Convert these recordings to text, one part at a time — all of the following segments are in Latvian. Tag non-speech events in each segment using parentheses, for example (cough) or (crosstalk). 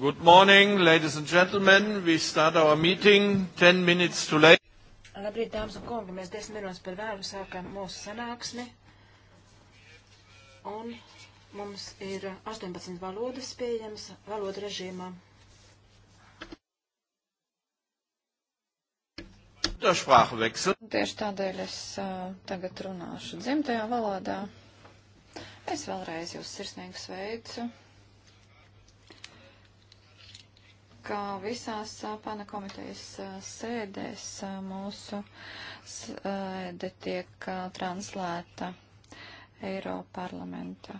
Good morning, ladies and gentlemen. We start our meeting 10 minutes too late. Labrīt, dāmas un kungi. Mēs 10 minūtes par vēlu sākam mūsu sanāksmi. Un mums ir 18 valodas pieejams valodu režīmā. Tieši tādēļ es uh, tagad runāšu dzimtajā valodā. Es vēlreiz jūs sirsnīgi sveicu ka visās pana komitejas sēdēs mūsu sēde tiek translēta Eiroparlamenta.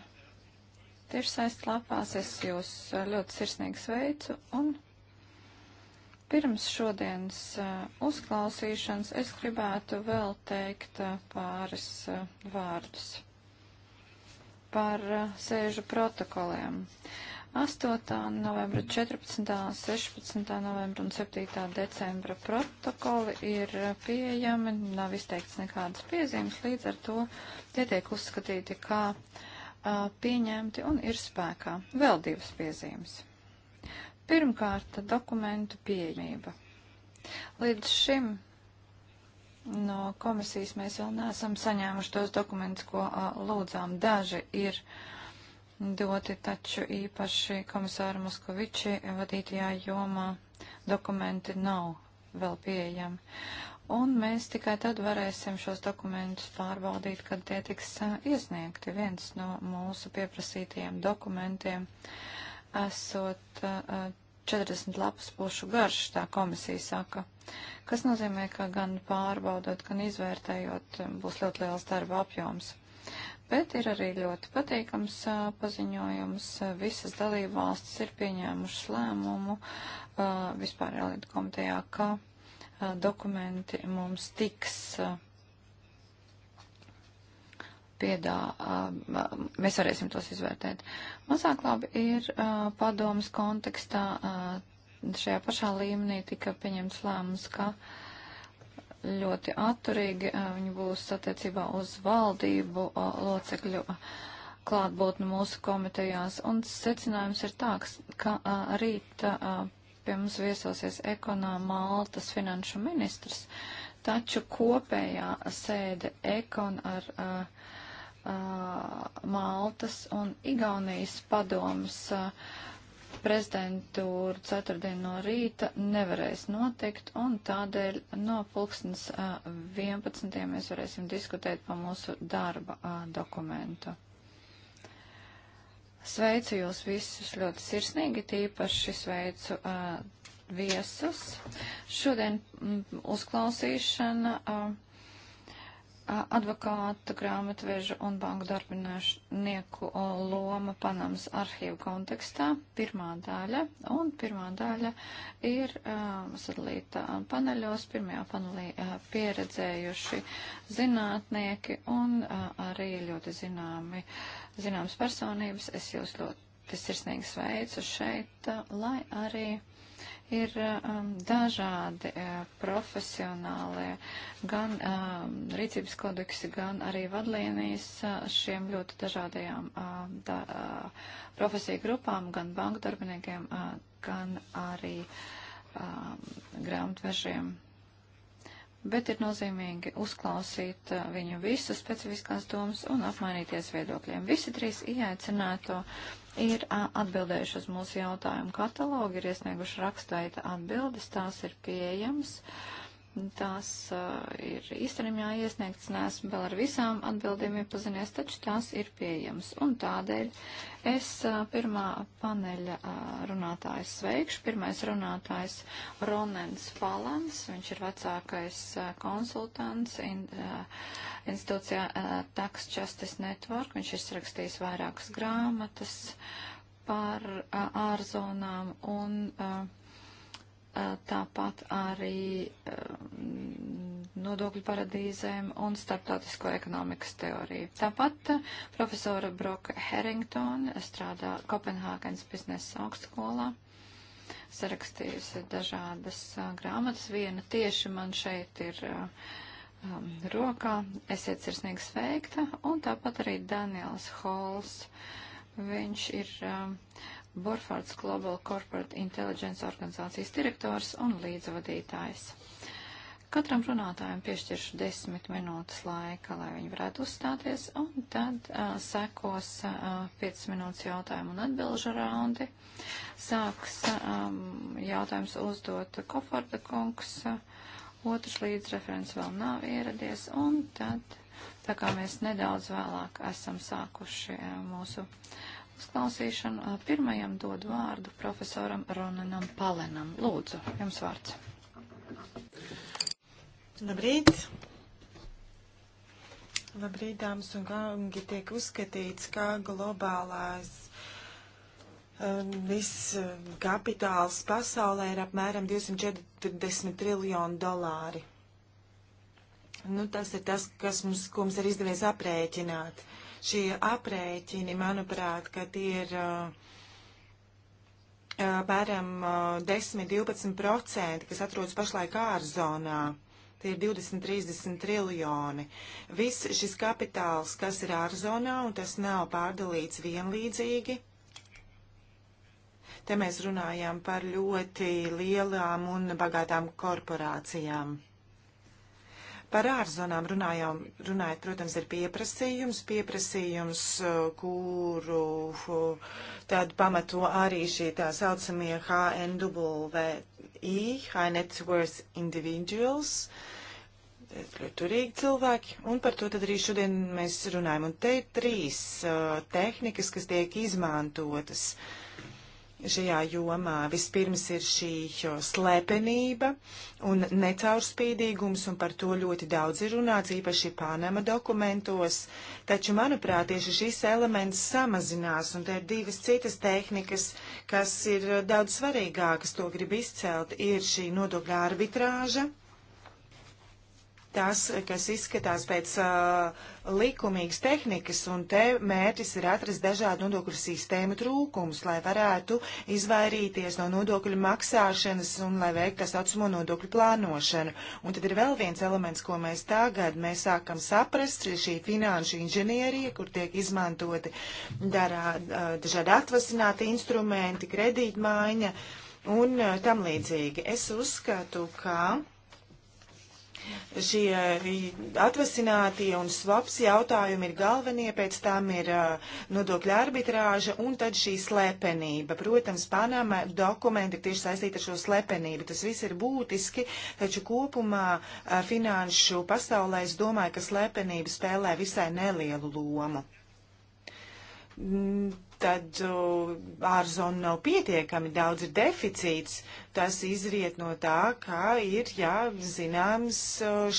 Tiešsaist lapās es jūs ļoti sirsnīgi sveicu un pirms šodienas uzklausīšanas es gribētu vēl teikt pāris vārdus par sēžu protokoliem. Uh, 8. novembra, 14. 16. novembra un 7. decembra protokoli ir pieejami, nav izteikts nekādas piezīmes, līdz ar to tie tiek uzskatīti kā uh, pieņemti un ir spēkā. Vēl divas piezīmes. Pirmkārt, dokumentu pieejamība. Līdz šim no komisijas mēs vēl neesam saņēmuši tos dokumentus, ko uh, lūdzām. Daži ir uh, doti, taču īpaši komisāra Moskoviči vadītajā jomā dokumenti nav vēl pieejami. Un mēs tikai tad varēsim šos dokumentus pārbaudīt, kad tie tiks iesniegti. Viens no mūsu pieprasītajiem dokumentiem esot 40 lapas pušu garš, tā komisija saka, kas nozīmē, ka gan pārbaudot, gan izvērtējot būs ļoti liels darba apjoms. Bet ir arī ļoti patīkams paziņojums. Visas dalībvalstis ir pieņēmušas lēmumu vispār Elīdu komitejā, ka dokumenti mums tiks piedā, mēs varēsim tos izvērtēt. Mazāk labi ir padomas kontekstā. Šajā pašā līmenī tika pieņemts lēmums, ka uh, ļoti atturīgi viņi būs attiecībā uz valdību locekļu klātbūtni mūsu komitejās. Un secinājums ir tāds, ka rīt pie mums viesosies ekonā Maltas finanšu ministrs, taču kopējā sēde ekon ar a, a, Maltas un Igaunijas padomas. A, prezidentūra ceturtdien no rīta nevarēs notikt, un tādēļ no pulkstens 11. mēs varēsim diskutēt pa mūsu darba dokumentu. Sveicu jūs visus ļoti sirsnīgi, tīpaši sveicu uh, viesus. Šodien mm, uzklausīšana. Uh, advokāta, grāmatveža un banku darbinieku loma Panamas arhīvu kontekstā. Pirmā daļa, un pirmā daļa ir um, sadalīta paneļos. Pirmajā panelī uh, pieredzējuši zinātnieki un uh, arī ļoti zināmi, zināmas personības. Es jūs ļoti sirsnīgi sveicu šeit, uh, lai arī. Uh, ir um, dažādi uh, profesionālie gan uh, rīcības kodeksi, gan arī vadlīnijas uh, šiem ļoti dažādajām uh, da, uh, profesiju grupām, gan banku darbiniekiem, uh, gan arī uh, grāmatvežiem. Bet ir nozīmīgi uzklausīt uh, viņu visu specifiskās domas un apmainīties viedokļiem. Visi trīs ieaicināto uh, ir atbildējuši uz mūsu jautājumu katalogu, ir iesnieguši rakstveida atbildes, tās ir pieejamas. Uh, Tās uh, ir īstenībā iesniegts, neesmu vēl ar visām atbildēm iepazinies, taču tās ir pieejamas. Un tādēļ es uh, pirmā paneļa uh, runātājs sveikšu. Pirmais runātājs Ronens Falans, viņš ir vecākais uh, konsultants in, uh, institūcijā uh, Tax Justice Network. Viņš ir sarakstījis vairākas grāmatas par uh, ārzonām un. Uh, Eh, tāpat arī eh, nodokļu paradīzēm un starptautisko ekonomikas teoriju. Tāpat eh, profesora Broka Harrington strādā Kopenhāgenes biznesa augstskolā, sarakstījusi dažādas grāmatas. Viena tieši man šeit ir um, rokā, esiet sirsnīgi sveikta, un tāpat arī Daniels Hols. Viņš ir um, Borfards Global Corporate Intelligence organizācijas direktors un līdzvadītājs. Katram runātājam piešķiršu desmit minūtes laika, lai viņi varētu uzstāties, un tad uh, sekos uh, 5 minūtes jautājumu un atbilžu raundi. Sāks um, jautājums uzdot Koforda kungs, uh, otrs līdzreferents vēl nav ieradies, un tad, tā kā mēs nedaudz vēlāk esam sākuši uh, mūsu uh, uzklausīšanu. Pirmajam dod vārdu profesoram Ronanam Palenam. Lūdzu, jums vārds. Labrīt! Labrīt, dāmas un kungi! Tiek uzskatīts, ka globālās viss kapitāls pasaulē ir apmēram 240 triljoni dolāri. Nu, tas ir tas, kas mums, ko mums ir izdevies aprēķināt. Uh, Šie aprēķini, manuprāt, ka tie ir eh, eh, apmēram 10-12%, eh, kas atrodas pašlaik ārzonā. Tie ir 20, 30 triljoni. Viss šis kapitāls, kas ir ārzonā, un tas nav pārdalīts vienlīdzīgi. Te mēs runājām par ļoti lielām un bagātām korporācijām. Par ārzonām runājām, runājot, protams, ir pieprasījums, pieprasījums, eh, kuru eh, tad pamato arī šī tā saucamie HNWI, High Net Worth Individuals, ļoti turīgi cilvēki, un par to tad arī šodien mēs runājam. Un te ir trīs uh, tehnikas, kas tiek izmantotas. Uh, šajā jomā. Vispirms ir šī slēpenība un necaurspīdīgums, un par to ļoti daudz ir runāts, īpaši Pānama dokumentos. Taču, manuprāt, tieši šis elements samazinās, un te ir divas citas tehnikas, kas ir eh, daudz svarīgākas, to grib izcelt, ir šī nodokļa arbitrāža tas, kas izskatās pēc uh, likumīgas tehnikas, un te mērķis ir atrast dažādu nodokļu sistēmu trūkumus, lai varētu izvairīties no nodokļu maksāšanas un lai veiktu tā saucamo nodokļu plānošanu. Un tad ir vēl viens elements, ko mēs tagad mēs sākam saprast, šī finanšu inženierija, kur tiek izmantoti darā, uh, dažādi atvasināti instrumenti, kredītmaiņa un uh, tam līdzīgi. Es uzskatu, ka šie atvasinātie un svaps jautājumi ir galvenie, pēc tam ir nodokļa arbitrāža un tad šī slepenība. Protams, Panama dokumenti ir tieši saistīti ar šo slepenību. Tas viss ir būtiski, taču kopumā finanšu pasaulē es domāju, ka slepenība spēlē visai nelielu lomu tad ārzonu nav pietiekami daudz, ir deficīts. Tas izriet no tā, ka ir, jā, zināms,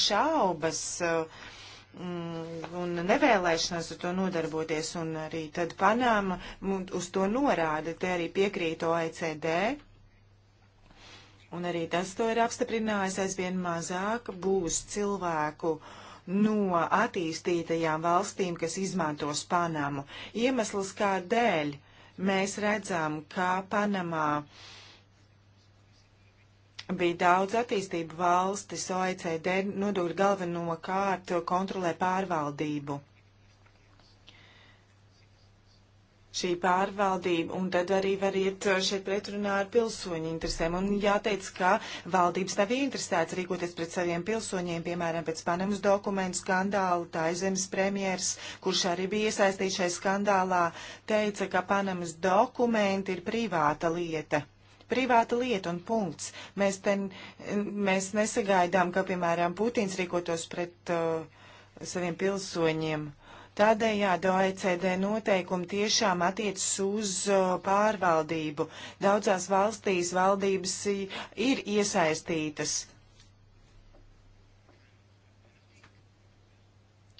šaubas mm, un nevēlēšanās ar to nodarboties, un arī tad Panāma uz to norāda, te arī piekrīt OECD, un arī tas to ir apstiprinājis, aizvien mazāk būs cilvēku uh, no attīstītajām valstīm, kas izmanto Panamu. Iemesls kādēļ mēs redzam, ka Panamā bija daudz attīstību valstis, OECD nodokļu galvenokārt kontrolē pārvaldību. šī pārvaldība, un tad arī var iet uh, šeit pretrunā ar pilsoņu interesēm. Un jāteic, ka valdības nav interesēts rīkoties pret saviem pilsoņiem, piemēram, pēc Panamas dokumentu skandāla, tā zemes premjers, kurš arī bija iesaistīts šai skandālā, teica, ka Panamas dokumenti ir privāta lieta. Privāta lieta un punkts. Mēs, ten, mēs nesagaidām, ka, piemēram, Putins rīkotos pret uh, saviem pilsoņiem. Uh, Tādējādi OECD noteikumi tiešām attiecas uz uh, pārvaldību. Daudzās valstīs valdības ir iesaistītas.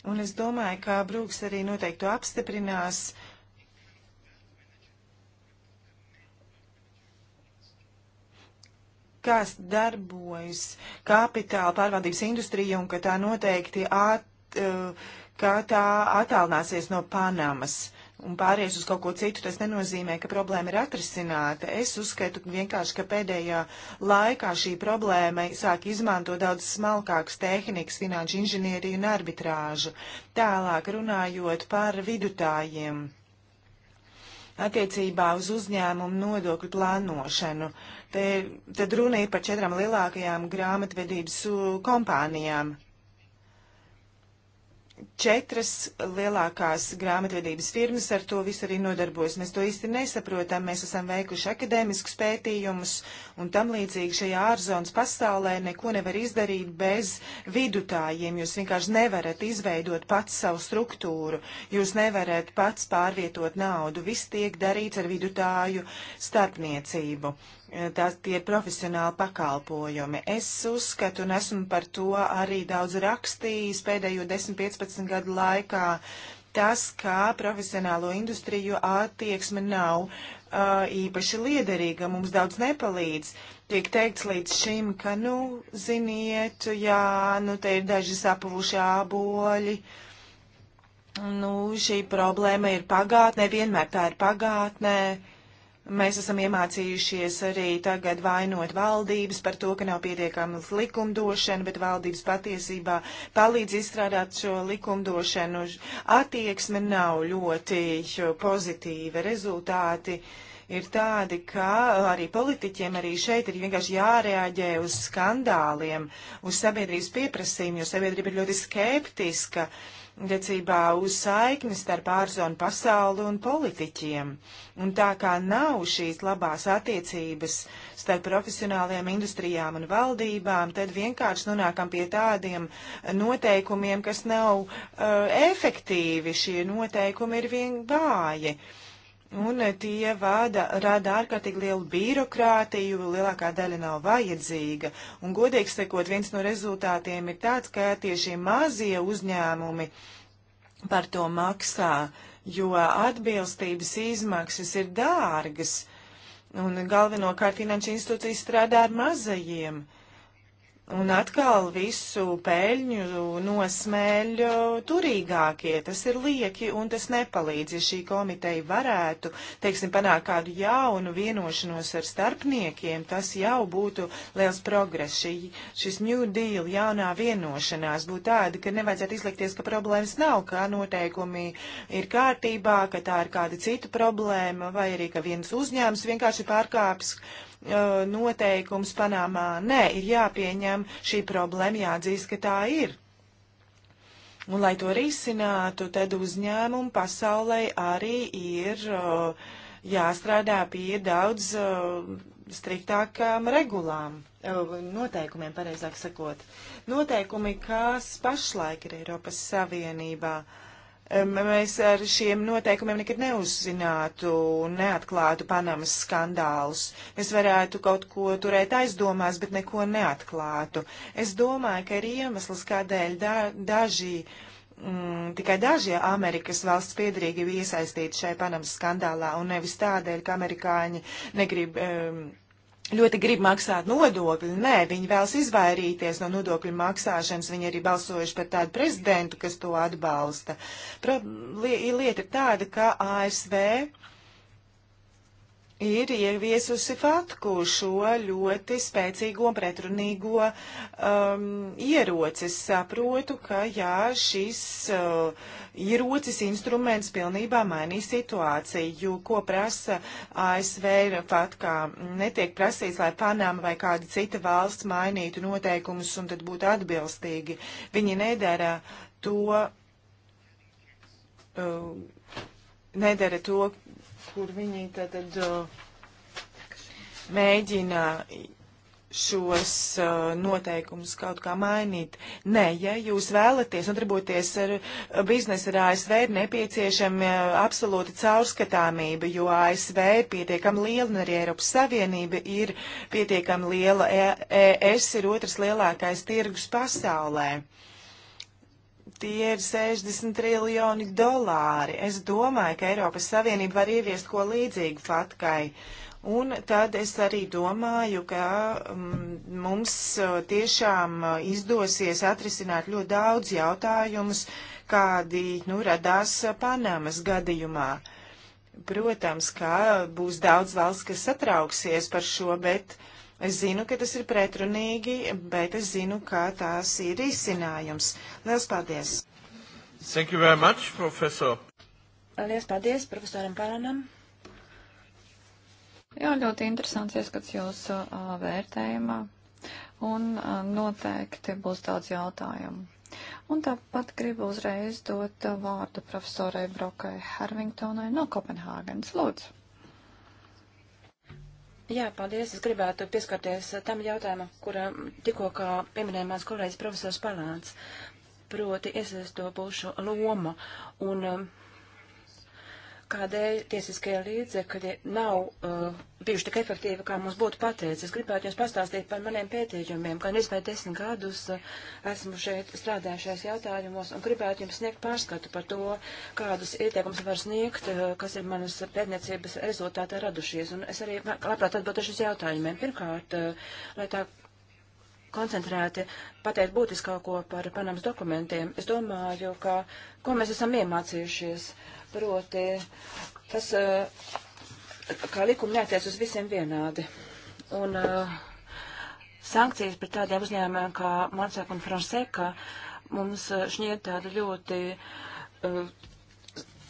Un es domāju, ka Brūks arī noteikti apstiprinās. Kas darbojas kapitāla pārvaldības industrija un ka tā noteikti at, uh, ka tā attālināsies no Panamas un pāries uz kaut ko citu, tas nenozīmē, ka problēma ir atrisināta. Es uzskatu vienkārši, ka pēdējā laikā šī problēma sāk izmantot daudz smalkākas tehnikas, finanšu inženieriju un arbitrāžu. Tālāk runājot par vidutājiem. Attiecībā uz uzņēmumu nodokļu plānošanu, te, tad runa ir par četrām lielākajām grāmatvedības kompānijām četras lielākās grāmatvedības firmas ar to visu arī nodarbojas. Mēs to īsti nesaprotam, mēs esam veikuši akadēmiskus pētījumus un tam līdzīgi šajā ārzonas pasaulē neko nevar izdarīt bez vidutājiem. Jūs vienkārši nevarat izveidot pats savu struktūru, jūs nevarat pats pārvietot naudu. Viss tiek darīts ar vidutāju starpniecību. Eh, tās tie ir profesionāli pakalpojumi. Es uzskatu un esmu par to arī daudz rakstījis pēdējo 10-15 gadu laikā. Tas, kā profesionālo industriju attieksme nav uh, īpaši liederīga, mums daudz nepalīdz. Tiek teikts līdz šim, ka, nu, ziniet, jā, nu, te ir daži sapuvuši āboļi. Nu, šī problēma ir pagātnē, vienmēr tā ir pagātnē. Uh, Mēs esam iemācījušies arī tagad vainot valdības par to, ka nav pietiekama likumdošana, bet valdības patiesībā palīdz izstrādāt šo likumdošanu. Attieksme nav ļoti pozitīva. Rezultāti ir tādi, ka arī politiķiem arī šeit ir vienkārši jārēģē uz skandāliem, uz sabiedrības pieprasījumu, jo sabiedrība ir ļoti skeptiska. Uh, Decībā uz saikni starp ārzonu pasauli un politiķiem, un tā kā nav šīs labās attiecības starp profesionāliem industrijām un valdībām, tad vienkārši nonākam pie tādiem noteikumiem, kas nav uh, efektīvi, šie noteikumi ir vien vāji. Uh, Un eh, tie vada, rada ārkārtīgi lielu birokrātiju, lielākā daļa nav vajadzīga. Un godīgi sakot, viens no rezultātiem ir tāds, ka tieši mazie uzņēmumi par to maksā, jo atbilstības izmaksas ir dārgas. Un galvenokārt finanšu institūcijas strādā ar mazajiem. Uh, Un atkal visu peļņu nosmēļ uh, turīgākie. Tas ir lieki un tas nepalīdz, ja šī komiteja varētu, teiksim, panākt kādu jaunu vienošanos ar starpniekiem. Tas jau būtu liels progress. Šī, šis New Deal, jaunā vienošanās būtu tāda, ka nevajadzētu izlikties, ka problēmas nav, ka noteikumi ir kārtībā, ka tā ir kāda cita problēma vai arī, ka viens uzņēmums vienkārši pārkāps noteikums Panamā. Nē, ir jāpieņem šī problēma, jāatzīst, ka tā ir. Un, lai to risinātu, tad uzņēmumu pasaulē arī ir jāstrādā pie daudz striktākām regulām, noteikumiem, pareizāk sakot. Noteikumi, kas pašlaik ir Eiropas Savienībā. Uh, mēs ar šiem noteikumiem nekad neuzzinātu un neatklātu Panamas skandālus. Mēs varētu kaut ko turēt aizdomās, bet neko neatklātu. Es domāju, ka ir iemesls, kādēļ da daži. Mm, tikai daži Amerikas valsts piedarīgi bija iesaistīti šai Panamas skandālā, un nevis tādēļ, ka amerikāņi negrib um, ļoti grib maksāt nodokļu. Nē, viņi vēlas izvairīties no nodokļu maksāšanas. Viņi arī balsojuši par tādu prezidentu, kas to atbalsta. Pro, li, lieta ir tāda, ka ASV ir ieviesusi Fatku šo ļoti spēcīgo un pretrunīgo um, ieroci. Es saprotu, ka jā, šis uh, ierocis instruments pilnībā mainīs situāciju, jo ko prasa ASV Fatkā. Netiek prasīts, lai Panama vai kāda cita valsts mainītu noteikumus un tad būtu atbilstīgi. Viņi nedara to. Uh, nedara to, kur viņi tātad uh, mēģina šos uh, noteikumus kaut kā mainīt. Nē, ja jūs vēlaties nodarboties ar uh, biznesu ar ASV, ir nepieciešama absolūta caurskatāmība, jo ASV ir pietiekami liela, un arī Eiropas Savienība ir pietiekami liela. ES e ir otrs lielākais tirgus pasaulē. Uh, Tie ir 60 triljoni dolāri. Es domāju, ka Eiropas Savienība var ieviest ko līdzīgu Fatkai. Un tad es arī domāju, ka mm, mums tiešām izdosies atrisināt ļoti daudz jautājumus, kādi nu, radās Panamas gadījumā. Protams, ka būs daudz valsts, kas satrauksies par šo, bet uh, Es zinu, ka tas ir pretrunīgi, bet es zinu, ka tās ir izcinājums. Lielas paldies! Thank you very much, professor. Lielas paldies profesoram Paranam. Jā, ļoti interesants ieskats jūsu uh, vērtējumā. Un uh, noteikti būs daudz jautājumu. Un tāpat gribu uzreiz dot vārdu profesorai Brokai Harvingtonai no Kopenhāgenes. Lūdzu. Jā, paldies. Es gribētu pieskarties tam jautājumam, kura tikko kā pieminēja mans kolēģis profesors Palāns, proti iesaistot būšu loma un um, kādēļ tiesiskie līdzekļi nav uh, bijuši tik efektīvi, kā mums būtu pateicis. Es gribētu jums pastāstīt par maniem pētījumiem, gan es vai desmit gadus uh, esmu šeit strādājušais jautājumos un gribētu jums sniegt pārskatu par to, kādus ieteikumus var sniegt, uh, kas ir manas pētniecības rezultātā radušies. Un es arī labprāt atbildēšu uz jautājumiem. Pirmkārt, uh, lai tā koncentrēti pateikt būtiskāko par Panamas dokumentiem, es domāju, ka ko mēs esam iemācījušies. Uh, Proti, tas, eh, kā likumi neatiec uz visiem vienādi. Un eh, sankcijas pret tādiem uzņēmumiem kā Mansāk un Franseka mums eh, šķiet tādu ļoti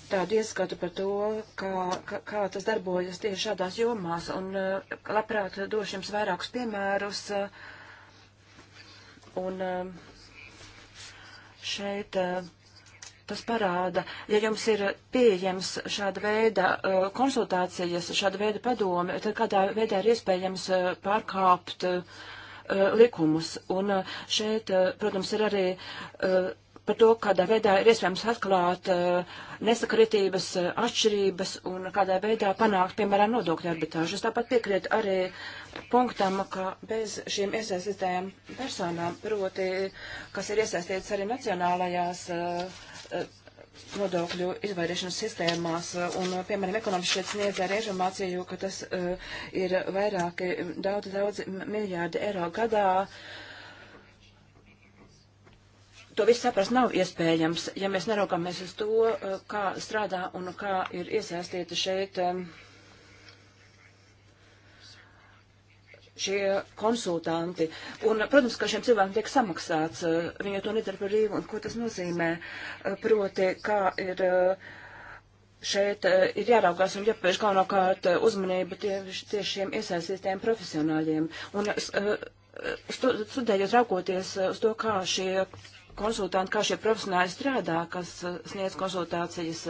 tādu ieskatu par to, kā, kā, kā tas darbojas tieši šādās jomās, un labprāt došu jums vairākus piemērus. Un šeit Tas parāda, ja jums ir pieejams šāda veida uh, konsultācijas, šāda veida padomi, tad kādā veidā ir iespējams uh, pārkāpt uh, uh likumus. Un uh, šeit, uh, protams, ir arī par to, kādā veidā ir iespējams atklāt nesakritības, atšķirības un kādā veidā panākt, piemēram, nodokļu arbitrāžu. Es tāpat piekrītu arī punktam, ka bez šīm iesaistītajām personām, proti, kas ir iesaistītas arī nacionālajās uh, Eh, nodokļu izvairīšanas sistēmās, eh, un, eh, piemēram, ekonomiski šeit sniedz arī informāciju, ka tas uh, ir vairāki daudz, daudz miljārdi eiro gadā. To visu saprast nav iespējams, ja mēs neraugāmies uz to, uh, kā strādā un kā ir iesaistīta šeit. Um, uh, šie konsultanti. Un, protams, ka šiem cilvēkiem tiek samaksāts, eh, viņi to nedara par brīvu, un ko tas nozīmē? Eh, proti, kā ir eh, šeit ir jāraugās un jāpērš galvenokārt uzmanība tieši, tieši šiem iesaistītiem profesionāļiem. Un stu, studējot raugoties uz to, kā šie konsultanti, kā šie profesionāļi strādā, kas sniedz konsultācijas,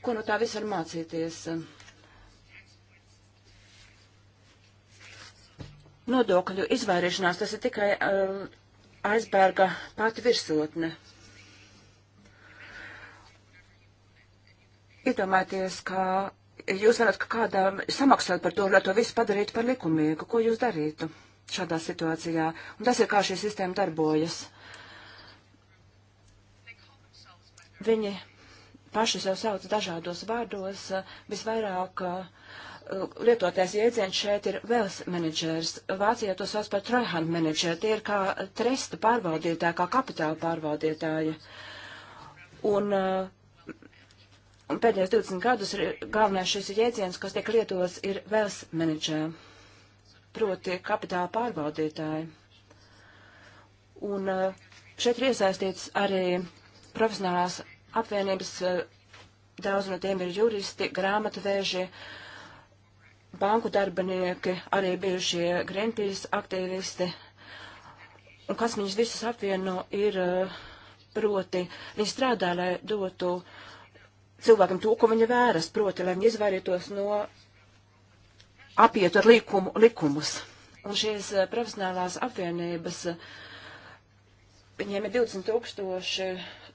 ko no tā viss var mācīties. Uh, nodokļu izvairīšanās tas ir tikai um, aizbērga pati virsotne. Iedomājieties, ka jūs varat kādam samaksāt par to, lai to visu padarītu par likumīgu. Ko jūs darītu šādā situācijā? Un tas ir kā šī sistēma darbojas. Viņi paši sev sauc dažādos vārdos, visvairāk uh, Uh, lietotais jēdziens šeit ir wealth managers. Vācijā to sauc par trojhan manager. Tie ir kā tresta pārvaldītāji, kā kapitāla pārvaldītāji. Un, un uh, pēdējos 20 gadus ir galvenais šis jēdziens, kas tiek lietots, ir wealth manager, proti kapitāla pārvaldītāji. Un uh, šeit ir iesaistīts arī profesionālās apvienības, daudz no tiem ir juristi, grāmatvēži, uh, banku darbinieki, arī bijušie Greenpeace aktīvisti. Un kas viņus visus apvieno ir eh, proti, viņi strādā, lai dotu cilvēkam to, ko viņi vēras, proti, lai viņi izvairītos no apietu ar likumu, likumus. Un šīs eh, profesionālās apvienības, eh, viņiem ir 20 tūkstoši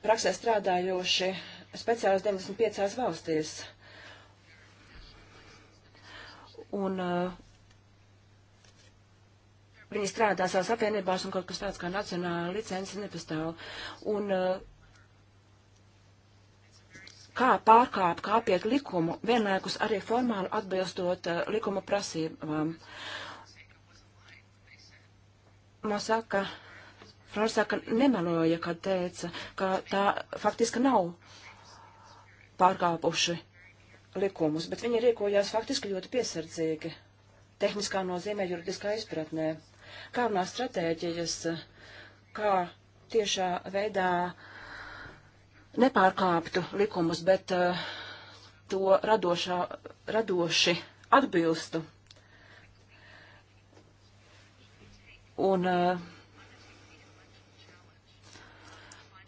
praksē strādājoši speciālisti 95 valstīs un uh, viņi strādā savās apvienībās un kaut kas tāds kā nacionāla licence nepastāv. Un uh, kā pārkāp, kāpiet likumu, vienlaikus arī formāli atbilstot uh, likuma prasībām. Masaka, Fransaka nemeloja, kad teica, ka tā faktiski nav pārkāpuši likumus, bet viņi rīkojās faktiski ļoti piesardzīgi, tehniskā nozīmē juridiskā izpratnē, kā runā stratēģijas, kā tiešā veidā nepārkāptu likumus, bet uh, to radošā, radoši atbilstu. Un uh,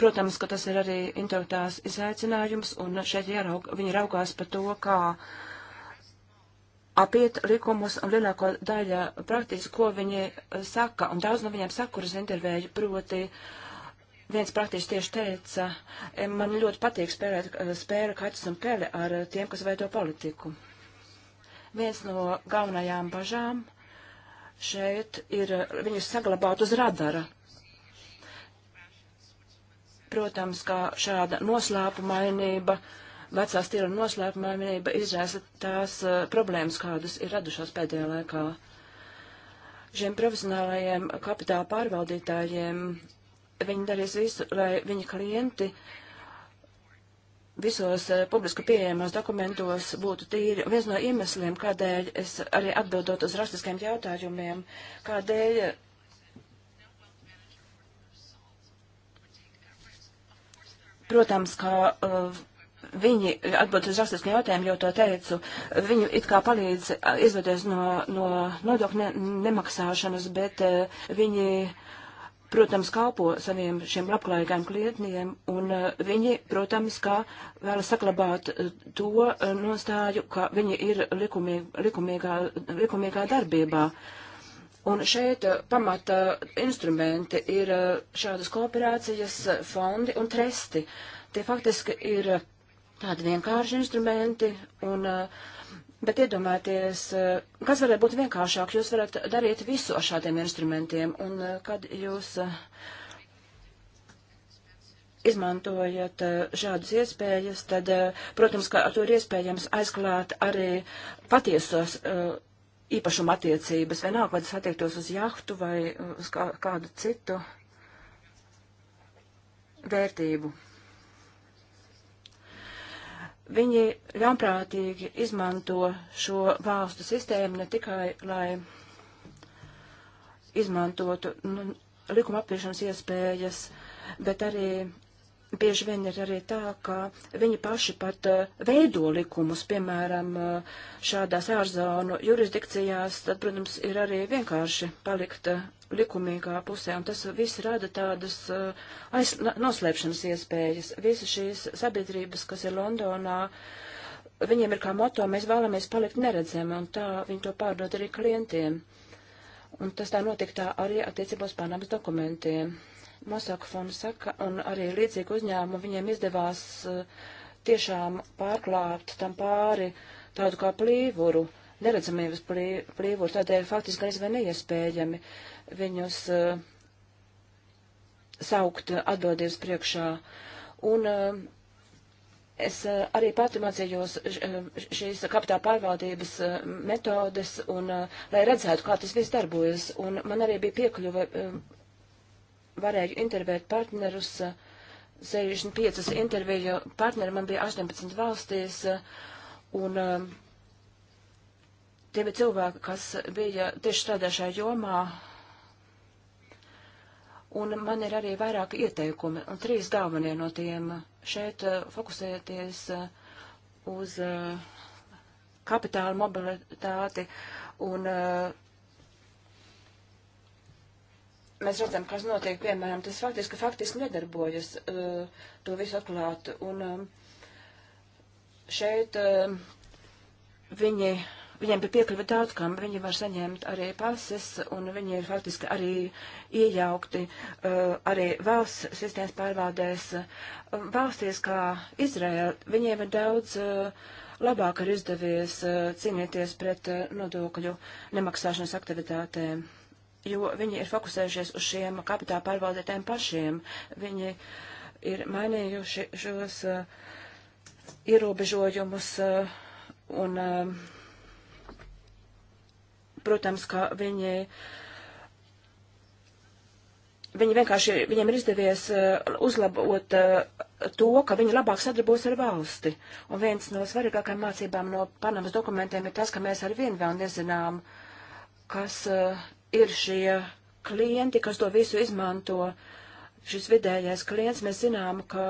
Protams, ka tas ir arī intelektuāls izaicinājums, un šeit jāraug, viņi raugās par to, kā apiet likumus un lielāko daļu praktiski, ko viņi saka, un daudz no viņiem saka, kuras intervēju, proti, viens praktiski tieši teica, e, man ļoti patīk spēlēt e, spēle kaķis un pele ar e, tiem, kas veido politiku. Viens no galvenajām bažām šeit ir, viņus saglabāt uz radara, Protams, kā šāda noslēpumainība, vecā stila noslēpumainība izraisa tās uh, problēmas, kādas ir radušās pēdējā laikā. Šiem profesionālajiem kapitāla pārvaldītājiem viņi darīs visu, lai viņa klienti visos uh, publiski pieejamos dokumentos būtu tīri. Viens no iemesliem, kādēļ es arī atbildot uz rakstiskiem jautājumiem, kādēļ Protams, ka uh, viņi atbild uz rakstiskiem jautājumiem, jau to teicu, viņi it kā palīdz uh, izvadoties no, no nodokļu ne, nemaksāšanas, bet uh, viņi, protams, kalpo saviem šiem labklājīgiem klientiem, un uh, viņi, protams, kā vēlas saklabāt uh, to uh, nostāju, ka viņi ir likumīg, likumīgā, likumīgā darbībā. Uh, Un šeit eh, pamata instrumenti ir eh, šādas kooperācijas eh, fondi un tresti. Tie faktiski ir tādi vienkārši instrumenti, un, bet iedomājieties, kas varētu būt vienkāršāk, jūs varat darīt visu ar šādiem instrumentiem, un kad jūs izmantojat šādas iespējas, tad, protams, ka ar to ir iespējams aizklāt arī patiesos uh, īpašuma attiecības, vienalga, vai tas attiektos uz jahtu vai uh, uz kā, kādu citu vērtību. Viņi ļaunprātīgi izmanto šo valstu sistēmu ne tikai, lai izmantotu nu, likuma apiešanas iespējas, bet arī bieži vien ir arī tā, ka viņi paši pat uh, veido likumus, piemēram, uh, šādās ārzonu jurisdikcijās, tad, protams, ir arī vienkārši palikt uh, likumīgā pusē, un tas viss rada tādas aiz, noslēpšanas iespējas. Visas šīs sabiedrības, kas ir Londonā, viņiem ir kā moto, mēs vēlamies palikt neredzami, un tā viņi to pārdod arī klientiem. Un tas tā notiek tā arī attiecībos Panamas dokumentiem. Mosaka fonda saka, un arī līdzīgi uzņēmumu viņiem izdevās eh, tiešām pārklāpt tam pāri tādu kā plīvuru, neredzamības plīvuru, tādēļ faktiski gan izvien neiespējami viņus uh, saukt atbildības priekšā. Un uh, Es arī pati mācījos šīs kapitāla pārvaldības metodes, un, lai redzētu, kā tas viss darbojas. Un man arī bija piekļuve varēju intervēt partnerus. 65 eh, interviju partneri man bija 18 valstīs, eh, un eh, tie bija cilvēki, kas bija tieši strādā šajā jomā, un man ir arī vairāki ieteikumi, un trīs galvenie no tiem. Šeit fokusēties uz kapitāla mobilitāti un uh, mēs redzam, kas notiek, piemēram, tas faktiski, faktiski nedarbojas uh, to visu atklāt. Un um, šeit uh, viņi, viņiem bija piekļuva daudz kam, viņi var saņemt arī pases, un viņi ir faktiski arī iejaukti uh, arī valsts sistēmas pārvaldēs. Valstīs kā Izraēla, viņiem ir daudz labāk ir izdevies cīnīties pret nodokļu nemaksāšanas aktivitātēm jo viņi ir fokusējušies uz šiem kapitāla pārvaldētēm pašiem. Viņi ir mainījuši šos uh, ierobežojumus uh, un, uh, protams, ka viņi. Viņi vienkārši, viņiem ir izdevies uh, uzlabot uh, to, ka viņi labāk sadarbos ar valsti. Un viens no svarīgākajām mācībām no Panamas dokumentiem ir tas, ka mēs ar vienu vēl nezinām, kas uh, ir šie klienti, kas to visu izmanto. Šis vidējais klients, mēs zinām, ka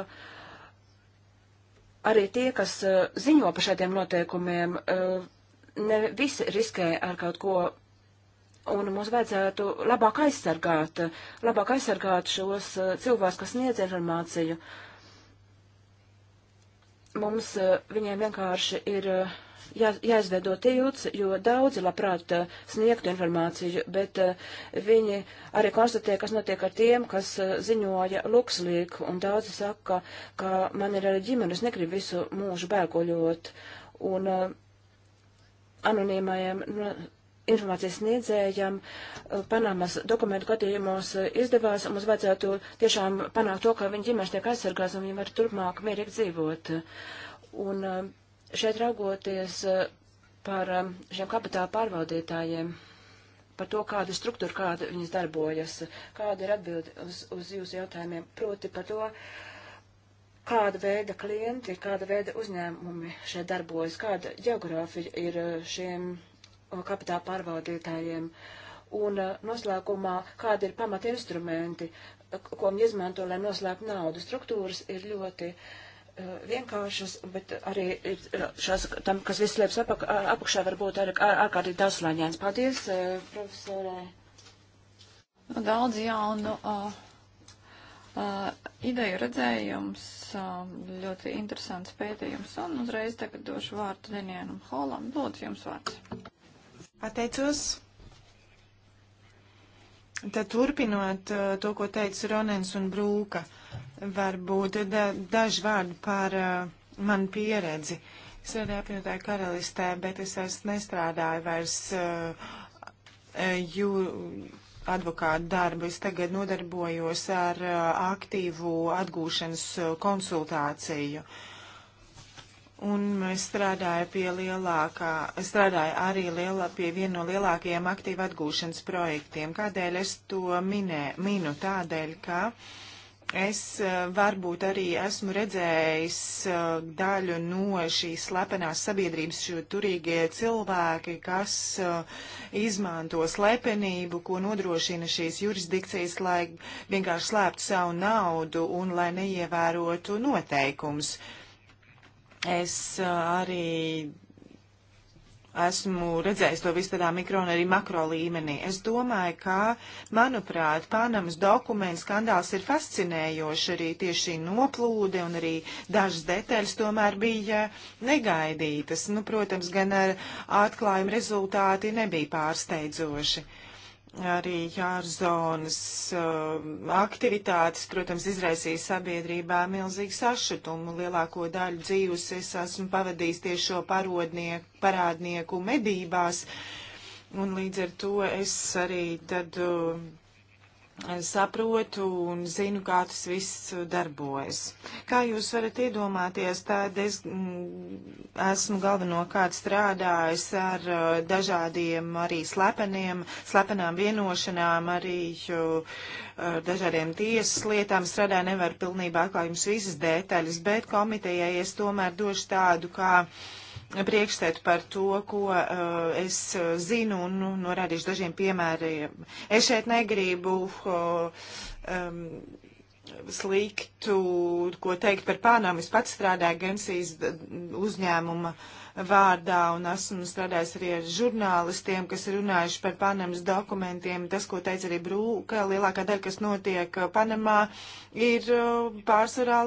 arī tie, kas eh, ziņo par šādiem noteikumiem, eh, ne visi riskē ar kaut ko, un mums vajadzētu labāk aizsargāt, labāk aizsargāt šos eh, cilvēkus, kas sniedz informāciju. Mums viņiem vienkārši ir uh, jā, jāizveido tilts, jo daudzi labprāt eh, sniegtu informāciju, bet eh, viņi arī konstatē, kas notiek ar tiem, kas eh, ziņoja luksulīgu, un daudzi saka, ka man ir arī ģimene, es negribu visu mūžu bēgoļot, un anonīmajiem nu, informācijas sniedzējam Panamas dokumentu gadījumos izdevās, un mums vajadzētu tiešām panākt to, ka viņa ģimenes tiek aizsargās un viņa var turpmāk mierīgi dzīvot. Un, uh, Šeit raugoties eh, par eh, šiem kapitāla pārvaldītājiem, par to, kāda ir struktūra, kāda viņas darbojas, kāda ir atbildi uz, uz jūsu jautājumiem, proti par to, kāda veida klienti, kāda veida uzņēmumi šeit darbojas, kāda geogrāfija ir eh, šiem kapitāla pārvaldītājiem. Un noslēgumā, kādi ir pamata instrumenti, ko viņi izmanto, lai noslēgtu naudu. Struktūras ir ļoti uh, Eh, vienkāršas, bet arī šās, tam, kas viss liepas apak, apakšā, var būt arī ārkārtīgi daudzslāņēns. Paldies, eh, profesorē. Nu, daudz jaunu uh, uh, ideju redzējums, uh, ļoti interesants pētījums, un uzreiz tagad došu vārdu Denienam Holam. Lūdzu, jums vārds. Pateicos. Tad turpinot eh, to, ko teica Ronens un Brūka, varbūt da, daži vārdi par uh, manu pieredzi. Es arī apvienotāju karalistē, bet es vairs nestrādāju vairs uh, jū, advokātu darbu. Es tagad nodarbojos ar uh, aktīvu atgūšanas konsultāciju. Uh, Un es strādāju pie lielākā, strādāju arī liela, pie viena no lielākajiem aktīvu atgūšanas projektiem. Kādēļ es to minē, minu? Tādēļ, ka es eh, varbūt arī esmu redzējis eh, daļu no šīs slepenās sabiedrības, šo turīgie cilvēki, kas eh, izmanto slepenību, ko nodrošina šīs jurisdikcijas, lai vienkārši slēptu savu naudu un lai neievērotu noteikumus. Es uh, arī esmu redzējis to visu tādā mikro un arī makro līmenī. Es domāju, ka, manuprāt, Panamas dokumentu skandāls ir fascinējoši arī tieši šī noplūde un arī dažas detaļas tomēr bija negaidītas. Nu, protams, gan ar atklājumu rezultāti nebija pārsteidzoši. Uh, arī jārzonas um, aktivitātes, protams, izraisīja sabiedrībā milzīgu sašutumu. Lielāko daļu dzīves es esmu pavadījis tieši šo parādnieku medībās, un līdz ar to es arī tad. Uh, saprotu un zinu, kā tas viss darbojas. Kā jūs varat iedomāties, tad es esmu galvenokārt strādājis ar uh, dažādiem arī slepeniem, slepenām vienošanām, arī ar uh, dažādiem tiesas lietām strādāju, nevaru pilnībā atklāt jums visas detaļas, bet komitejai es tomēr došu tādu kā. Uh, priekšstatu par to, ko uh, es eh, zinu un nu, norādīšu dažiem piemēriem. Es šeit negribu uh, um, sliktu, ko teikt par Panamu. Es pats strādāju Gensijas uzņēmuma vārdā un esmu strādājis arī ar žurnālistiem, kas ir runājuši par Panamas dokumentiem. Tas, ko teica arī Brūka, lielākā daļa, kas notiek Panamā, ir uh, pārsvarā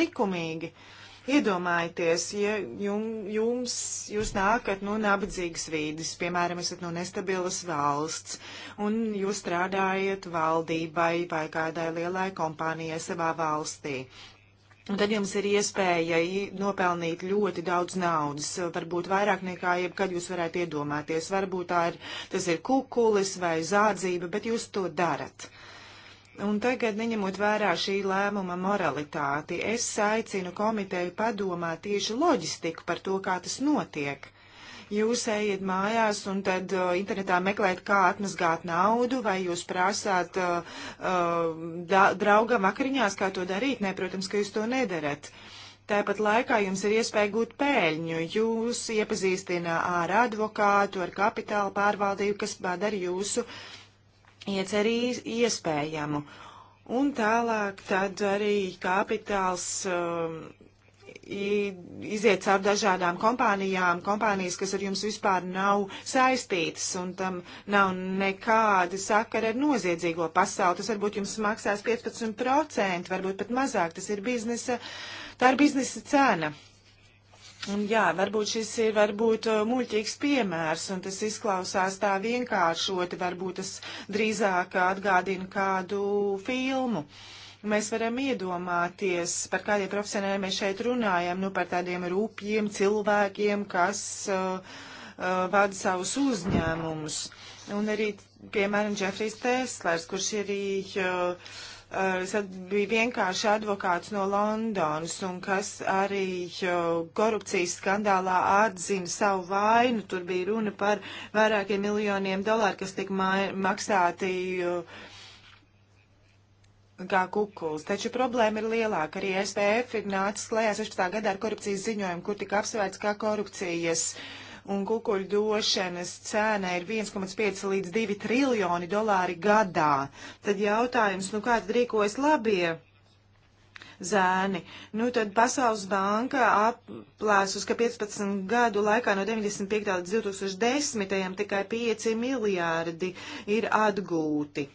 likumīgi. Uh, Iedomājieties, ja jums, jūs nākat no nabadzīgas vīdes, piemēram, esat no nestabilas valsts, un jūs strādājat valdībai vai kādai lielai kompānijai savā valstī. Un tad jums ir iespēja nopelnīt ļoti daudz naudas, varbūt vairāk nekā jebkad jūs varētu iedomāties. Varbūt tā ir, tas ir kukulis vai zādzība, bet jūs to darat. Uh, Un tagad, neņemot vērā šī lēmuma moralitāti, es aicinu komiteju padomāt tieši loģistiku par to, kā tas notiek. Jūs ejiet mājās un tad uh, internetā meklējat, kā atmazgāt naudu, vai jūs prasāt uh, uh, da, draugam vakariņās, kā to darīt. Nē, protams, ka jūs to nedarat. Tāpat laikā jums ir iespēja gūt pēļņu. Jūs iepazīstina ar advokātu, ar kapitāla pārvaldību, kas padara jūsu uh, iecerī iespējamu. Un tālāk tad arī kapitāls um, iziet caur dažādām kompānijām, kompānijas, kas ar jums vispār nav saistītas un tam nav nekāda sakara ar noziedzīgo pasauli. Tas varbūt jums maksās 15%, varbūt pat mazāk. Tas ir biznesa, tā ir biznesa cena. Jā, varbūt šis ir varbūt uh, muļķīgs piemērs, un tas izklausās tā vienkāršoti, varbūt tas drīzāk atgādina kādu filmu. Mēs varam iedomāties, par kādiem profesionāļiem mēs šeit runājam, nu par tādiem rūpjiem cilvēkiem, kas uh, uh, vada savus uzņēmumus. Un arī, piemēram, Džefrijs Teslers, kurš arī. Uh, uh, eh, bija vienkārši advokāts no Londonas un kas arī uh, korupcijas skandālā atzina savu vainu. Tur bija runa par vairākiem miljoniem dolāru, kas tika maksāti. Uh, kā kukuls. Taču problēma ir lielāka. Arī STF ir nācis klējā 16. gadā ar korupcijas ziņojumu, kur tika apsvērts kā korupcijas uh, un kukuļu došanas cēna ir 1,5 līdz 2 triljoni dolāri gadā. Tad jautājums, nu kā tad rīkojas labie? zēni. Nu, tad Pasaules banka aplēsus, ka 15 gadu laikā no 95. līdz 2010. tikai 5 miljārdi ir atgūti.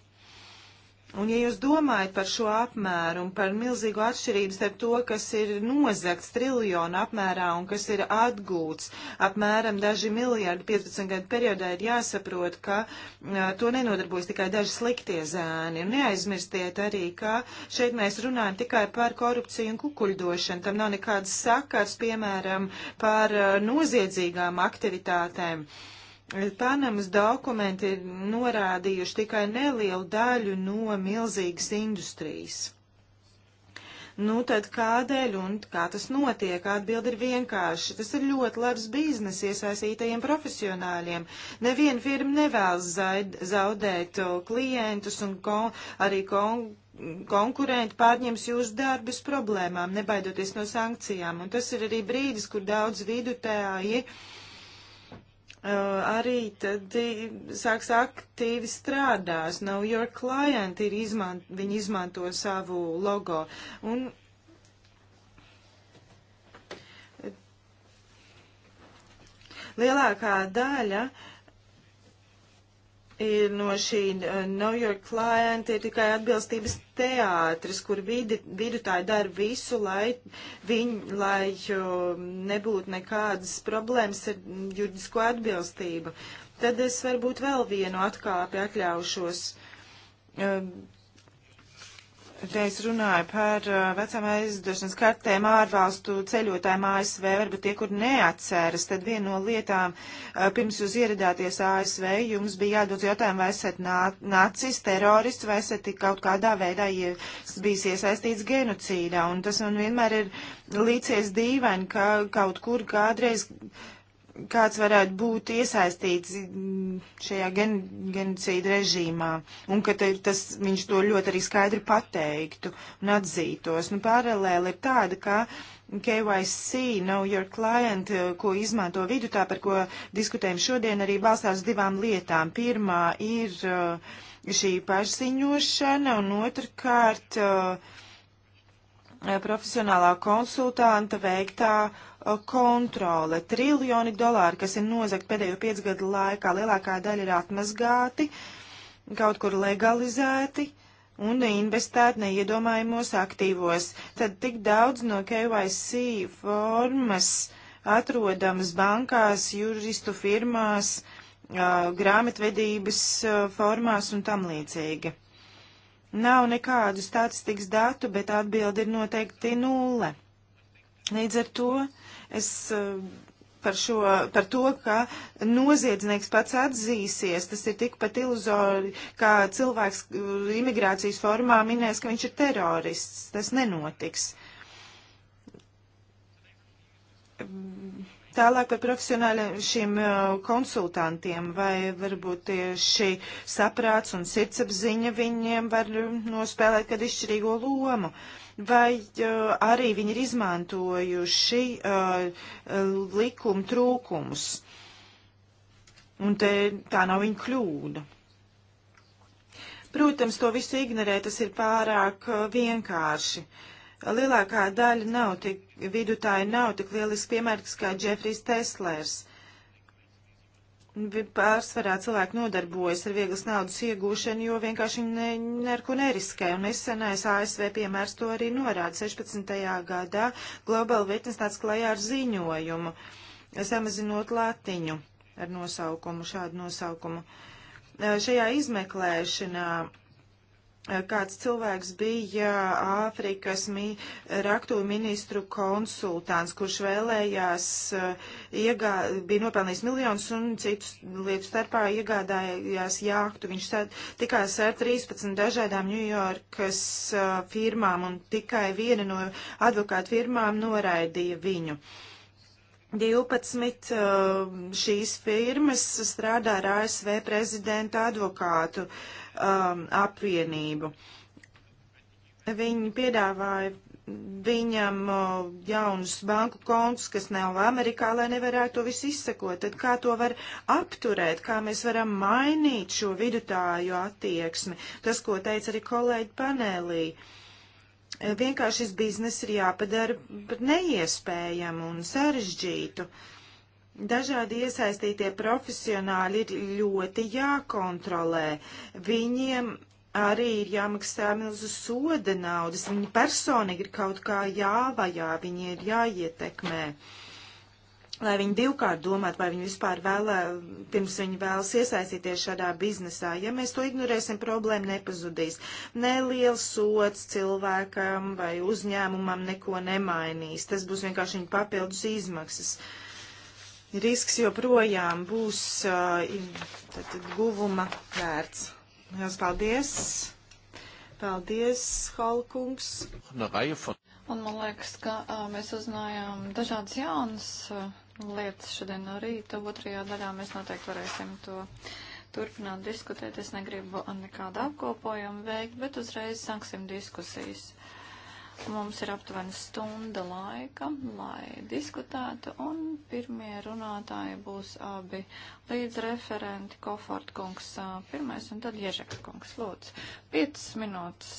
Un, ja jūs domājat par šo apmēru un par milzīgo atšķirību starp to, kas ir nozagts triljonu apmērā un kas ir atgūts apmēram daži miljardi 15 gadu periodā, ir jāsaprot, ka a, to nenodarbojas tikai daži sliktie zēni. Un neaizmirstiet arī, ka šeit mēs runājam tikai par korupciju un kukuļdošanu. Tam nav nekādas sakars, piemēram, par a, noziedzīgām aktivitātēm. Uh, Panamas dokumenti ir norādījuši tikai nelielu daļu no milzīgas industrijas. Nu, tad kādēļ un kā tas notiek? Atbildi ir vienkārši. Tas ir ļoti labs biznes iesaistītajiem profesionāļiem. Neviena firma nevēlas zaid, zaudēt uh, klientus un kon, arī kon, konkurenti pārņems jūsu darbus problēmām, nebaidoties no sankcijām. Un tas ir arī brīdis, kur daudz vidutāji. Ja Eh, arī tad eh, sāks aktīvi strādās. Nav no your client, ir izman, viņi izmanto savu logo. Un eh, lielākā daļa uh, ir no šī eh, New York klienta ir tikai atbilstības teātris, kur vidi, vidutāji dara visu, lai viņi, lai nebūtu nekādas problēmas ar juridisko atbilstību. Tad es varbūt vēl vienu atkāpi atļaušos. Ehm, Reiz runāju par uh, vecām aizdošanas kartēm ārvalstu ceļotājiem ASV, varbūt tie, kur neatceras, tad viena no lietām, uh, pirms jūs ieradāties ASV, jums bija jādod jautājumu, vai esat nacis, terorists, vai esat kaut kādā veidā bijis iesaistīts genocīdā. Un tas man vienmēr ir līdzies dīvaini, ka kaut kur kādreiz. Uh, kāds varētu būt iesaistīts mm, šajā gen, genocīda režīmā, un ka tas, viņš to ļoti arī skaidri pateiktu un atzītos. Nu, paralēli ir tāda, ka KYC, Know Your Client, ko izmanto vidu, tā par ko diskutējam šodien, arī balstās divām lietām. Pirmā ir uh, šī pašziņošana, un otrkārt uh, profesionālā konsultanta veiktā kontrole. Triljoni dolāri, kas ir nozagt pēdējo piecu gadu laikā, lielākā daļa ir atmazgāti, kaut kur legalizēti un investēt neiedomājumos aktīvos. Tad tik daudz no KYC formas atrodams bankās, juristu firmās, grāmatvedības formās un tam līdzīgi. Nav nekādu statistikas datu, bet atbildi ir noteikti nulle. Līdz ar to es eh, par, šo, par to, ka noziedznieks pats atzīsies, tas ir tikpat iluzori, kā cilvēks eh, imigrācijas formā minēs, ka viņš ir terorists. Tas nenotiks. Tālāk par profesionāļiem eh, konsultantiem, vai varbūt tieši saprāts un sirdsapziņa viņiem var nospēlēt kādu izšķirīgo lomu. Uh, vai uh, arī viņi ir izmantojuši uh, likuma trūkumus. Un te tā nav viņa kļūda. Protams, to visu ignorēt, tas ir pārāk uh, vienkārši. Lielākā daļa nav tik, vidutāji nav tik lielisks piemērs kā Džefrijs Teslers. Uh, pārsvarā cilvēki nodarbojas ar vieglas naudas iegūšanu, jo vienkārši viņi ne, ne ar ko neriskē. Un nesenais ASV piemērs to arī norāda. 16. gadā Global Witness nāca klajā ar ziņojumu, samazinot latiņu ar nosaukumu, šādu nosaukumu. Šajā izmeklēšanā Eh, kāds cilvēks bija eh, Āfrikas mi, eh, raktuvu ministru konsultants, kurš vēlējās iegā, bija nopelnījis miljonus un citus lietu starpā iegādājās jāktu. Viņš tad, tikās ar 13 dažādām Ņujorkas firmām un tikai viena no advokātu firmām noraidīja viņu. Uh, 12 uh, šīs firmas strādā ar ASV prezidenta advokātu um, apvienību. Viņi piedāvāja viņam uh, jaunus banku kontus, kas nav Amerikā, lai nevarētu to visu izsekot. Tad kā to var apturēt, kā mēs varam mainīt šo vidutāju attieksmi? Tas, ko teica arī kolēģi panelī. Uh, Eh, vienkārši šis biznes ir jāpadara par neiespējamu un sarežģītu. Dažādi iesaistītie profesionāļi ir ļoti jākontrolē. Viņiem arī ir jāmaksā milzu soda naudas, viņi personīgi ir kaut kā jāvajā, viņi ir jāietekmē. Uh, lai viņi divkārt domātu, vai viņi vispār vēlē, pirms viņi vēlas iesaistīties šādā biznesā. Ja mēs to ignorēsim, problēma nepazudīs. Neliels sots cilvēkam vai uzņēmumam neko nemainīs. Tas būs vienkārši viņa papildus izmaksas. Risks joprojām būs uh, tad, tad, guvuma vērts. Jās paldies! Paldies, Holkungs! Un man liekas, ka uh, mēs uzzinājām dažādas jaunas uh, lietas šodien no rīta. Otrajā daļā mēs noteikti varēsim to turpināt diskutēt. Es negribu nekādu apkopojumu veikt, bet uzreiz sāksim diskusijas. Mums ir aptuveni stunda laika, lai diskutētu, un pirmie runātāji būs abi līdzreferenti Kofort kungs pirmais un tad Ježeka kungs lūdzu. 5 minūtes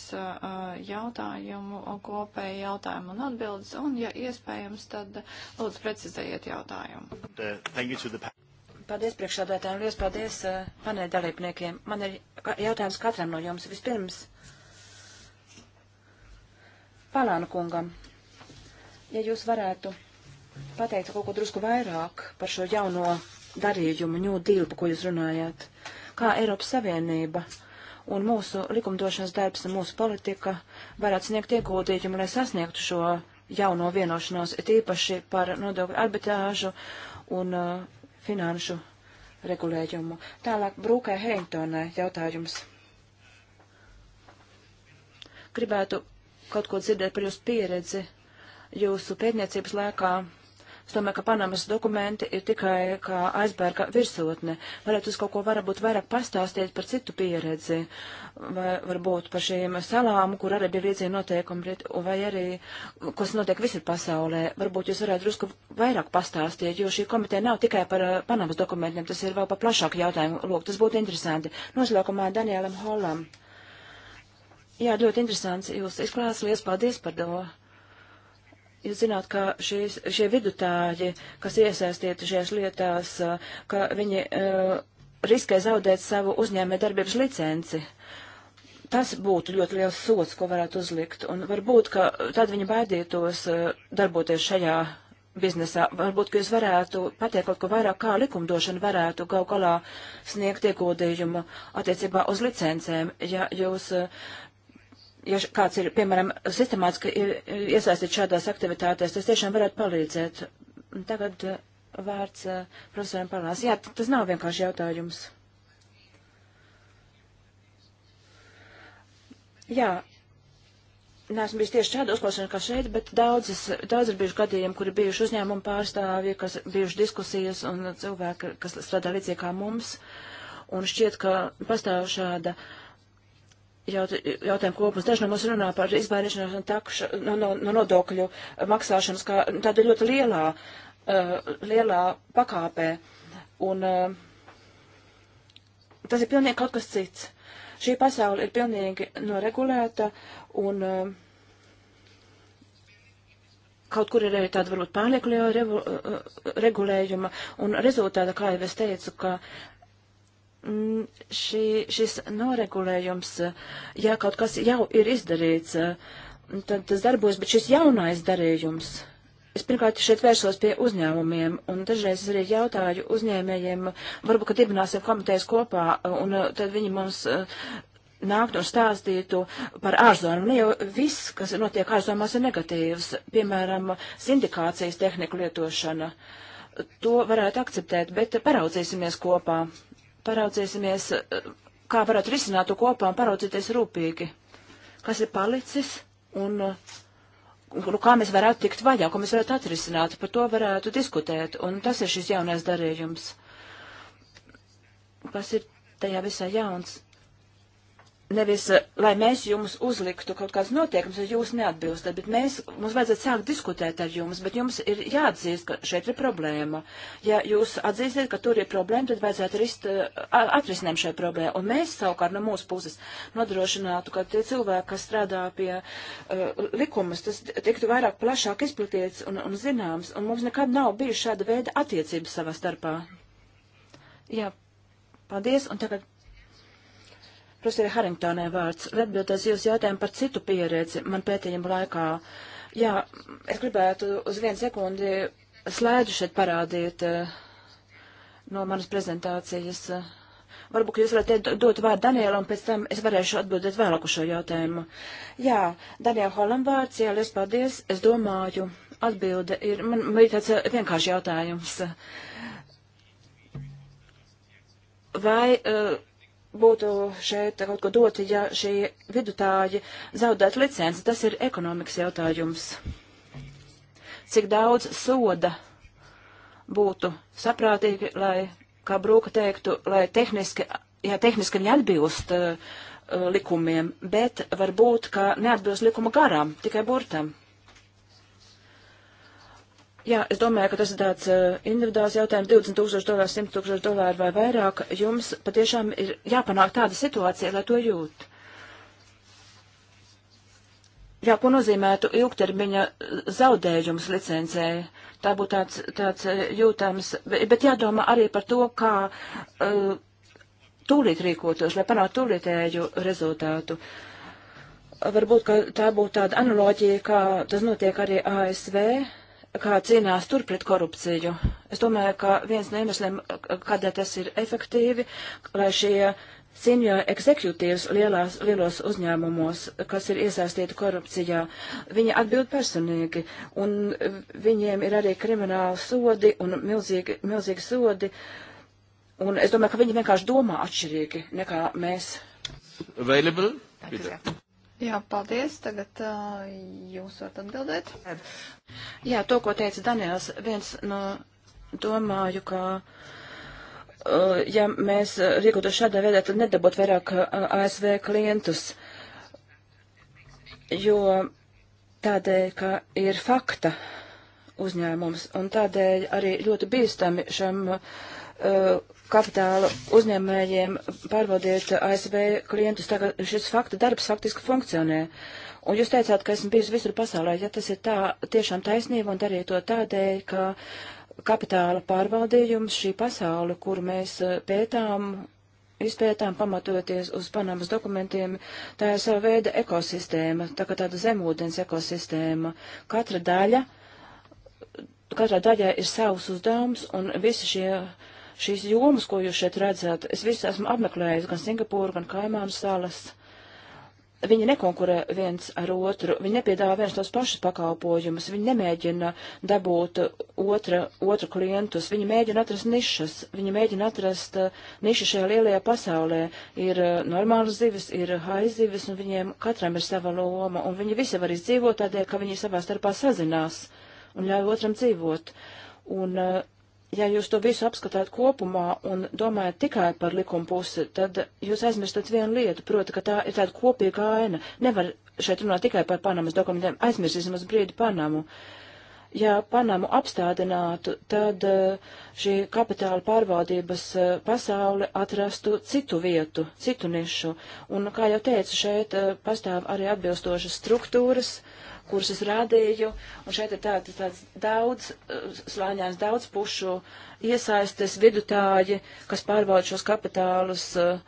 jautājumu, kopēji jautājumu un atbildes, un, ja iespējams, tad lūdzu precizējiet jautājumu. Paldies priekšādātājiem, liels paldies paneļa dalībniekiem. Man ir jautājums katram no jums. Vispirms. Palānu kungam, ja jūs varētu pateikt kaut ko drusku vairāk par šo jauno darījumu, New Deal, par ko jūs runājāt, kā Eiropas Savienība un mūsu likumdošanas darbs un mūsu politika varētu sniegt ieguldījumu, lai sasniegtu šo jauno vienošanos, it īpaši par nodokļu arbitrāžu un uh, finanšu regulējumu. Tālāk Brūkai Heingtonai jautājums. Gribētu kaut ko dzirdēt par jūsu pieredzi jūsu pētniecības laikā. Es domāju, ka Panamas dokumenti ir tikai kā aizbērga virsotne. Varētu uz kaut ko varbūt vairāk pastāstīt par citu pieredzi, vai varbūt par šīm salām, kur arī bija līdzīgi noteikumi, vai arī, kas notiek visur pasaulē. Varbūt jūs varētu drusku vairāk pastāstīt, jo šī komiteja nav tikai par eh, Panamas dokumentiem, tas ir vēl par plašāku jautājumu. Lūk, tas būtu interesanti. Noslēgumā Danielam Holam. Uh, Jā, ļoti interesants jūs izklāsts. Lielas paldies par to. Jūs zināt, ka šīs, šie vidutāji, kas iesaistīti šajās lietās, ka viņi uh, riskē zaudēt savu uzņēmē darbības licenci. Tas būtu ļoti liels sots, ko varētu uzlikt. Un varbūt, ka tad viņi baidītos uh, darboties šajā biznesā. Varbūt, ka jūs varētu pateikt kaut ko vairāk, kā likumdošana varētu gal galā sniegt ieguldījumu attiecībā uz licencēm, ja jūs uh, ja kāds ir, piemēram, sistemātiski iesaistīts šādās aktivitātēs, tas tiešām varētu palīdzēt. Tagad eh, vārds eh, profesoram Palās. Jā, tas nav vienkārši jautājums. Jā, neesmu bijis tieši šāda uzklausīšana kā šeit, bet daudzas, daudz ir bijuši gadījumi, kuri bijuši uzņēmumu pārstāvji, kas bijuši diskusijas un cilvēki, kas strādā līdzīgi kā mums. Un šķiet, ka pastāv šāda uh, jaut, jautājumu kopums. Daži no mums runā par izvairīšanos no, takša, no, no, no nodokļu maksāšanas kā tāda ļoti lielā, uh, lielā pakāpē. Un uh, tas ir pilnīgi kaut kas cits. Šī pasaule ir pilnīgi noregulēta un uh, kaut kur ir arī tāda varbūt pārlieku liela uh, uh, regulējuma un rezultāta, kā jau es teicu, ka Mm, šī, šis noregulējums, ja kaut kas jau ir izdarīts, mm, tad tas darbojas, bet šis jaunais darījums. Es pirmkārt šeit vērsos pie uzņēmumiem, un dažreiz arī jautāju uzņēmējiem, varbūt, ka dibināsim komitejas kopā, un eh, tad viņi mums eh, nāktu un stāstītu par ārzonām. Ne nu, jau viss, kas notiek ārzonās, ir negatīvs. Piemēram, sindikācijas tehniku lietošana. To varētu akceptēt, bet paraudzīsimies kopā paraudzīsimies, eh, kā varētu risināt to kopā un paraudzīties rūpīgi, kas ir palicis un eh, nu, kā mēs varētu tikt vaļā, ko mēs varētu atrisināt, par to varētu diskutēt. Un tas ir šis jaunais darījums, kas ir tajā visā jauns nevis, eh, lai mēs jums uzliktu kaut kādas noteikumus, ja jūs neatbilstat, bet mēs, mums vajadzētu sākt diskutēt ar jums, bet jums ir jāatzīst, ka šeit ir problēma. Ja jūs atzīstat, ka tur ir problēma, tad vajadzētu rist, eh, atrisinām šai problēmai. Un mēs savukārt no mūsu puses nodrošinātu, ka tie cilvēki, kas strādā pie uh, likumas, tas tiktu vairāk plašāk izplatīts un, un zināms, un mums nekad nav bijuši šāda veida attiecības savā starpā. Jā, paldies, un tagad Profesori Haringtonē vārds, lai atbildētu jūsu jautājumu par citu pieredzi man pētījumu laikā. Jā, es gribētu uz vienu sekundi slēdzu šeit parādīt eh, no manas prezentācijas. Varbūt jūs varat dot vārdu Danielam, pēc tam es varēšu atbildēt vēlāk uz šo jautājumu. Jā, Daniela Holam vārds, jā, liels paldies. Es domāju, atbilde ir, man, man ir tāds eh, vienkārši jautājums. Vai uh, būtu šeit kaut ko doti, ja šie vidutāji zaudētu licenci. Tas ir ekonomikas jautājums. Cik daudz soda būtu saprātīgi, lai, kā Brūka teiktu, lai tehniski, jā, tehniski viņi atbilst uh, likumiem, bet varbūt, ka neatbilst likuma garam, tikai burtam. Jā, es domāju, ka tas ir tāds eh, individuāls jautājums - 20 tūkstoši dolāru, 100 tūkstoši dolāru vai vairāk. Jums patiešām ir jāpanāk tāda situācija, lai to jūt. Jā, ko nozīmētu ilgtermiņa eh, zaudējums licencēji? Tā būtu tāds, tāds eh, jūtams, bet jādomā arī par to, kā uh, tūlīt rīkotos, lai panāktu tūlītēju rezultātu. Varbūt, ka tā būtu tāda analoģija, kā tas notiek arī ASV kā cīnās tur pret korupciju. Es domāju, ka viens no iemesliem, kādēļ tas ir efektīvi, lai šie senior executives lielās, lielos uzņēmumos, kas ir iesaistīti korupcijā, viņi atbild personīgi, un viņiem ir arī krimināli sodi un milzīgi, milzīgi sodi, un es domāju, ka viņi vienkārši domā atšķirīgi nekā mēs. Available? Bitte. Jā, paldies. Tagad uh, jūs varat atbildēt. Jā, to, ko teica Daniels, viens no domāju, ka. Uh, ja mēs rīkotu šādā veidā, tad nedabūtu vairāk uh, ASV klientus, jo tādēļ, ka ir fakta uzņēmums, un tādēļ arī ļoti bīstami šam uh, kapitāla uzņēmējiem pārbaudīt ASV klientus. Tagad šis fakta darbs faktiski funkcionē. Un jūs teicāt, ka esmu bijusi visur pasaulē. Ja tas ir tā, tiešām taisnība un darīju to tādēļ, ka kapitāla pārvaldījums šī pasaule, kuru mēs eh, pētām, izpētām pamatoties uz Panamas dokumentiem, tā ir sava veida ekosistēma, tā kā tāda zemūdens ekosistēma. Katra daļa, katrā daļā ir savs uzdevums un visi šie uh, Šīs jomas, ko jūs šeit redzat, es visu esmu apmeklējis, gan Singapūru, gan Kaimānu salas. Viņi nekonkurē viens ar otru, viņi nepiedāvā viens tos pašus pakalpojumus, viņi nemēģina dabūt otra, otru klientus, viņi mēģina atrast nišas, viņi mēģina atrast uh, nišas šajā lielajā pasaulē. Ir uh, normāls zivis, ir haizivis, un viņiem katram ir sava loma, un viņi visi var izdzīvot tādēļ, ka viņi savā starpā sazinās un ļauj otram dzīvot. Un uh, ja jūs to visu apskatāt kopumā un domājat tikai par likuma pusi, tad jūs aizmirstat vienu lietu, proti, ka tā ir tāda kopīga aina. Nevar šeit runāt tikai par Panamas dokumentiem, aizmirsīsim uz brīdi Panamu. Ja Panamu apstādinātu, tad eh, šī kapitāla pārvaldības eh, pasaule atrastu citu vietu, citu nišu. Un, kā jau teicu, šeit eh, pastāv arī atbilstošas struktūras, kurus es rādīju, un šeit ir tāds, tāds daudz eh, slāņās, daudz pušu iesaistes vidutāji, kas pārbauda šos kapitālus. Eh,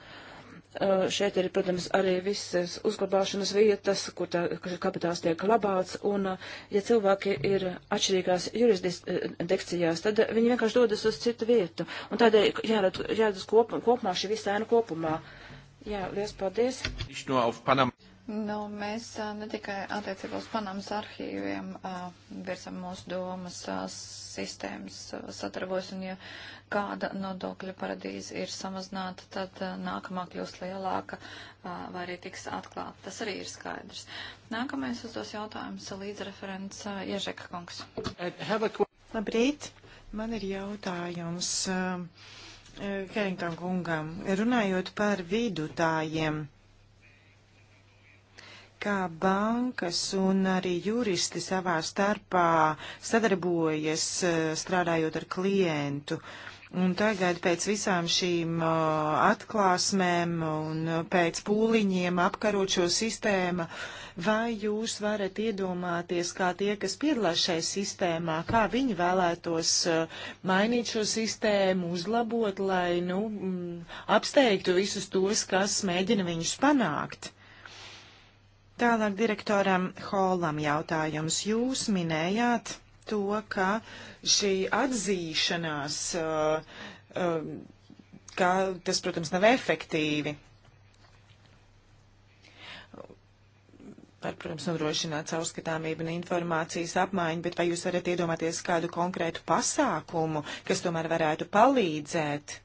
eh, šeit ir, protams, arī visas uzglabāšanas vietas, kur tā, kapitāls tiek labāts, un ja cilvēki ir atšķirīgās jurisdikcijās, tad viņi vienkārši dodas uz citu vietu, un tādēļ jārad, jārad kop, kopumā šī visa ēna kopumā. Jā, liels paldies. Nu, mēs ne tikai attiecībā uz Panamas arhīviem virsam mūsu domas sistēmas satarbojas, un ja kāda nodokļa paradīze ir samazināta, tad nākamā kļūst lielāka vai arī tiks atklāta. Tas arī ir skaidrs. Nākamais uzdos jautājums līdzreferents Iežeka kungs. Labrīt, man ir jautājums Keringam kungam. Runājot par vidutājiem kā bankas un arī juristi savā starpā sadarbojas, eh, strādājot ar klientu. Un tagad pēc visām šīm eh, atklāsmēm un eh, pēc pūliņiem apkarot šo sistēmu, vai jūs varat iedomāties, kā tie, kas piedalās šai sistēmā, kā viņi vēlētos mainīt šo sistēmu, uzlabot, lai, nu, mm, apsteigtu visus tos, kas mēģina viņus panākt? Tālāk direktoram Hollam jautājums. Jūs minējāt to, ka šī atzīšanās, uh, um, ka tas, protams, nav efektīvi. Var, protams, nodrošināt caurskatāmību un informācijas apmaiņu, bet vai jūs varat iedomāties kādu konkrētu pasākumu, kas tomēr varētu palīdzēt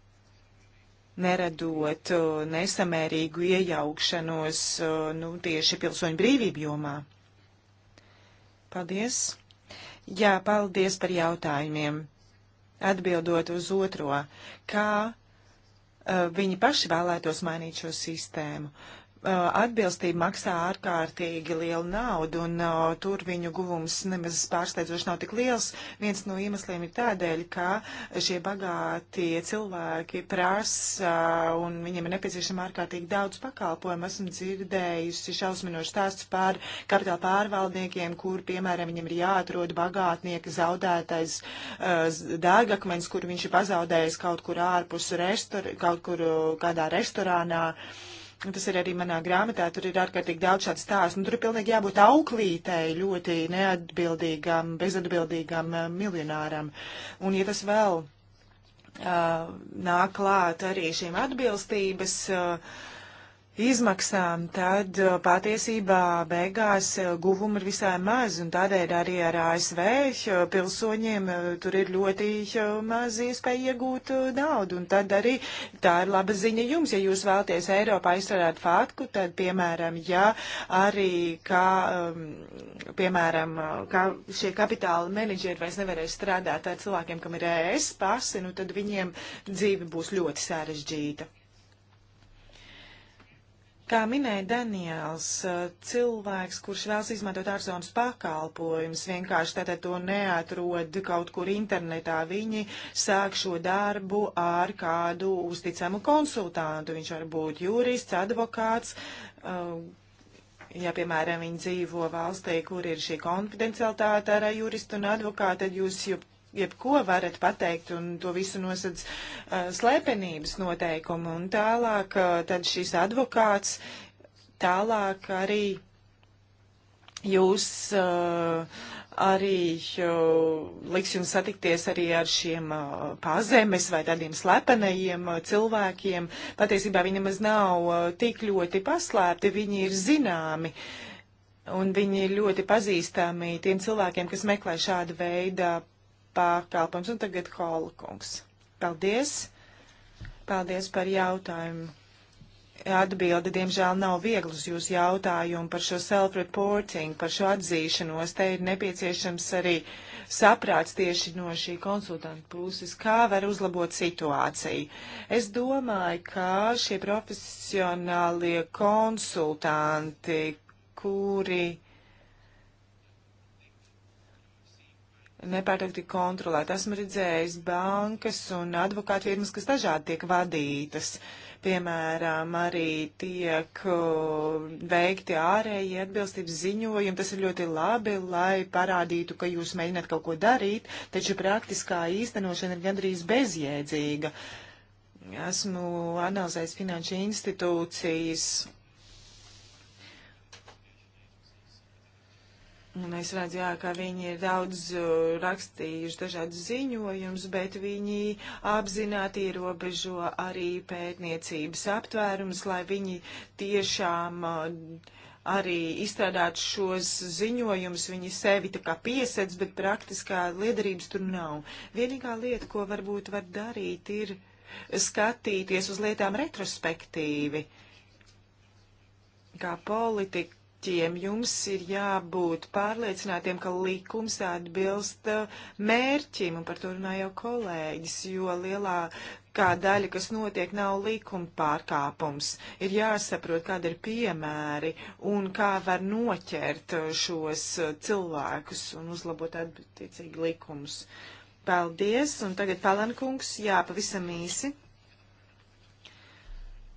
neradot uh, nesamērīgu iejaukšanos uh, nu, tieši pilsoņu brīvību jomā. Paldies! Jā, paldies par jautājumiem. Atbildot uz otro, kā uh, viņi paši vēlētos mainīt šo sistēmu. Uh, atbilstība maksā ārkārtīgi lielu naudu, un uh, tur viņu guvums nemaz pārsteidzoši nav tik liels. Viens no iemesliem ir tādēļ, ka šie bagātie cilvēki prasa, uh, un viņiem ir nepieciešama ārkārtīgi daudz pakalpojumu. Esmu dzirdējusi šausminošu stāstu par kapitāla pārvaldniekiem, kur, piemēram, viņam ir jāatrod bagātnieka zaudētais uh, dārgakmens, kur viņš ir pazaudējis kaut kur ārpus, restor, kaut kur uh, kādā restorānā. Uh, Nu, tas ir arī manā grāmatā, tur ir ārkārtīgi daudz šādu stāstu. Nu, tur ir pilnīgi jābūt auklītēji ļoti neatbildīgam, bezatbildīgam eh, miljonāram. Un ja tas vēl uh, nāk klāt arī šīm atbilstības. Uh, izmaksām, tad uh, patiesībā beigās uh, guvumi ir visai maz, un tādēļ arī ar ASV uh, pilsoņiem tur ir ļoti maz iespēja iegūt naudu, un tad arī tā ir laba ziņa jums, ja jūs vēlaties Eiropā izstrādāt faktu, tad, piemēram, ja arī, kā, um, piemēram, kā šie kapitāla menedžeri vairs nevarēs strādāt ar cilvēkiem, kam ir ES pasi, nu tad viņiem dzīve būs ļoti sarežģīta. Kā minēja Daniels, cilvēks, kurš vēlas izmantot ārzonas pakalpojumus, vienkārši tātad to neatrod kaut kur internetā, viņi sāk šo darbu ar kādu uzticamu konsultantu. Viņš var būt jurists, advokāts. Uh, ja, piemēram, viņi dzīvo valstī, kur ir šī konfidencialitāte ar juristu un advokātu, tad jūs jebko varat pateikt, un to visu nosedz uh, slēpenības noteikumu. Un tālāk uh, tad šis advokāts, tālāk arī jūs uh, arī uh, liks jums satikties arī ar šiem uh, pazemes vai tādiem slepenajiem uh, cilvēkiem. Patiesībā viņi nemaz nav uh, tik ļoti paslēpti, viņi ir zināmi. Uh, un viņi ir ļoti pazīstami tiem cilvēkiem, kas meklē šādu veidu pakalpojums. Un tagad Holkungs. Paldies! Paldies par jautājumu. Atbilde, diemžēl, nav viegli uz jūsu jautājumu par šo self-reporting, par šo atzīšanos. Te ir nepieciešams arī saprāts tieši no šī konsultanta puses, kā var uzlabot situāciju. Es domāju, ka šie profesionālie konsultanti, kuri nepārtraukti kontrolēt. Esmu redzējis bankas un advokātu firmas, kas dažādi tiek vadītas. Piemēram, arī tiek uh, veikti ārēji atbilstības ziņojumi. Tas ir ļoti labi, lai parādītu, ka jūs mēģināt kaut ko darīt, taču praktiskā īstenošana ir gandrīz bezjēdzīga. Esmu analizējis finanšu institūcijas Mēs redzējām, ka viņi ir daudz rakstījuši dažādas ziņojumus, bet viņi apzināti ierobežo arī pētniecības aptvērums, lai viņi tiešām arī izstrādātu šos ziņojumus, viņi sevi tā kā piesedz, bet praktiskā liederības tur nav. Vienīgā lieta, ko varbūt var darīt, ir skatīties uz lietām retrospektīvi, kā politika mērķiem jums ir jābūt pārliecinātiem, ka likums atbilst uh, mērķim, un par to runā jau kolēģis, jo lielākā daļa, kas notiek, nav likuma pārkāpums. Ir jāsaprot, kāda ir piemēri un kā var noķert uh, šos uh, cilvēkus un uzlabot attiecīgi likumus. Paldies, un tagad Palankungs, jā, pavisam īsi.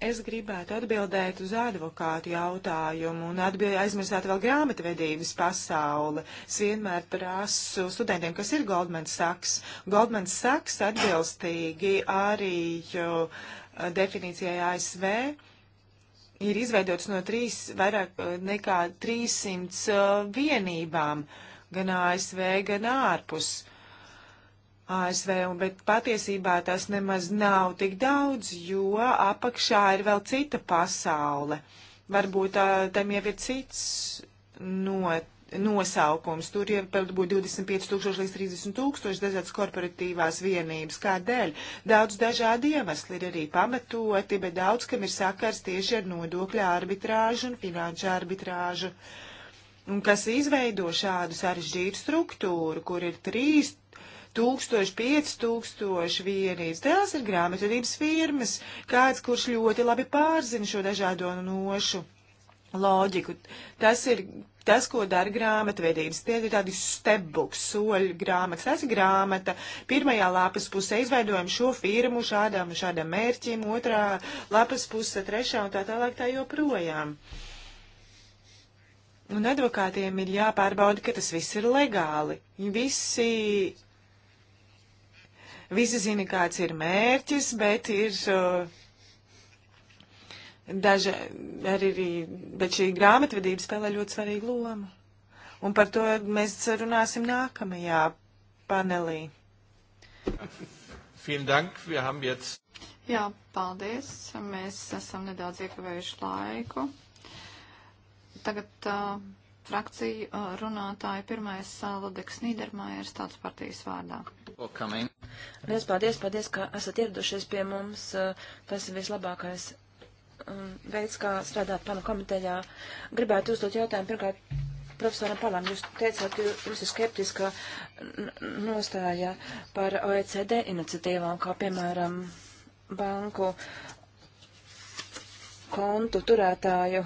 Es gribētu atbildēt uz advokātu jautājumu un atbild, aizmirstāt vēl grāmatvedības pasauli. Es vienmēr prasu studentiem, kas ir Goldman Sachs. Goldman Sachs atbilstīgi arī jo, eh, definīcijai ASV ir izveidots no trīs, vairāk eh, nekā 300 eh, vienībām gan ASV, gan ārpus. Uh, ASV, un, bet patiesībā tas nemaz nav tik daudz, jo apakšā ir vēl cita pasaule. Varbūt tā, tam jau ir cits no, nosaukums. Tur ir varbūt 25 tūkstoši līdz 30 tūkstoši dažādas korporatīvās vienības. Kādēļ? Daudz dažādi iemesli ir arī pamatoti, bet daudz, kam ir sakars tieši ar nodokļu arbitrāžu un finanšu arbitrāžu. Un kas izveido šādu sarežģītu struktūru, kur ir trīs tūkstoši, pieci tūkstoši vienības. Tās ir grāmatvedības firmas, kāds, kurš ļoti labi pārzina šo dažādo nošu loģiku. Tas ir tas, ko dara grāmatvedības. Tie ir tādi stepbuks, soļu grāmatas. Tas ir grāmata. Pirmajā lapas pusē izveidojam šo firmu šādam, šādam mērķim, otrā lapas puse, trešā un tā tālāk tā joprojām. Un advokātiem ir jāpārbauda, ka tas viss ir legāli. Visi visi zina, kāds ir mērķis, bet ir uh, daži arī, bet šī grāmatvedība spēlē ļoti svarīgu lomu. Un par to mēs runāsim nākamajā panelī. Vielen Dank, wir haben jetzt. Jā, paldies. Mēs esam nedaudz iekavējuši laiku. Tagad uh, frakciju uh, runātāju. Pirmais Ludeks Nīdermājers tāds partijas vārdā. Liels paldies, paldies, ka esat ieradušies pie mums. Uh, tas ir vislabākais um, veids, kā strādāt panu komitejā. Gribētu uzdot jautājumu pirmkārt profesoram Palam, jūs teicāt, ka jums ir skeptiska nostāja par OECD iniciatīvām, kā piemēram banku kontu turētāju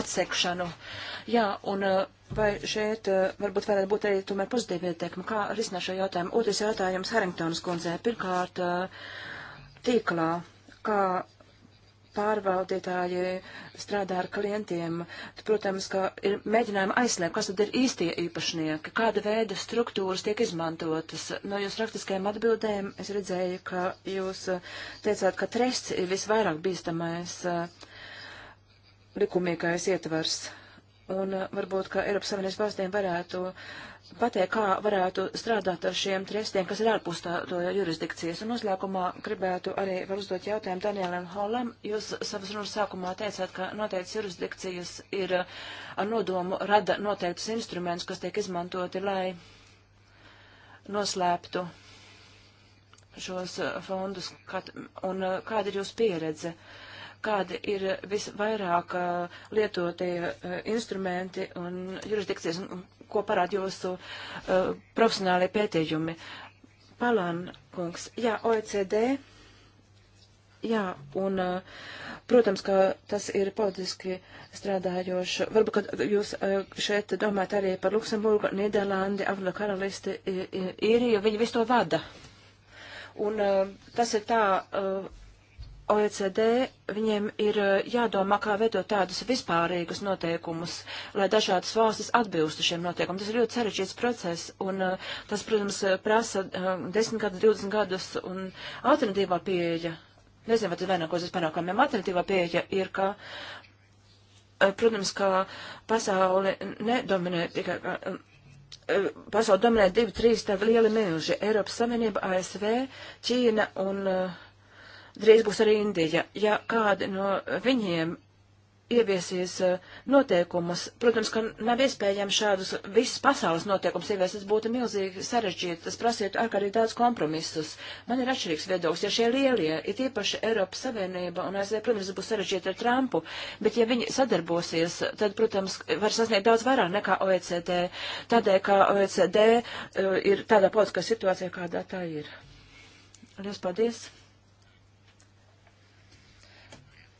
atsekšanu. Uh, Jā, un eh, vai šeit eh, varbūt varētu būt arī tomēr pozitīva ieteikuma, kā risināt šo jautājumu? Otrs jautājums Harringtonas kundzē. Pirmkārt, eh, tīklā, kā pārvaldītāji strādā ar klientiem. Protams, ka ir mēģinājumi aizslēgt, kas tad ir īstie īpašnieki, kāda veida struktūras tiek izmantotas. No jūsu raktiskajiem atbildēm es redzēju, ka jūs teicāt, ka trests ir visvairāk bīstamais likumīgais ietvars un uh, varbūt, ka Eiropas Savienības valstīm varētu pateikt, kā varētu strādāt ar šiem trestiem, kas ir ārpus tā, to jurisdikcijas. Un uzlēkumā gribētu arī var uzdot jautājumu Danielam Holam. Jūs savas runas sākumā teicāt, ka noteikts jurisdikcijas ir uh, ar nodomu rada noteiktus instrumentus, kas tiek izmantoti, lai noslēptu šos uh, fondus. Kad, un kāda ir jūsu pieredze? Uh, kādi ir visvairāk uh, lietotie uh, instrumenti un jurisdikcijas, un, un ko parāda jūsu uh, profesionālie pētījumi. Palān, kungs, jā, OECD, jā, un, protams, ka tas ir politiski strādājoši. Varbūt, ka jūs šeit domājat arī par Luksemburgu, Nīderlandi, Avila karalisti, Īriju, viņi visu to vada. Un tas ir tā OECD viņiem ir eh, jādomā, kā veidot tādus vispārīgus noteikumus, lai dažādas valstis atbilstu šiem noteikumiem. Tas ir ļoti sarežģīts process, un eh, tas, protams, prasa 10 eh, gadus, 20 gadus, un alternatīvā pieeja, nezinu, vai tas vainākos uz panākumiem, alternatīvā pieeja ir, ka, protams, ka pasauli nedominē tikai. Pasauli dominē divi, trīs tādi lieli milži - Eiropas Savienība, ASV, Ķīna un uh, drīz būs arī Indija. Ja kādi no viņiem ieviesīs eh, noteikumus, protams, ka nav iespējams šādus visus pasaules noteikumus ievies, tas būtu milzīgi sarežģīti, tas prasītu ārkārtīgi daudz kompromisus. Man ir atšķirīgs viedoklis, ja šie lielie, ir īpaši Eiropas Savienība, un ASV, protams, būs sarežģīti ar Trumpu, bet ja viņi sadarbosies, tad, protams, var sasniegt daudz vairāk nekā OECD, tādēļ, ka OECD uh, eh, ir tādā politiskā situācijā, kādā tā ir. Liels paldies!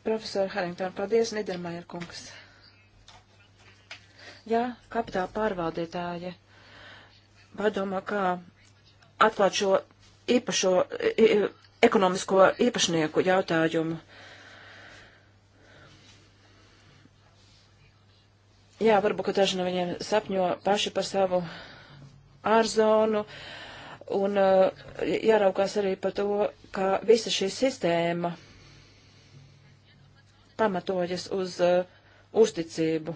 Profesori Harrington, paldies, Nidermajer kungs. Jā, kapitāla pārvaldītāja padomā, kā atklāt šo īpašo, ekonomisko īpašnieku jautājumu. Jā, varbūt, ka daži no viņiem sapņo paši par savu ārzonu. Un uh, jāraukās arī par to, ka visa šī sistēma pamatojas uz uh, uzticību.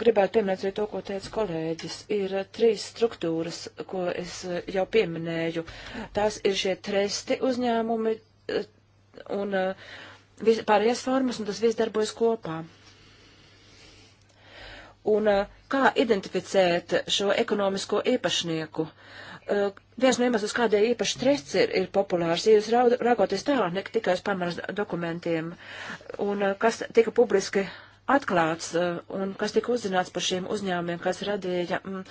Gribētu pieminēt arī to, ko teica kolēģis. Ir uh, trīs struktūras, ko es uh, jau pieminēju. Tās ir šie tresti uzņēmumi uh, un uh, pārējās formas, un tas viss darbojas kopā. Un uh, kā identificēt šo ekonomisko īpašnieku? Uh, uh, viens no iemesliem, kādēļ īpaši stress ir, ir populārs, ir raugoties tālāk, ne tikai uz pamanas dokumentiem, un uh, kas tika publiski atklāts uh, un kas tika uzzināts par šiem uzņēmumiem, kas radīja mm,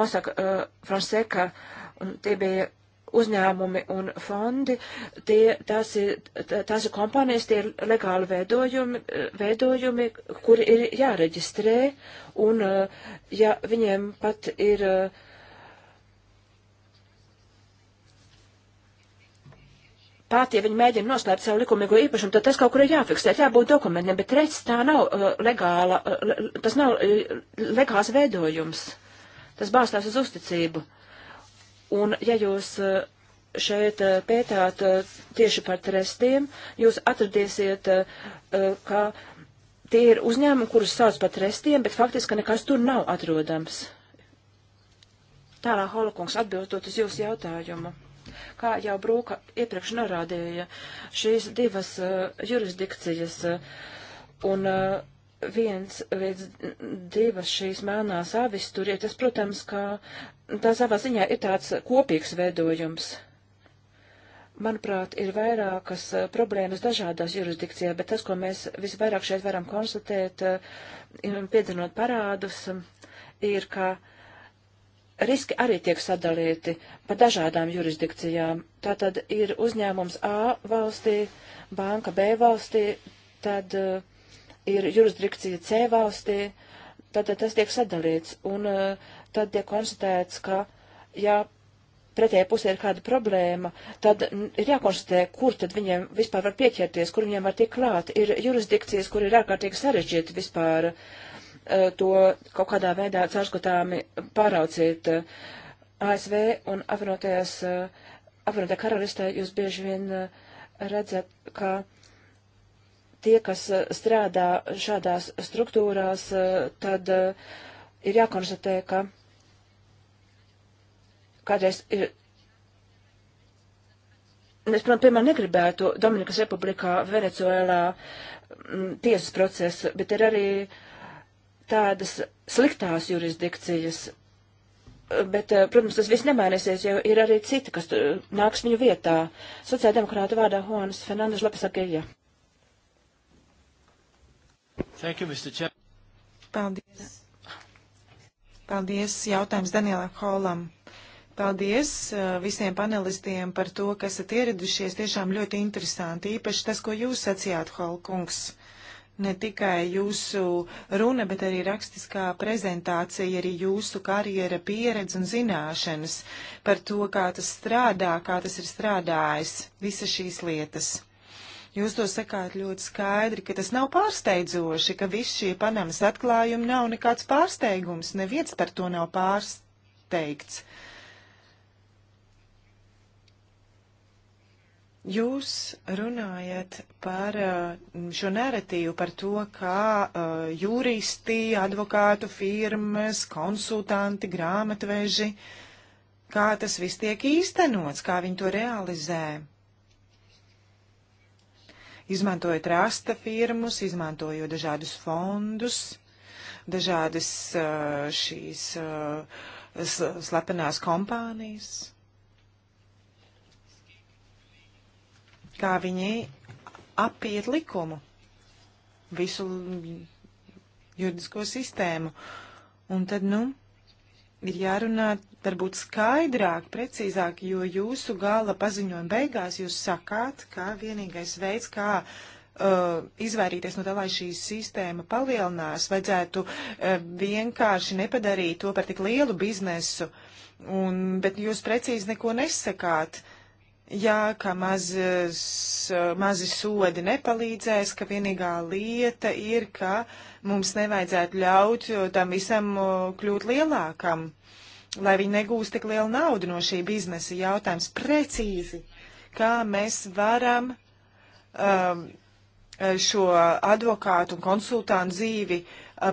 Mosaka uh, Fonseca, un tie bija uzņēmumi un fondi, tie, tās, ir, tās ir kompānijas, tie ir legāli veidojumi, veidojumi kuri ir jāreģistrē, un ja viņiem pat ir uh, pat, ja viņi mēģina noslēpt savu likumīgo īpašumu, tad tas kaut kur ir jāfiksē, jābūt dokumentiem, bet reci tā nav uh, legāla, uh, le, tas nav uh, legāls veidojums. Tas balstās uz uzticību. Un ja jūs uh, šeit uh, pētāt uh, tieši par trestiem, jūs atradīsiet, uh, uh, ka tie ir uzņēmumi, kurus sauc par trestiem, bet faktiski nekas tur nav atrodams. Tālāk, Holokungs, atbildot uz jūsu jautājumu kā jau Brūka iepriekš norādīja, šīs divas uh, jurisdikcijas uh, un uh, viens līdz divas šīs mēlnās avis tur ir, tas, protams, ka tā savā ziņā ir tāds kopīgs veidojums. Manuprāt, ir vairākas uh, problēmas dažādās jurisdikcijās, bet tas, ko mēs visvairāk šeit varam konstatēt, uh, piedzienot parādus, ir, ka uh, riski arī tiek sadalīti pa dažādām jurisdikcijām. Tātad ir uzņēmums A valstī, banka B valstī, tad uh, ir jurisdikcija C valstī, tātad tas tiek sadalīts, un uh, tad tiek konstatēts, ka, ja pretējā pusē ir kāda problēma, tad ir jākonstatē, kur tad viņiem vispār var pieķerties, kur viņiem var tikt klāt. Ir jurisdikcijas, kur ir ārkārtīgi sarežģīti vispār uh, Eh, to kaut kādā veidā caurskatāmi pāraucīt. Eh, ASV un apvienotajās, eh, apvienotajā karalistē jūs bieži vien redzat, ka tie, kas strādā šādās struktūrās, tad ir jākonstatē, ka kādreiz ir. Es, protams, piemēram, negribētu Dominikas Republikā, Venecuēlā mm, tiesas procesu, bet ir arī uh, tādas sliktās jurisdikcijas. Bet, eh, protams, tas viss nemainīsies, jo ir arī citi, kas eh, nāks viņu vietā. Sociāldemokrāta vārdā Honas Fernandes Lapasakija. Thank you, Mr. Chair. Paldies. Paldies. Jautājums Danielam Holam. Paldies eh, visiem panelistiem par to, kas esat ieradušies. Tiešām ļoti interesanti. Īpaši tas, ko jūs sacījāt, Holkungs. kungs ne tikai jūsu runa, bet arī rakstiskā prezentācija, arī jūsu karjera pieredze un zināšanas par to, kā tas strādā, kā tas ir strādājis, visas šīs lietas. Jūs to sakāt ļoti skaidri, ka tas nav pārsteidzoši, ka visi šie Panamas atklājumi nav nekāds pārsteigums, neviens par to nav pārsteigts. Uh, teikts. Jūs runājat par uh, šo naratīvu, par to, kā uh, juristi, advokātu firmas, konsultanti, grāmatveži, kā tas viss tiek īstenots, kā viņi to realizē. Izmantojot rasta firmus, izmantojot dažādus fondus, dažādas uh, šīs slepenās kompānijas. kā viņi apiet likumu, visu juridisko sistēmu. Un tad, nu, ir jārunā varbūt skaidrāk, precīzāk, jo jūsu gala paziņojuma beigās jūs sakāt, ka vienīgais veids, kā uh, izvairīties no tā, lai šī sistēma palielinās, vajadzētu uh, vienkārši nepadarīt to par tik lielu biznesu. Un, bet jūs precīzi neko nesakāt. Uh, Jā, ka mazas, mazi sodi nepalīdzēs, ka vienīgā lieta ir, ka mums nevajadzētu ļaut tam visam kļūt lielākam, lai viņi negūst tik lielu naudu no šī biznesa. Jautājums precīzi, kā mēs varam um, šo advokātu un konsultāntu dzīvi uh,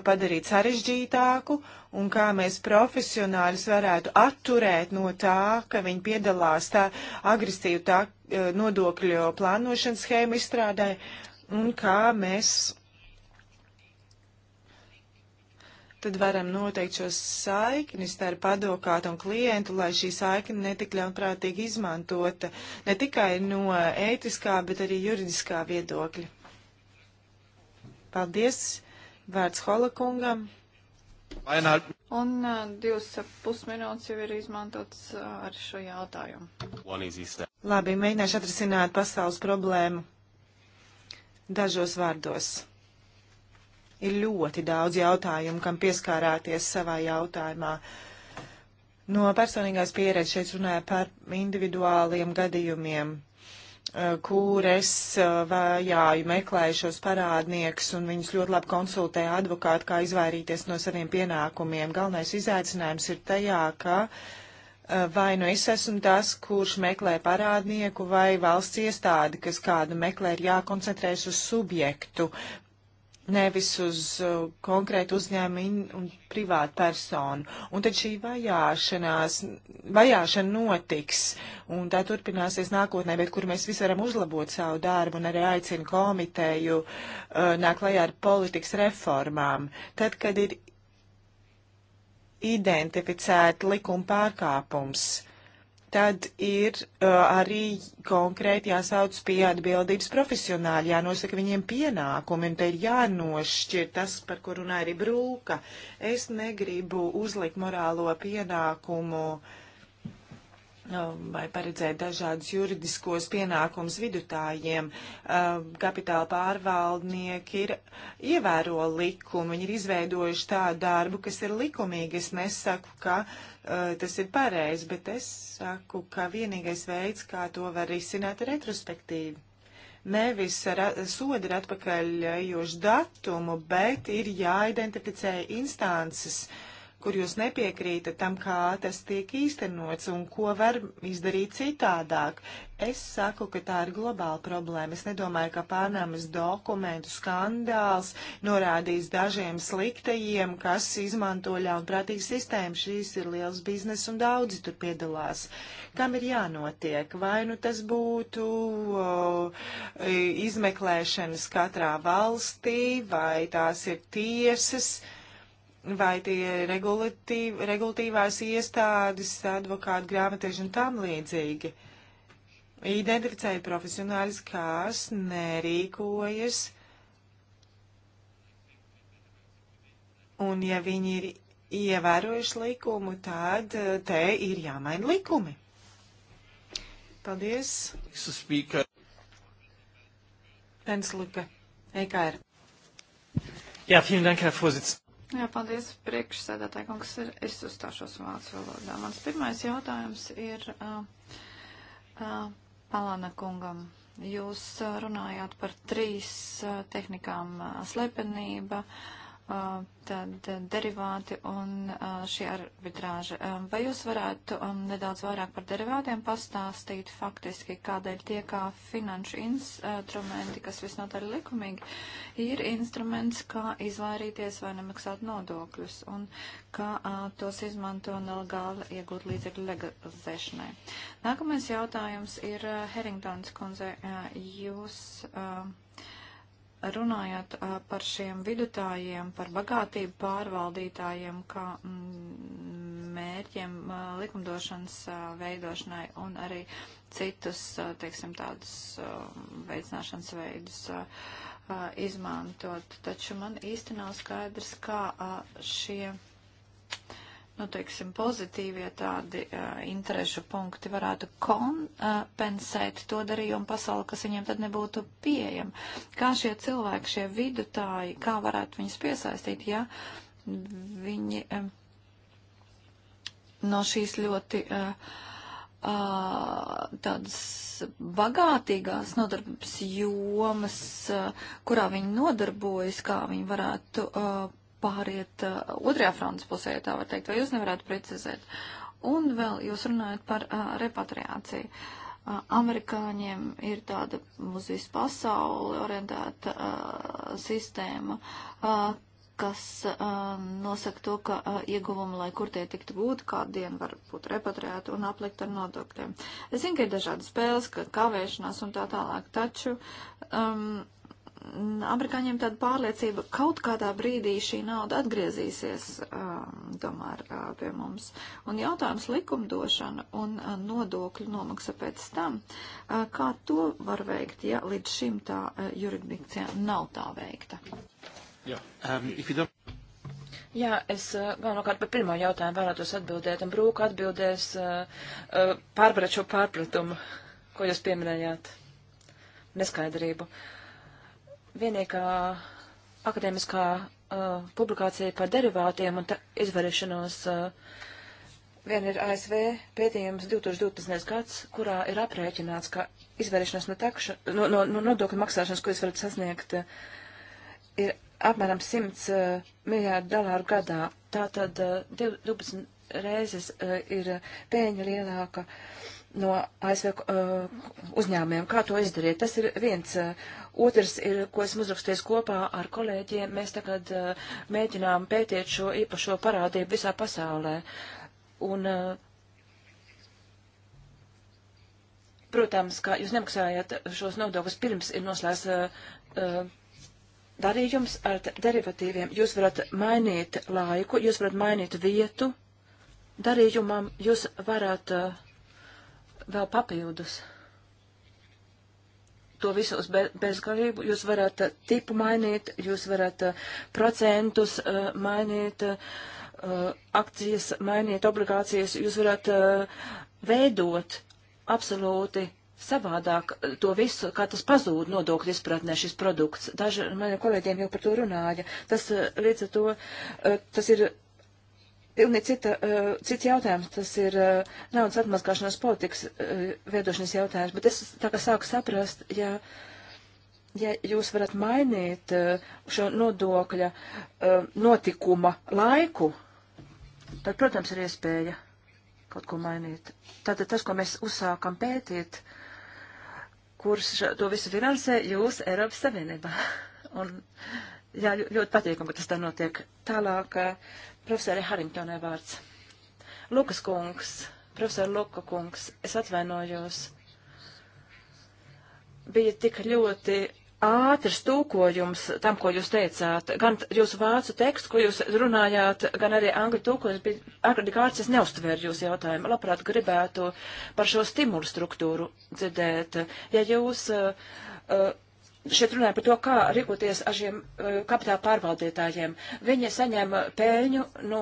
padarīt sarežģītāku un kā mēs profesionāļus varētu atturēt no tā, ka viņi piedalās tā agresīvu tā, e, nodokļu plānošanas schēmu izstrādē un kā mēs tad varam noteikt šo saikni starp advokātu un klientu, lai šī saikne netik ļaunprātīgi izmantota ne tikai no ētiskā, bet arī juridiskā viedokļa. Paldies! vērts Holakungam. Vaināk. Un uh, divas pusminūtes jau ir izmantotas uh, ar šo jautājumu. Labi, mēģināšu atrisināt pasaules problēmu dažos vārdos. Ir ļoti daudz jautājumu, kam pieskārāties savā jautājumā. No personīgās pieredzes šeit runāja par individuāliem gadījumiem, Eh, kur es eh, vajāju, meklēju šos parādniekus un viņus ļoti labi konsultēju advokātu, kā izvairīties no saviem pienākumiem. Galvenais izaicinājums ir tajā, ka eh, vai nu es esmu tas, kurš meklē parādnieku, vai valsts iestādi, kas kādu meklē, ir jākoncentrēs uz subjektu, nevis uz uh, konkrētu uzņēmumu un privātu personu. Un tad šī vajāšanās, vajāšana notiks, un tā turpināsies nākotnē, bet kur mēs visi varam uzlabot savu darbu un arī aicinu komiteju uh, nāk lajā ar politikas reformām. Tad, kad ir identificēta likuma pārkāpums, tad ir uh, arī konkrēti jāsauc pie atbildības profesionāļi, jānosaka viņiem pienākumi, un te ir jānošķir tas, par ko runāja arī Brūka. Es negribu uzlikt morālo pienākumu uh, Nu, vai paredzēt dažādus juridiskos pienākumus vidutājiem. Kapitāla pārvaldnieki ir ievēro likumu, viņi ir izveidojuši tādu darbu, kas ir likumīgi. Es nesaku, ka tas ir pareizi, bet es saku, ka vienīgais veids, kā to var risināt, ir retrospektīvi. Nevis ar sodu ir atpakaļ ejošu datumu, bet ir jāidentificē instances, uh, kur jūs nepiekrītat tam, kā tas tiek īstenots un ko var izdarīt citādāk. Es saku, ka tā ir globāla problēma. Es nedomāju, ka Panamas dokumentu skandāls norādīs dažiem sliktajiem, kas izmanto ļaunprātīgu sistēmu. Šīs ir liels biznes un daudzi tur piedalās. Kam ir jānotiek? Vai nu tas būtu o, izmeklēšanas katrā valstī, vai tās ir tiesas? vai tie regulatīv, regulatīvās iestādes, advokāti, grāmatieši un tam līdzīgi. Identificēja profesionāļus, kas nerīkojas. Un ja viņi ir ievērojuši likumu, tad eh, te ir jāmaina likumi. Paldies. Pens Luka, EKR. Jā, vielen Dank, Herr Vorsitzender. Jā, paldies priekšsēdētāji, kungs, ir, es uzstāšos vācu valodā. Mans pirmais jautājums ir uh, uh, Palāna kungam. Jūs runājāt par trīs uh, tehnikām uh, - slepenība, uh, tad derivāti un šī arbitrāža. Vai jūs varētu nedaudz vairāk par derivātiem pastāstīt faktiski, kādēļ tie kā finanšu instrumenti, kas visnotaļ likumīgi, ir instruments, kā izvairīties vai nemaksāt nodokļus un kā tos izmanto nelegāli iegūt līdzekļu legalizēšanai? Nākamais jautājums ir Heringtons kundze. Jūs runājot par šiem vidutājiem, par bagātību pārvaldītājiem, kā mm, mērķiem likumdošanas veidošanai un arī citus, teiksim, tādus veicināšanas veidus izmantot. Taču man īsti nav skaidrs, kā šie nu, teiksim, pozitīvie tādi uh, interešu punkti varētu kompensēt uh, to darījumu pasauli, kas viņiem tad nebūtu pieejama. Kā šie cilvēki, šie vidutāji, kā varētu viņus piesaistīt, ja viņi um, no šīs ļoti. Uh, Uh, tādas bagātīgās nodarbības jomas, uh, kurā viņi nodarbojas, kā viņi varētu uh, pāriet uh, otrajā frontes pusē, tā var teikt, vai jūs nevarētu precizēt? Un vēl jūs runājat par uh, repatriāciju. Uh, amerikāņiem ir tāda uz visu pasauli orientēta uh, sistēma, uh, kas uh, nosaka to, ka uh, ieguvumi, lai kur tie tiktu gūti, kādu dienu var būt repatriēti un aplikt ar nodokļiem. Es zinu, ka ir dažādi spēles, ka kavēšanās un tā tālāk, taču um, amerikāņiem tāda pārliecība, kaut kādā brīdī šī nauda atgriezīsies, tomēr, pie mums. Un jautājums likumdošana un nodokļu nomaksa pēc tam, kā to var veikt, ja līdz šim tā juridikcija nav tā veikta? Jā, um, don't... Jā, es galvenokārt par pirmo jautājumu vēlētos atbildēt, un Brūka atbildēs pārprat šo pārpratumu, ko jūs pieminējāt, neskaidrību. Uh, vienīgā akadēmiskā uh, publikācija par derivātiem un izvarīšanos. Uh, viena ir ASV pētījums 2012. gads, kurā ir aprēķināts, ka izvarīšanās no, takša, no, no, no nodokļu maksāšanas, ko jūs varat sasniegt, uh, ir apmēram 100 uh, miljārdu dolāru gadā. Tātad uh, 12 reizes uh, ir pēļņa lielāka. Uh, no ASV uh, uzņēmumiem. Kā to izdarīt? Tas ir viens. Uh, otrs ir, ko esmu uzrakstījis kopā ar kolēģiem. Mēs tagad uh, mēģinām pētīt šo īpašo parādību visā pasaulē. Un, uh, protams, ka jūs nemaksājat šos nodokļus pirms ir noslēgts uh, uh darījums ar derivatīviem. Jūs varat mainīt laiku, jūs varat mainīt vietu darījumam, jūs varat uh, vēl papildus to visu uz be, bezgalību. Jūs varat uh, tipu mainīt, jūs varat uh, procentus uh, mainīt, uh, akcijas mainīt, obligācijas. Jūs varat uh, veidot absolūti savādāk uh, to visu, kā tas pazūd nodokļu izpratnē šis produkts. Daži maniem kolēģiem jau par to runāja. Tas līdz ar to, tas ir Pilnīgi cita, uh, cits jautājums, tas ir uh, naudas atmaskāšanās politikas uh, veidošanas jautājums, bet es tā kā sāku saprast, ja, ja jūs varat mainīt uh, šo nodokļa uh, notikuma laiku, tad, protams, ir iespēja kaut ko mainīt. Tātad tas, ko mēs uzsākam pētīt, kurš to visu finansē, jūs Eiropas Savienībā. (laughs) Un, jā, ļoti patīkam, ka tas tā notiek. Tālāk. Uh, Profesori Haringtonai vārds. Lukas kungs, profesori Luka kungs, es atvainojos. Bija tik ļoti ātrs tūkojums tam, ko jūs teicāt. Gan jūsu vācu tekstu, ko jūs runājāt, gan arī angļu tūkojums bija agrikārts, es neustvēru jūsu jautājumu. Labprāt, gribētu par šo stimulu struktūru dzirdēt. Ja jūs uh, uh, šeit runāja par to, kā rīkoties ar šiem eh, kapitāla pārvaldītājiem. Viņi saņēma pēļņu no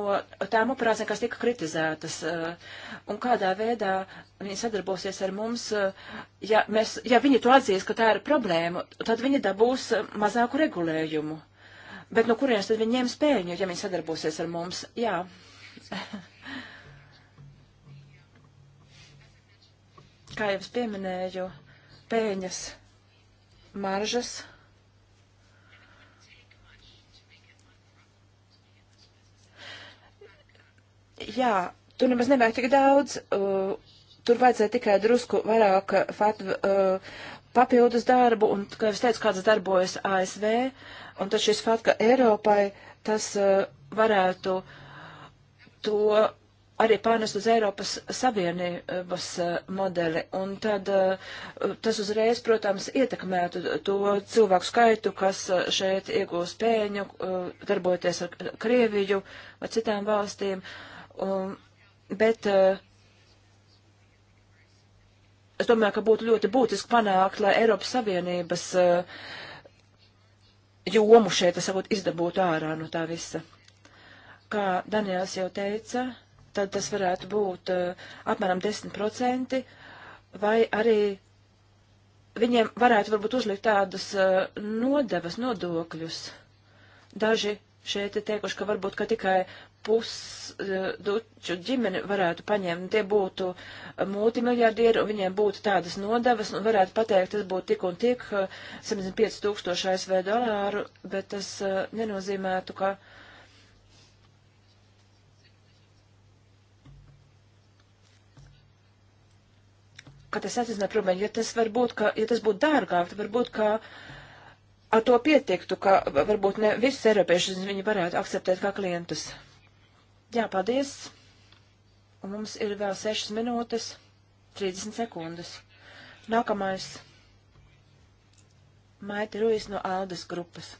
tām operācijām, kas tika kritizētas, eh, un kādā veidā viņi sadarbosies ar mums. Eh, ja, mēs, ja viņi to atzīs, ka tā ir problēma, tad viņi dabūs mazāku regulējumu. Bet no kurienes tad viņi ņems pēļņu, ja viņi sadarbosies ar mums? Jā. (laughs) kā jau es pieminēju, pēļņas maržas. Jā, tur nemaz nevajag tik daudz, uh, tur vajadzēja tikai drusku vairāk fatv, uh, papildus darbu, un, kā jau es teicu, kāds darbojas ASV, un tad šis fatka Eiropai, tas uh, varētu to arī pārnest uz Eiropas Savienības eh, modeli. Un tad eh, tas uzreiz, protams, ietekmētu to cilvēku skaitu, kas eh, šeit iegūst pēļņu, darboties ar Krieviju vai citām valstīm. Un, bet es domāju, ka būtu ļoti būtiski panākt, lai Eiropas Savienības jomu šeit, es varbūt, izdabūtu ārā no tā visa. Kā Daniels jau teica, uh, tad tas varētu būt uh, apmēram 10%, vai arī viņiem varētu varbūt uzlikt tādas uh, eh, nodevas, nodokļus. Daži šeit ir teikuši, ka varbūt, ka tikai pusduču eh, ģimeni varētu paņemt, tie būtu multimiljardieri, un viņiem būtu tādas nodevas, un varētu pateikt, tas būtu tik un tik 75 tūkstoši ASV dolāru, bet tas nenozīmētu, ka uh, ka tas atrisināt problēmu, jo tas var būt, ka, ja tas būtu dārgāk, tad varbūt, ka ar to pietiktu, ka varbūt ne visus eiropiešus viņi varētu akceptēt kā klientus. Jā, paldies. Un mums ir vēl 6 minūtes, 30 sekundes. Nākamais. Maita Ruiz no Aldas grupas.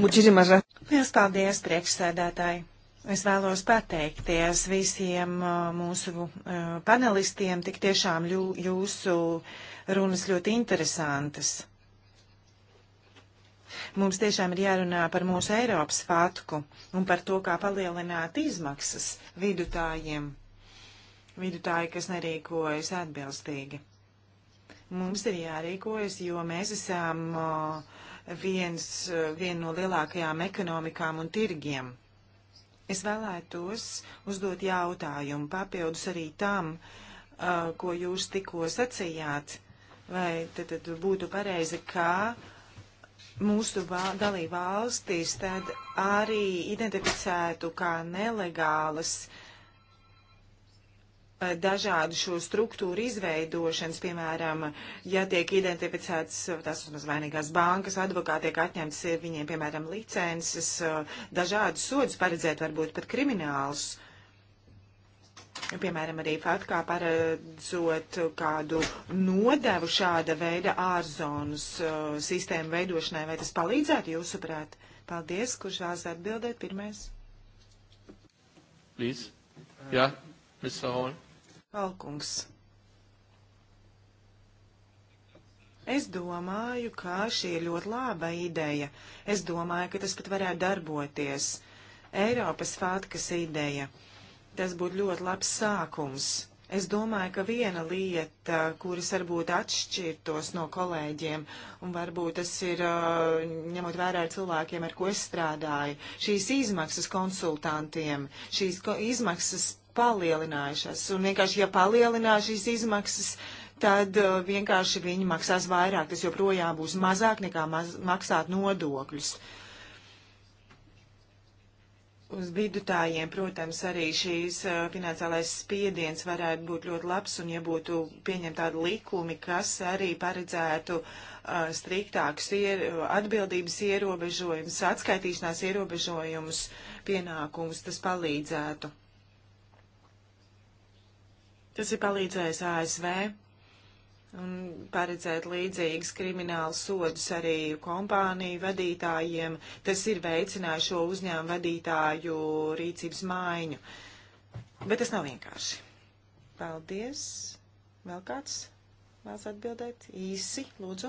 Muchísimas gracias. Lielas paldies, priekšsēdētāji. Es vēlos pateikties visiem uh, mūsu uh, panelistiem. Tik tiešām jūsu runas ļoti interesantas. Mums tiešām ir jārunā par mūsu Eiropas fatku un par to, kā palielināt izmaksas vidutājiem, vidutāji, kas nerīkojas atbilstīgi. Mums ir jārīkojas, jo mēs esam uh, viens, viena no lielākajām ekonomikām un tirgiem Es vēlētos uzdot jautājumu papildus arī tam, uh, ko jūs tikko sacījāt, vai tad, tad būtu pareizi, kā mūsu dalība valstis tad arī identificētu kā nelegālas uh, Eh, dažādu šo struktūru izveidošanas, piemēram, ja tiek identificēts eh, tās uzmaz vainīgās bankas, advokāti tiek atņemts eh, viņiem, piemēram, licences, dažādus sodus paredzēt, varbūt pat kriminālus. Piemēram, arī FATKā paredzot kādu nodevu šāda veida ārzonas sistēmu veidošanai, vai tas palīdzētu jūsuprāt? Paldies, kurš vēlas atbildēt pirmais? Please. Jā, yeah, Mr. Horn. Valkungs. Es domāju, ka šī ir ļoti laba ideja. Es domāju, ka tas pat varētu darboties. Eiropas fātkas ideja. Tas būtu ļoti labs sākums. Es domāju, ka viena lieta, kuras varbūt atšķirtos no kolēģiem, un varbūt tas ir uh, ņemot vērā ar cilvēkiem, ar ko es strādāju, šīs izmaksas konsultantiem, šīs ko izmaksas palielinājušās. Un vienkārši, ja palielinās šīs izmaksas, tad uh, vienkārši viņi maksās vairāk. Tas joprojām būs mazāk nekā maz, maksāt nodokļus. Uz vidutājiem, protams, arī šīs uh, finansiālais spiediens varētu būt ļoti labs, un ja būtu pieņemt tādi likumi, kas arī paredzētu uh, striktākus ier, atbildības ierobežojumus, atskaitīšanās ierobežojumus, pienākumus, tas palīdzētu. Tas ir palīdzējis ASV un paredzēt līdzīgas kriminālu sodus arī kompāniju vadītājiem. Tas ir veicinājis šo uzņēmumu vadītāju rīcības maiņu. Bet tas nav vienkārši. Paldies. Vēl kāds vēlas atbildēt? Īsi, lūdzu.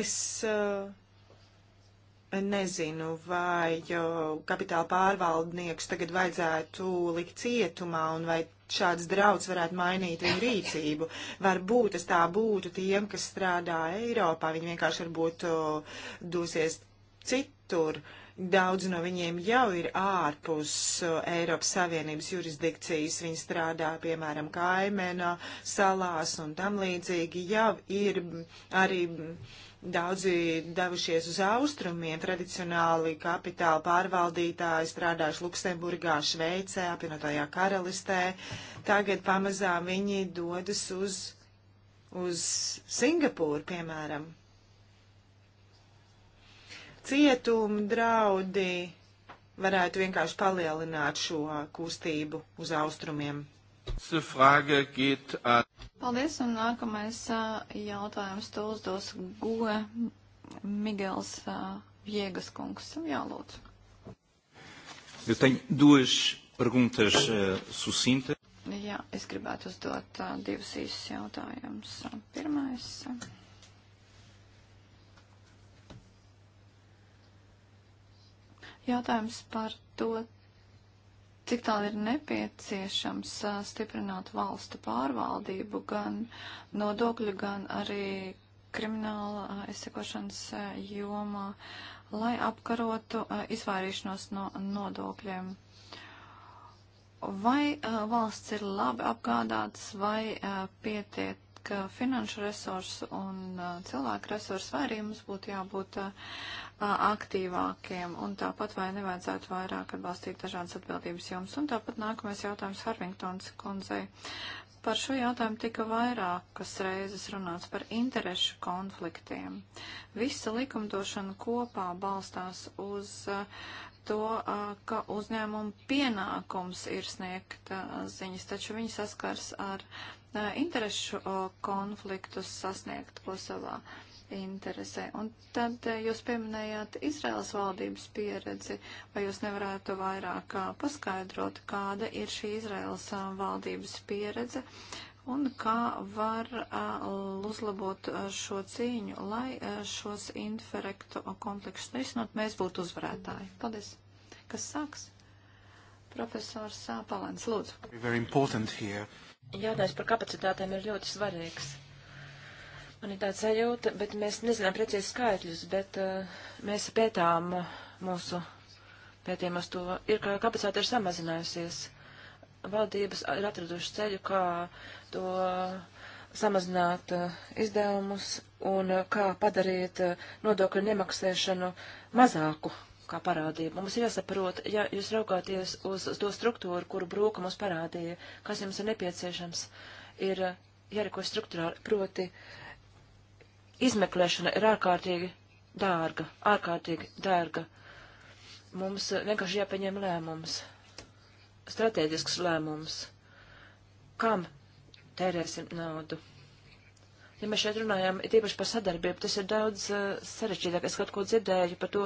Es uh, nezinu, vai uh, kapitāla pārvaldniekus tagad vajadzētu likt cietumā un vai šāds drauds varētu mainīt viņu rīcību. Varbūt tas tā būtu tiem, kas strādā Eiropā, viņi vienkārši varbūt o, dosies citur. Daudz no viņiem jau ir ārpus o, Eiropas Savienības jurisdikcijas. Viņi strādā, piemēram, kaimena salās un tam līdzīgi jau ir arī Daudzi devušies uz austrumiem, tradicionāli kapitāla pārvaldītāji strādājuši Luksemburgā, Šveicē, apvienotajā karalistē. Tagad pamazām viņi dodas uz, uz Singapūru, piemēram. Cietuma draudi varētu vienkārši palielināt šo kustību uz austrumiem. Paldies, un nākamais jautājums to uzdos Goe Migels Viegas kungs. Jā, lūdzu. Eu tenho duas perguntas uh, sucintas. Jā, es gribētu uzdot uh, divus īsus jautājumus. Pirmais. Jautājums par to, cik tālu ir nepieciešams stiprināt valstu pārvaldību gan nodokļu, gan arī krimināla aizsekošanas jomā, lai apkarotu izvairīšanos no nodokļiem. Vai valsts ir labi apgādātas, vai pietiek ka finanšu resursu un cilvēku resursu vērījums būtu jābūt aktīvākiem, un tāpat vai nevajadzētu vairāk atbalstīt dažādas atbildības jums. Un tāpat nākamais jautājums Harvingtons kundzei. Par šo jautājumu tika vairākas reizes runāts par interešu konfliktiem. Visa likumdošana kopā balstās uz to, ka uzņēmumu pienākums ir sniegt ziņas, taču viņi saskars ar interešu konfliktus sasniegt Kosovā. Uh, interesē. Un tad eh, jūs pieminējāt Izraels valdības pieredzi, vai jūs nevarētu vairāk eh, paskaidrot, kāda ir šī Izraels eh, valdības pieredze un kā var uzlabot šo cīņu, lai šos inferektu kompleksus risinot, mēs būtu uzvarētāji. Paldies. Kas sāks? Profesors Palens, lūdzu. Jautājums par kapacitātēm ir ļoti svarīgs. Man ir tāda sajūta, bet mēs nezinām precīzi skaitļus, bet uh, mēs pētām eh, mūsu pētījumus to, ir, ka kapacitāte ir samazinājusies. Valdības ir atradušas ceļu, kā to samazināt uh, izdevumus un uh, kā padarīt nodokļu nemaksēšanu mazāku kā parādība. Mums ir jāsaprot, ja jūs raugāties uz to struktūru, kuru brūka mums parādīja, kas jums ir nepieciešams, ir jārīko struktūrāli, proti uh, izmeklēšana ir ārkārtīgi dārga, ārkārtīgi dārga. Mums vienkārši jāpieņem lēmums, strateģisks lēmums, kam tērēsim naudu. Ja mēs šeit runājam, ir tīpaši par sadarbību, tas ir daudz uh, sarežģītāk. Es kaut ko dzirdēju par to,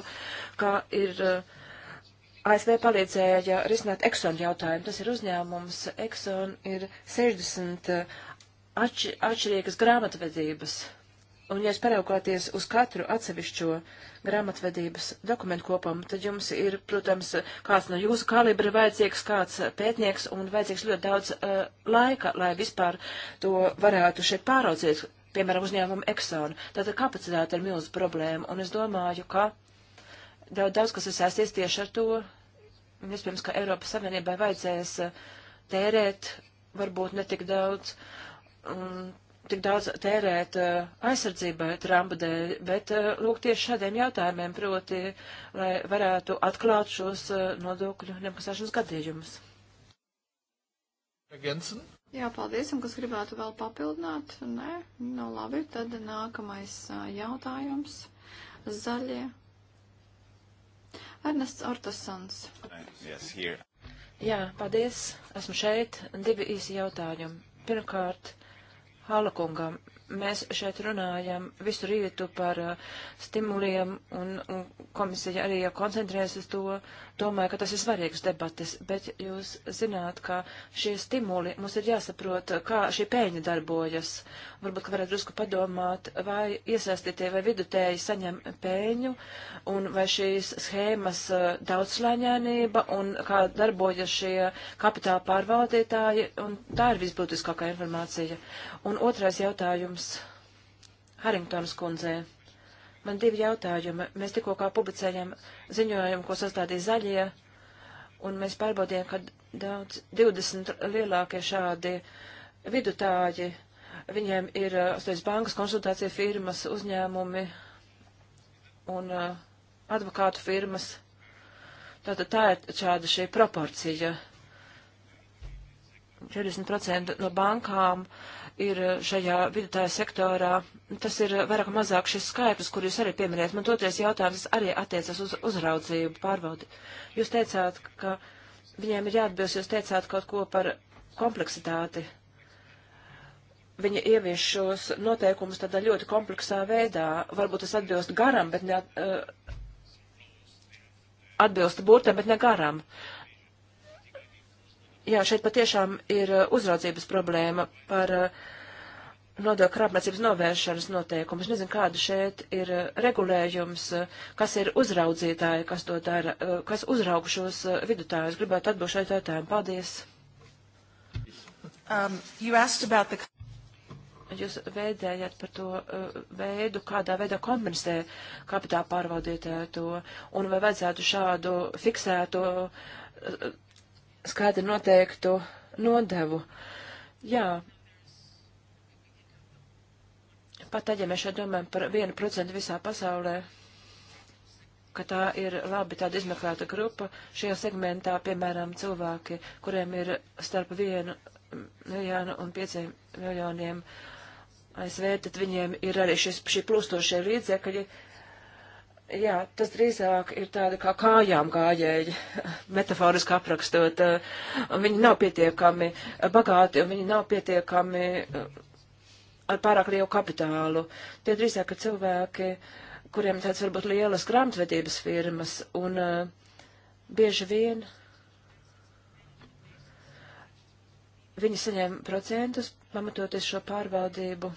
kā ir uh, eh, ASV palīdzēja risināt Exxon jautājumu. Tas ir uzņēmums. Exxon ir 60 uh, eh, atš atšķirīgas grāmatvedības. Uh, Un, ja jūs paraugāties uz katru atsevišķo grāmatvedības dokumentu kopumu, tad jums ir, protams, kāds no jūsu kalibra vajadzīgs, kāds pētnieks un vajadzīgs ļoti daudz uh, laika, lai vispār to varētu šeit pāraudzīt, piemēram, uzņēmumu Exxon. Tātad kapacitāte ir milzu problēma, un es domāju, ka daudz, daudz kas ir sēsties tieši ar to, vispirms, ka Eiropas Savienībai vajadzēs uh, tērēt varbūt netik daudz. Un, um, tik daudz tērēt uh, aizsardzībai Trumpa dēļ, bet uh, lūk tieši šādiem jautājumiem, proti, lai varētu atklāt šos uh, nodokļu nemaksāšanas gadījumus. Jensen? Jā, paldies, un kas gribētu vēl papildināt? Nē, nu labi, tad nākamais jautājums. Zaļie. Ernests Ortasons. Yes, here. Jā, paldies, esmu šeit. Divi īsi jautājumi. Pirmkārt, Halakungam. Mēs šeit runājam visu rītu par uh, stimuliem, un, un komisija arī jau koncentrēs uz to, domāju, ka tas ir svarīgs debatis, bet jūs zināt, ka šie stimuli mums ir jāsaprot, kā šī pēļņa darbojas. Varbūt, ka varētu drusku padomāt, vai iesaistītie vai vidutēji saņem pēļņu, un vai šīs schēmas daudzslāņēnība, un kā darbojas šie kapitāla pārvaldītāji, un tā ir visbūtiskākā informācija. Un otrais jautājums Haringtonas kundzei Man divi jautājumi. Mēs tikko kā publicējam ziņojumu, ko sastādīja zaļie, un mēs pārbaudījām, ka daudz 20 lielākie šādi vidutāji, viņiem ir 8 eh, bankas konsultācija firmas, uzņēmumi un eh, advokātu firmas. Tātad tā ir šāda šī proporcija 40% no bankām ir šajā vidutāja sektorā. Tas ir vairāk mazāk šis skaitlis, kur jūs arī pieminējat. Man toties jautājums arī attiecas uz uzraudzību pārbaudi. Jūs teicāt, ka viņiem ir jāatbilst, jūs teicāt kaut ko par kompleksitāti. Viņa ievieš šos noteikumus tādā ļoti kompleksā veidā. Varbūt tas atbilst garam, bet ne. Uh, atbilst burtam, bet ne garam jā, šeit patiešām ir uh, uzraudzības problēma par uh, nodokļu krāpniecības novēršanas noteikumus. Nezinu, kāda šeit ir uh, regulējums, kas ir uzraudzītāji, kas to dara, kas uzraug šos vidutājus. Gribētu atbildēt šeit jautājumu. Paldies. Um, the... Jūs veidējat par to uh, veidu, kādā veidā kompensē kapitāla pārvaldītāju to, un vai vajadzētu šādu fiksētu uh, skaidri noteiktu nodevu. Jā. Pat tad, ja mēs šeit domājam par 1% visā pasaulē, ka tā ir labi tāda izmeklēta grupa, šajā segmentā, piemēram, cilvēki, kuriem ir starp 1 miljonu un 5 miljoniem ASV, tad viņiem ir arī šis, šī plūstošie līdzekļi, ja Jā, tas drīzāk ir tāda kā kājām gājēji, metaforiski aprakstot. Eh, viņi nav pietiekami eh, bagāti un viņi nav pietiekami eh, ar pārāk lielu kapitālu. Tie drīzāk ir cilvēki, kuriem tāds varbūt lielas grāmatvedības firmas un bieži vien viņi saņem procentus pamatoties šo pārvaldību.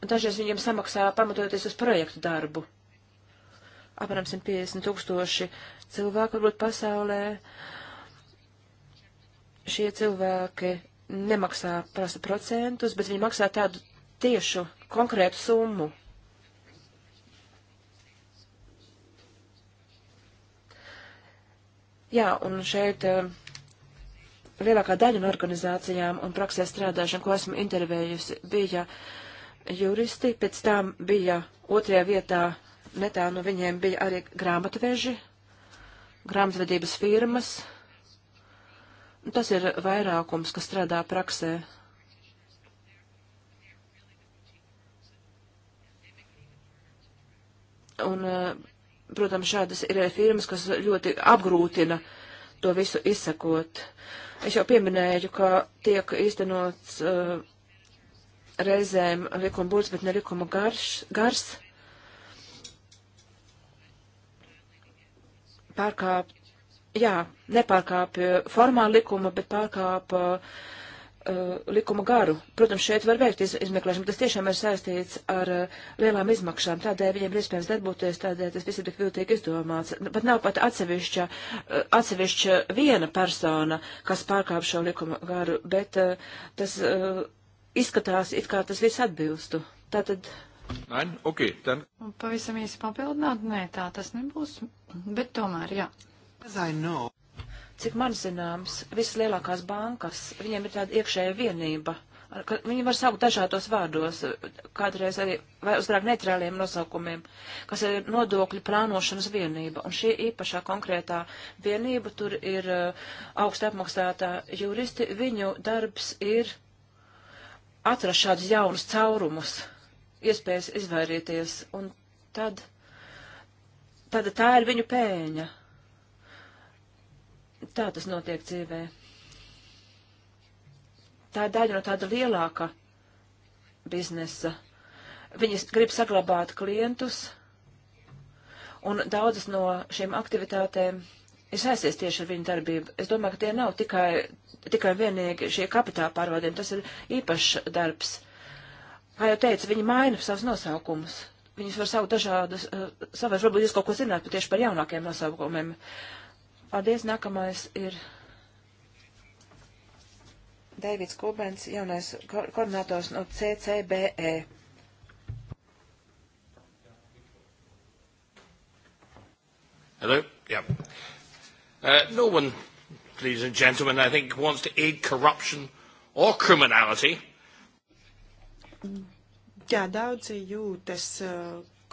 Un dažreiz viņiem samaksā pamatoties uz projektu darbu apmēram 150 tūkstoši cilvēku varbūt pasaulē. Šie cilvēki nemaksā prasa procentus, bet viņi maksā tādu tiešu konkrētu summu. Jā, un šeit eh, lielākā daļa no organizācijām un praksē strādāšana, ko esmu intervējusi, bija juristi, pēc tam bija otrajā vietā netālu no viņiem bija arī grāmatveži, grāmatvedības firmas. Nu, tas ir vairākums, kas strādā praksē. Un, eh, protams, šādas ir firmas, kas ļoti apgrūtina to visu izsekot. Es jau pieminēju, ka tiek īstenots uh, reizēm likuma būtis, bet ne likuma garš, gars. gars pārkāp, jā, nepārkāpja eh, formāli likuma, bet pārkāpa uh, eh, eh, likuma garu. Protams, šeit var veikt iz, izmeklēšanu, tas tiešām ir saistīts ar uh, lielām izmaksām, tādēļ viņiem ir iespējams darboties, tādēļ tas viss ir tik viltīgi izdomāts. Pat nav pat atsevišķa, uh, atsevišķa viena persona, kas pārkāp šo likuma garu, bet tas izskatās, it kā tas viss atbilstu. Tātad Nein, ok, then. Un pavisam īsi papildināt, nē, tā tas nebūs, bet tomēr, jā. As I know. Cik man zināms, visas lielākās bankas, viņiem ir tāda iekšēja vienība, ka viņi var saukt dažādos vārdos, kādreiz arī, vai uzdrāk neitrāliem nosaukumiem, kas ir nodokļu plānošanas vienība. Un šī īpašā konkrētā vienība, tur ir eh, augsta apmaksātā juristi, viņu darbs ir atrast šādus jaunus caurumus iespējas izvairīties, un tad, tad tā ir viņu pēļņa. Tā tas notiek dzīvē. Tā ir daļa no tāda lielāka biznesa. Viņas grib saglabāt klientus, un daudzas no šīm aktivitātēm ir saistīts tieši ar viņu darbību. Es domāju, ka tie nav tikai, tikai vienīgi šie kapitāla pārvaldījumi, tas ir īpašs darbs. Kā jau teicu, viņi maina savus nosaukumus. Viņus var saukt dažādas, uh, savas, varbūt jūs kaut ko zināt pat tieši par jaunākiem nosaukumiem. Paldies, nākamais ir Deivids Kubens, jaunais ko koordinators no CCBE. Hello? Yeah. Uh, no one, ladies and gentlemen, I think wants to aid corruption or criminality. Jā, daudzi jūtas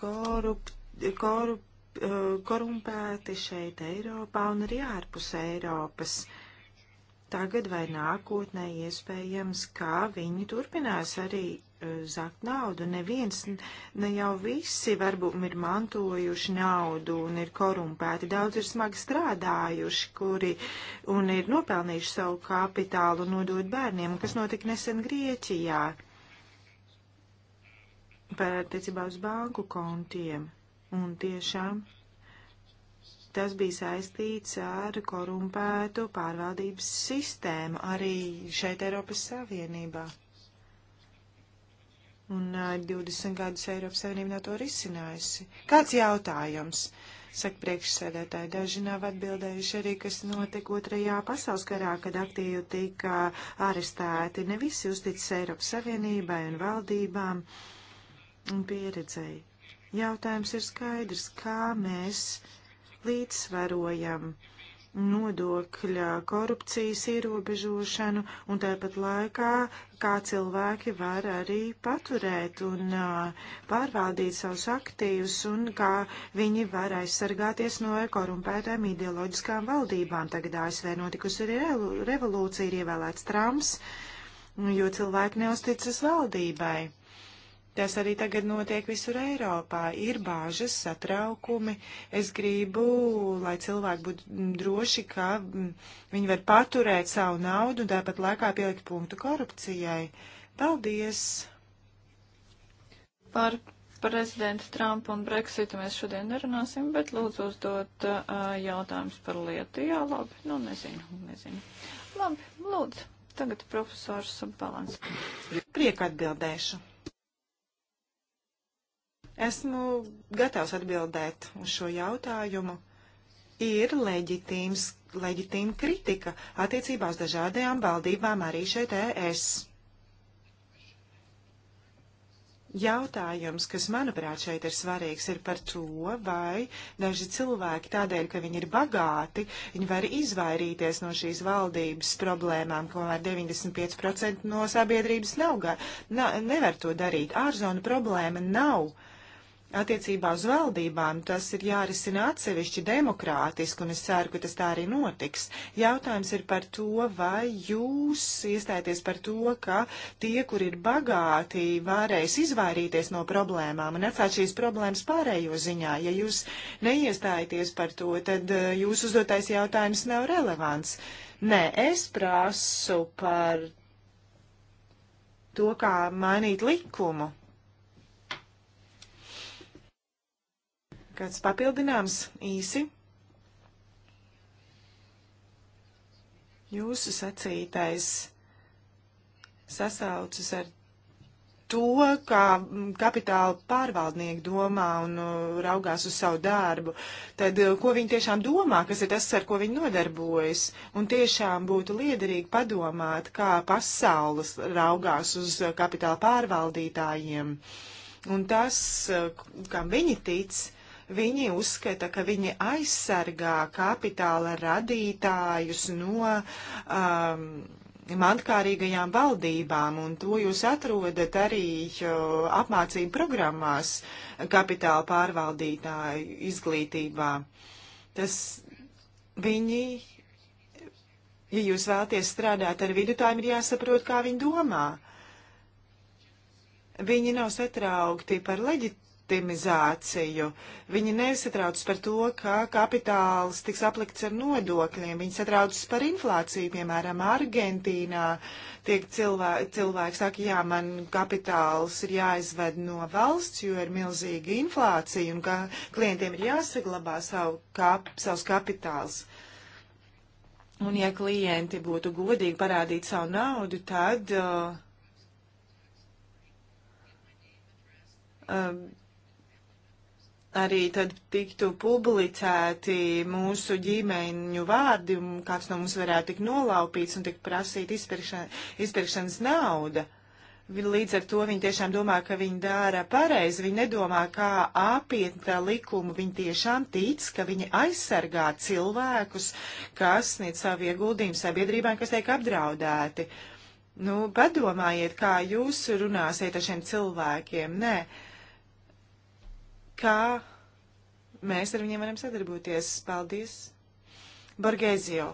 korup, uh, korup, uh, korumpēti šeit Eiropā un arī ārpus Eiropas. Tagad vai nākotnē iespējams, kā viņi turpinās arī uh, zakt naudu. Neviens, ne jau visi varbūt ir mantojuši naudu un ir korumpēti. Daudz ir smagi strādājuši, kuri un ir nopelnījuši savu kapitālu un nodot bērniem, kas notika nesen Grieķijā pārtiecībā uz banku kontiem. Un tiešām tas bija saistīts ar korumpētu pārvaldības sistēmu arī šeit Eiropas Savienībā. Un 20 gadus Eiropas Savienība nav to risinājusi. Kāds jautājums? Saka priekšsēdētāji, daži nav atbildējuši arī, kas notika otrajā pasaules karā, kad aktīvi tika arestēti. Ne visi uzticas Eiropas Savienībai un valdībām. Uh, un pieredzei. Jautājums ir skaidrs, kā mēs līdzsvarojam nodokļa korupcijas ierobežošanu un tāpat laikā, kā cilvēki var arī paturēt un uh, pārvaldīt savus aktīvus un kā viņi var aizsargāties no korumpētām ideoloģiskām valdībām. Tagad ASV notikusi arī revolūcija, ir ievēlēts Trumps, jo cilvēki neusticas valdībai Tas arī tagad notiek visur Eiropā. Ir bāžas, satraukumi. Es gribu, lai cilvēki būtu droši, ka mm, viņi var paturēt savu naudu un tāpat laikā pielikt punktu korupcijai. Paldies! Par prezidentu Trumpu un Brexitu mēs šodien nerunāsim, bet lūdzu uzdot uh, jautājums par lietu. Jā, labi, nu nezinu, nezinu. Labi, lūdzu, tagad profesors Balans. Prieku atbildēšu. Esmu gatavs atbildēt uz šo jautājumu. Ir leģitīms, leģitīma kritika attiecībā uz dažādajām valdībām arī šeit ES. Jautājums, kas manuprāt šeit ir svarīgs, ir par to, vai daži cilvēki tādēļ, ka viņi ir bagāti, viņi var izvairīties no šīs valdības problēmām, kamēr 95% no sabiedrības nav, na, nevar to darīt. Ārzona problēma nav attiecībā uz valdībām tas ir jārisina atsevišķi demokrātiski, un es ceru, ka tas tā arī notiks. Jautājums ir par to, vai jūs iestājaties par to, ka tie, kur ir bagāti, varēs izvairīties no problēmām un atstāt šīs problēmas pārējo ziņā. Ja jūs neiestājaties par to, tad eh, jūsu uzdotais jautājums nav relevants. Nē, es prasu par to, kā mainīt likumu Kāds papildinājums īsi? Jūsu sacītais sasaucas ar to, kā kapitāla pārvaldnieki domā un uh, raugās uz savu darbu, tad uh, ko viņi tiešām domā, kas ir tas, ar ko viņi nodarbojas, un tiešām būtu liederīgi padomāt, kā pasaules raugās uz uh, kapitāla pārvaldītājiem. Un tas, kam viņi tic, Viņi uzskata, ka viņi aizsargā kapitāla radītājus no um, mantkārīgajām valdībām, un to jūs atrodat arī apmācību programmās kapitāla pārvaldītāju izglītībā. Tas viņi, ja jūs vēlaties strādāt ar vidutājiem, ir jāsaprot, kā viņi domā. Viņi nav satraukti par leģitīvu optimizāciju. Viņi nesatrauc par to, ka kapitāls tiks aplikts ar nodokļiem. Viņi satrauc par inflāciju, piemēram, Argentīnā. Tiek cilvē, cilvēks saka, jā, man kapitāls ir jāizved no valsts, jo ir milzīga inflācija un ka klientiem ir jāsaglabā savu kap, savs kapitāls. Un ja klienti būtu godīgi parādīt savu naudu, tad uh, um, arī tad tiktu publicēti mūsu ģimeņu vārdi, un kāds no mums varētu tik nolaupīts un tik prasīt izpirkšana, izpirkšanas nauda. Līdz ar to viņi tiešām domā, ka viņi dara pareizi, viņi nedomā, kā apiet likumu, viņi tiešām tic, ka viņi aizsargā cilvēkus, kas sniedz savu ieguldījumu sabiedrībām, kas tiek apdraudēti. Nu, padomājiet, kā jūs runāsiet ar šiem cilvēkiem. Nē, uh, kā mēs ar viņiem varam sadarboties. Paldies! Borgēzio!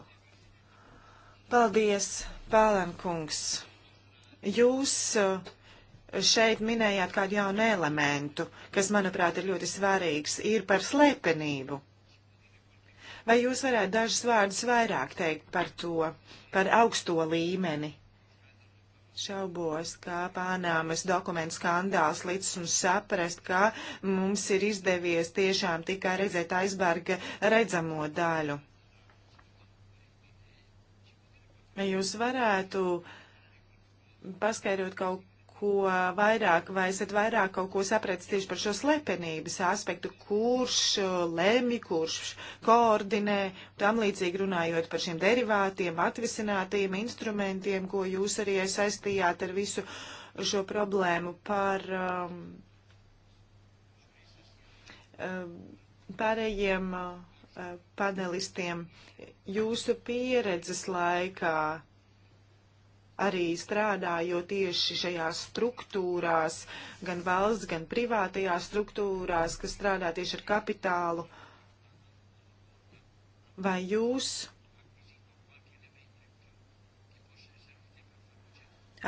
Paldies, Pēlenkungs! Jūs eh, šeit minējāt kādu jaunu elementu, kas, manuprāt, ir ļoti svarīgs, ir par slepenību. Vai jūs varētu dažus vārdus vairāk teikt par to, par augsto līmeni? Šaubos, kā Pānāmas dokumentu skandāls līdz mums saprast, ka mums ir izdevies tiešām tikai redzēt aizberga redzamo daļu. Jūs varētu paskaidrot kaut ko vairāk, vai esat vairāk kaut ko sapratis tieši par šo slepenības aspektu, kurš lemj, kurš koordinē, tam līdzīgi runājot par šiem derivātiem, atvisinātiem instrumentiem, ko jūs arī saistījāt ar visu šo problēmu par um, um pārējiem uh, panelistiem jūsu pieredzes laikā arī strādāju tieši šajās struktūrās, gan valsts, gan privātajās struktūrās, kas strādā tieši ar kapitālu. Vai jūs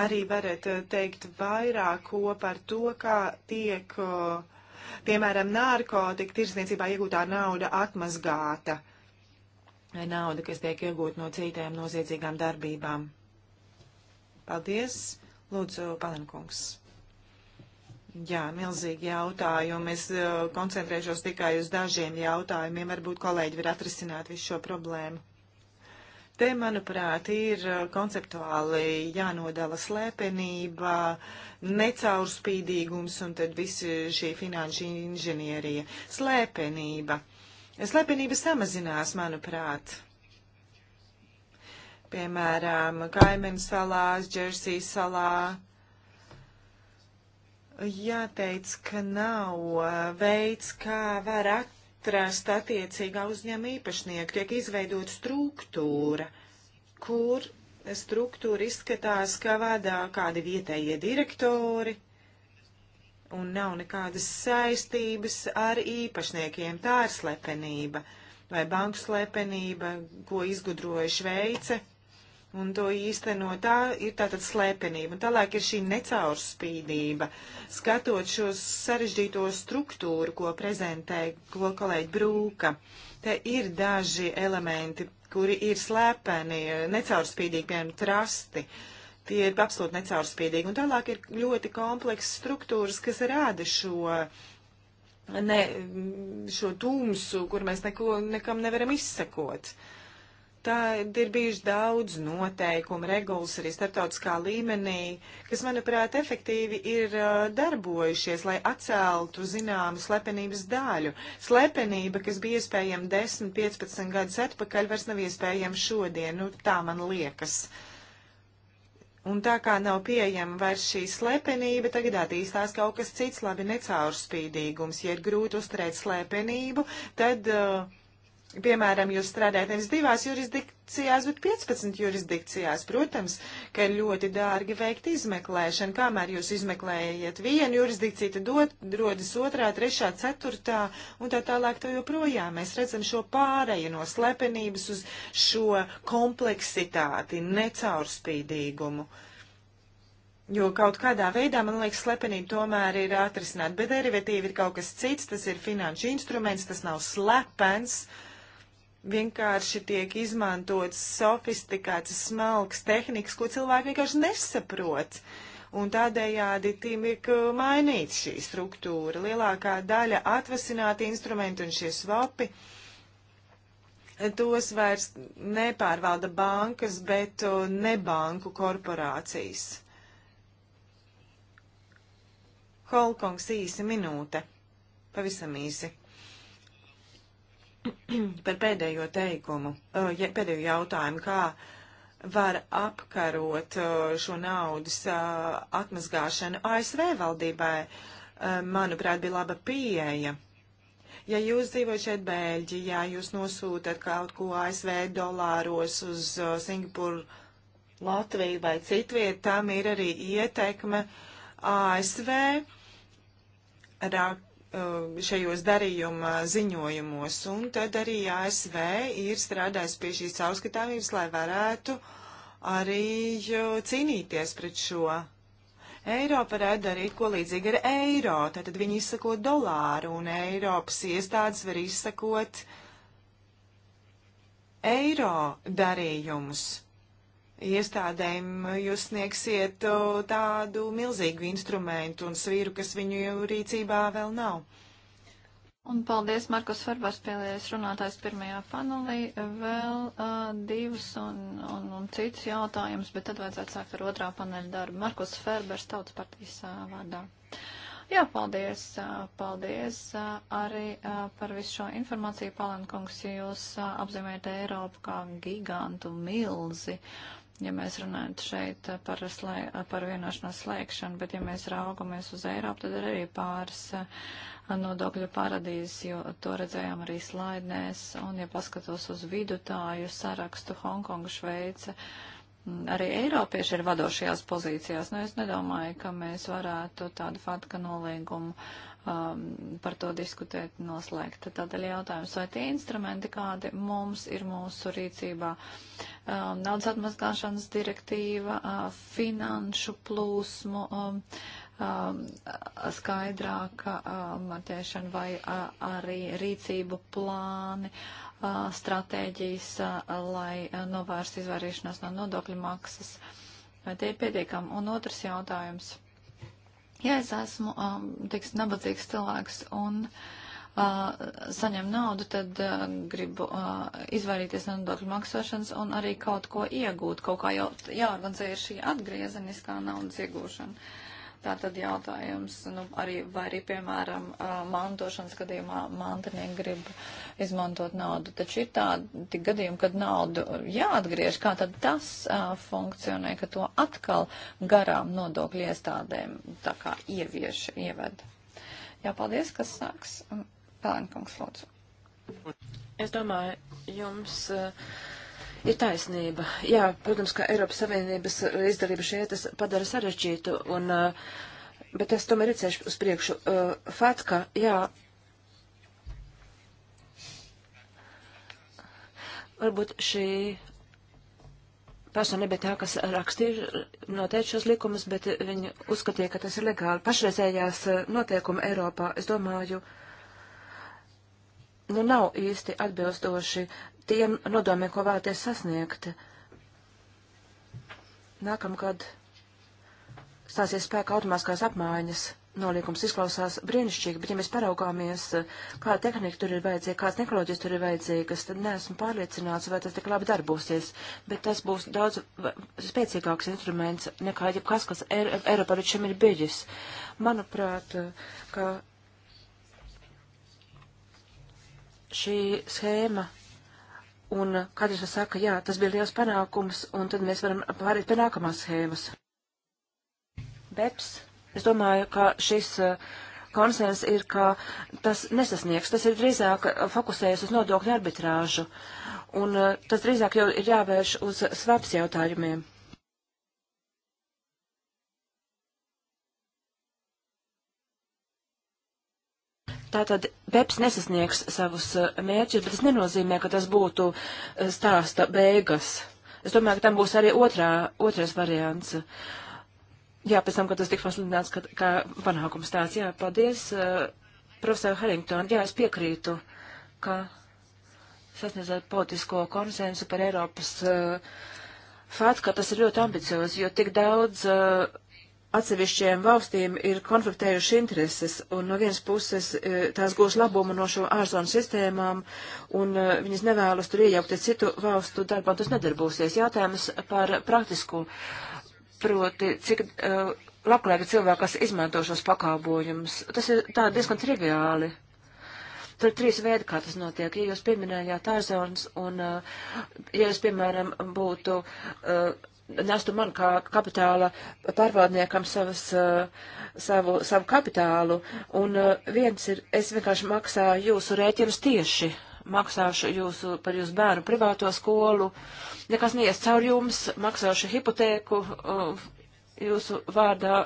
arī varat eh, teikt vairāk par to, kā tiek, eh, piemēram, narkotika tirsniecībā iegūtā nauda atmazgāta, nauda, kas tiek iegūta no citām noziedzīgām darbībām. Paldies, lūdzu, Palenkungs. Jā, milzīgi jautājumi. Es uh, koncentrēšos tikai uz dažiem jautājumiem. Varbūt kolēģi var atrisināt visu šo problēmu. Te, manuprāt, ir eh, konceptuāli jānodala slēpenība, necaurspīdīgums un tad visi šī finanšu inženierija. Slēpenība. Slēpenība samazinās, manuprāt. Uh, piemēram, Kaimenu salās, Džersī salā. Jāteic, ka nav uh, veids, kā var atrast attiecīgā uzņēma īpašnieku. Tiek izveidot struktūra, kur struktūra izskatās, ka vadā kādi vietējie direktori un nav nekādas saistības ar īpašniekiem. Tā ir slepenība vai banku slepenība, ko izgudroja Šveice un to īstenot. Tā ir tātad slēpenība, un tālāk ir šī necaurspīdība. Skatot šo sarežģīto struktūru, ko prezentē ko kolēģi Brūka, te ir daži elementi, kuri ir slēpeni, necaurspīdīgi, piemēram, trasti. Tie ir absolūti necaurspīdīgi, un tālāk ir ļoti komplekss struktūras, kas rāda šo ne, šo tumsu, kur mēs neko, nekam nevaram izsekot. Tad ir bijuši daudz noteikumu, regulas arī starptautiskā līmenī, kas, manuprāt, efektīvi ir darbojušies, lai atceltu zināmu slepenības daļu. Slepenība, kas bija iespējama 10, 15 gadus atpakaļ, vairs nav iespējama šodien, nu tā man liekas. Un tā kā nav pieejama vairs šī slepenība, tagad attīstās kaut kas cits, labi necaurspīdīgums. Ja ir grūti uzturēt slepenību, tad uh, Piemēram, jūs strādājat nevis divās jurisdikcijās, bet 15 jurisdikcijās. Protams, ka ir ļoti dārgi veikt izmeklēšanu. Kamēr jūs izmeklējat vienu jurisdikciju, tad dod, rodas otrā, trešā, ceturtā un tā tālāk to joprojām. Mēs redzam šo pāreju no slepenības uz šo kompleksitāti, necaurspīdīgumu. Jo kaut kādā veidā, man liekas, slepenība tomēr ir atrisināta, bet derivatīva ir kaut kas cits, tas ir finanšu instruments, tas nav slepens. Uh, vienkārši tiek izmantotas sofistikētas, smalkas tehnikas, ko cilvēki vienkārši nesaprot. Un tādējādi tiek uh, mainīta šī struktūra. Lielākā daļa atvasināti instrumenti un šie svapi, eh, tos vairs nepārvalda bankas, bet uh, nebanku korporācijas. Holkongs īsi minūte. Pavisam īsi par pēdējo teikumu, uh, pēdējo jautājumu, kā var apkarot uh, šo naudas uh, atmazgāšanu ASV valdībai, manuprāt, bija laba pieeja. Ja jūs dzīvojat šeit Bēļģijā, jūs nosūtat kaut ko ASV dolāros uz Singapuru, Latviju vai citviet, tam ir arī ietekme ASV. Rak Um, šajos darījuma ziņojumos, un tad arī ASV ir strādājis pie šīs caurskatāmības, lai varētu arī cīnīties pret šo. Eiropa redz darīt ko līdzīgi ar eiro, tātad viņi izsako dolāru, un Eiropas iestādes var izsakot eiro darījumus iestādēm jūs sniegsiet tādu milzīgu instrumentu un svīru, kas viņu rīcībā vēl nav. Un paldies, Markus Farbārs, pielieties runātājs pirmajā panelī. Vēl uh, divus un, un, un cits jautājums, bet tad vajadzētu sākt ar otrā paneļa darbu. Markus Ferbers, Tautas partijas uh, vārdā. Jā, paldies, uh, paldies uh, arī uh, par visu šo informāciju, Palenkungs, jūs uh, apzīmējat Eiropu kā gigantu milzi. Uh, ja mēs runājam šeit eh, par, slē, eh, par vienošanos slēgšanu, bet ja mēs raugamies uz Eiropu, tad ir arī pāris eh, nodokļu paradīzes, jo to redzējām arī slaidnēs, un ja paskatos uz vidutāju sarakstu Hongkongu, Šveice, arī Eiropieši ir vadošajās pozīcijās. Nu, es nedomāju, ka mēs varētu tādu fatka nolīgumu um, par to diskutēt noslēgt. Tādēļ jautājums, vai tie instrumenti, kādi mums ir mūsu rīcībā, um, naudas atmazgāšanas direktīva, uh, finanšu plūsmu um, um, skaidrāka uh, um, marķēšana vai uh, arī rīcību plāni, uh, stratēģijas, uh, lai uh, novērst izvairīšanos no nodokļu maksas. Vai tie ir pietiekami? Un otrs jautājums Ja es esmu, um, teiks, nabadzīgs cilvēks un uh, saņem naudu, tad uh, gribu uh, izvairīties no nodokļu maksāšanas un arī kaut ko iegūt, kaut kā jau jāorganizē ir šī atgriezeniskā naudas iegūšana. Tātad jautājums, nu, arī, vai arī, piemēram, mantošanas gadījumā mantinieki grib izmantot naudu, taču ir tādi gadījumi, kad naudu jāatgriež, kā tad tas uh, funkcionē, ka to atkal garām nodokļu iestādēm tā kā ievieš, ieved. Jā, paldies, kas sāks. Pēlēnkungs, lūdzu. Es domāju, jums. Uh, ir taisnība. Jā, protams, ka Eiropas Savienības izdalība šeit tas padara sarežģītu, un, bet es tomēr redzēšu uz priekšu. Fatka, jā. Varbūt šī persona nebija tā, kas rakstīja noteikti šos likumus, bet viņi uzskatīja, ka tas ir legāli. Pašreizējās noteikumi Eiropā, es domāju, nu nav īsti atbilstoši tiem nodomiem, ko vēlaties sasniegt. Nākamgad stāsies spēka automātiskās apmaiņas. Nolīkums izklausās brīnišķīgi, bet ja mēs paraugāmies, kāda tehnika tur ir vajadzīga, kādas tehnoloģijas tur ir vajadzīgas, tad neesmu pārliecināts, vai tas tik labi darbosies. Bet tas būs daudz spēcīgāks instruments nekā jebkas, kas Eiropā līdz šim ir bijis. Manuprāt, ka šī schēma un katrs saka, jā, tas bija liels panākums, un tad mēs varam pāriet pie nākamās schēmas. BEPS, es domāju, ka šis uh, konsens ir, ka tas nesasniegs, tas ir drīzāk uh, fokusējies uz nodokļu arbitrāžu, un uh, tas drīzāk jau ir jāvērš uz svaps jautājumiem. Tātad BEPS nesasniegs savus uh, mērķus, bet tas nenozīmē, ka tas būtu uh, stāsta beigas. Es domāju, ka tam būs arī otrā, otrais variants. Jā, pēc tam, kad tas tiks pasludināts, ka, kā panākums tāds. Jā, paldies, uh, profesor Harrington. Jā, es piekrītu, ka sasniedzot politisko konsensu par Eiropas uh, faktu, ka tas ir ļoti ambiciozi, jo tik daudz uh, atsevišķiem valstīm ir konfliktējuši intereses, un no vienas puses e, tās gūs labumu no šo ārzonu sistēmām, un e, viņas nevēlas tur iejaukties citu valstu darbā, tas nedarbūsies. Jātājums par praktisku, proti, cik uh, labklājīgi cilvēki, kas izmanto šos pakalpojumus. Tas ir tā diezgan triviāli. Tur ir trīs veidi, kā tas notiek. Ja jūs pieminējāt ārzonas, un uh, ja jūs, piemēram, būtu. Uh, nestu man kā kapitāla pārvaldniekam savas, eh, savu, savu kapitālu, un eh, viens ir, es vienkārši maksāju jūsu rēķinus tieši, maksāšu jūsu, par jūsu bērnu privāto skolu, nekas neies caur jums, maksāšu hipotēku eh, jūsu vārdā,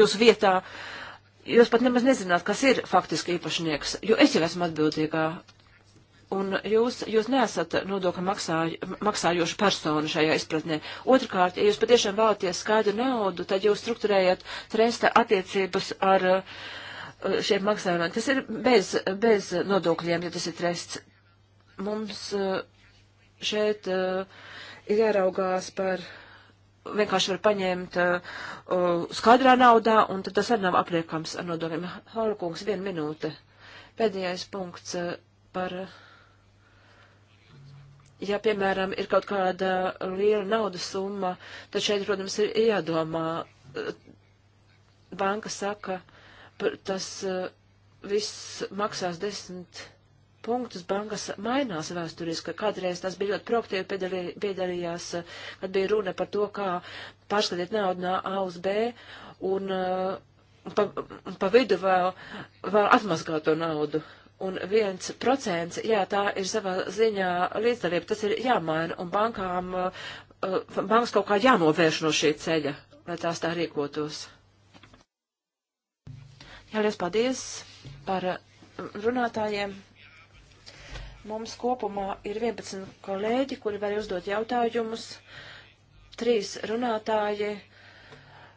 jūsu vietā. Jūs pat nemaz nezināt, kas ir faktiski īpašnieks, jo es jau esmu atbildīgā un jūs, jūs nesat nodokļu maksāju, maksājoša persona šajā izpratnē. Otrakārt, ja jūs patiešām vēlaties skaidru naudu, tad jūs struktūrējat tresta attiecības ar uh, šiem maksājumiem. Tas ir bez, bez nodokļiem, ja tas ir trests. Mums uh, šeit uh, ir jāraugās par vienkārši var paņemt skaidrā naudā, un tad tas arī nav apliekams ar nodokļiem. Holokungs, viena minūte. Pēdējais punkts par. Uh, ja, piemēram, ir kaut kāda liela naudas summa, tad šeit, protams, ir jādomā. Banka saka, tas eh, viss maksās desmit punktus. Bankas mainās vēsturiski. Kādreiz tas bija ļoti proaktīvi piedalī, piedalījās, kad bija runa par to, kā pārskatīt naudu no A uz B un eh, pa, pa vidu vēl, vēl atmazgāt to naudu. Uh, un viens procents, jā, tā ir savā ziņā līdzdalība, tas ir jāmaina, un bankām, uh, uh, bankas kaut kā jānovērš no šī ceļa, lai tās tā rīkotos. Jā, liels paldies par uh, runātājiem. Mums kopumā ir 11 kolēģi, kuri var uzdot jautājumus. Trīs runātāji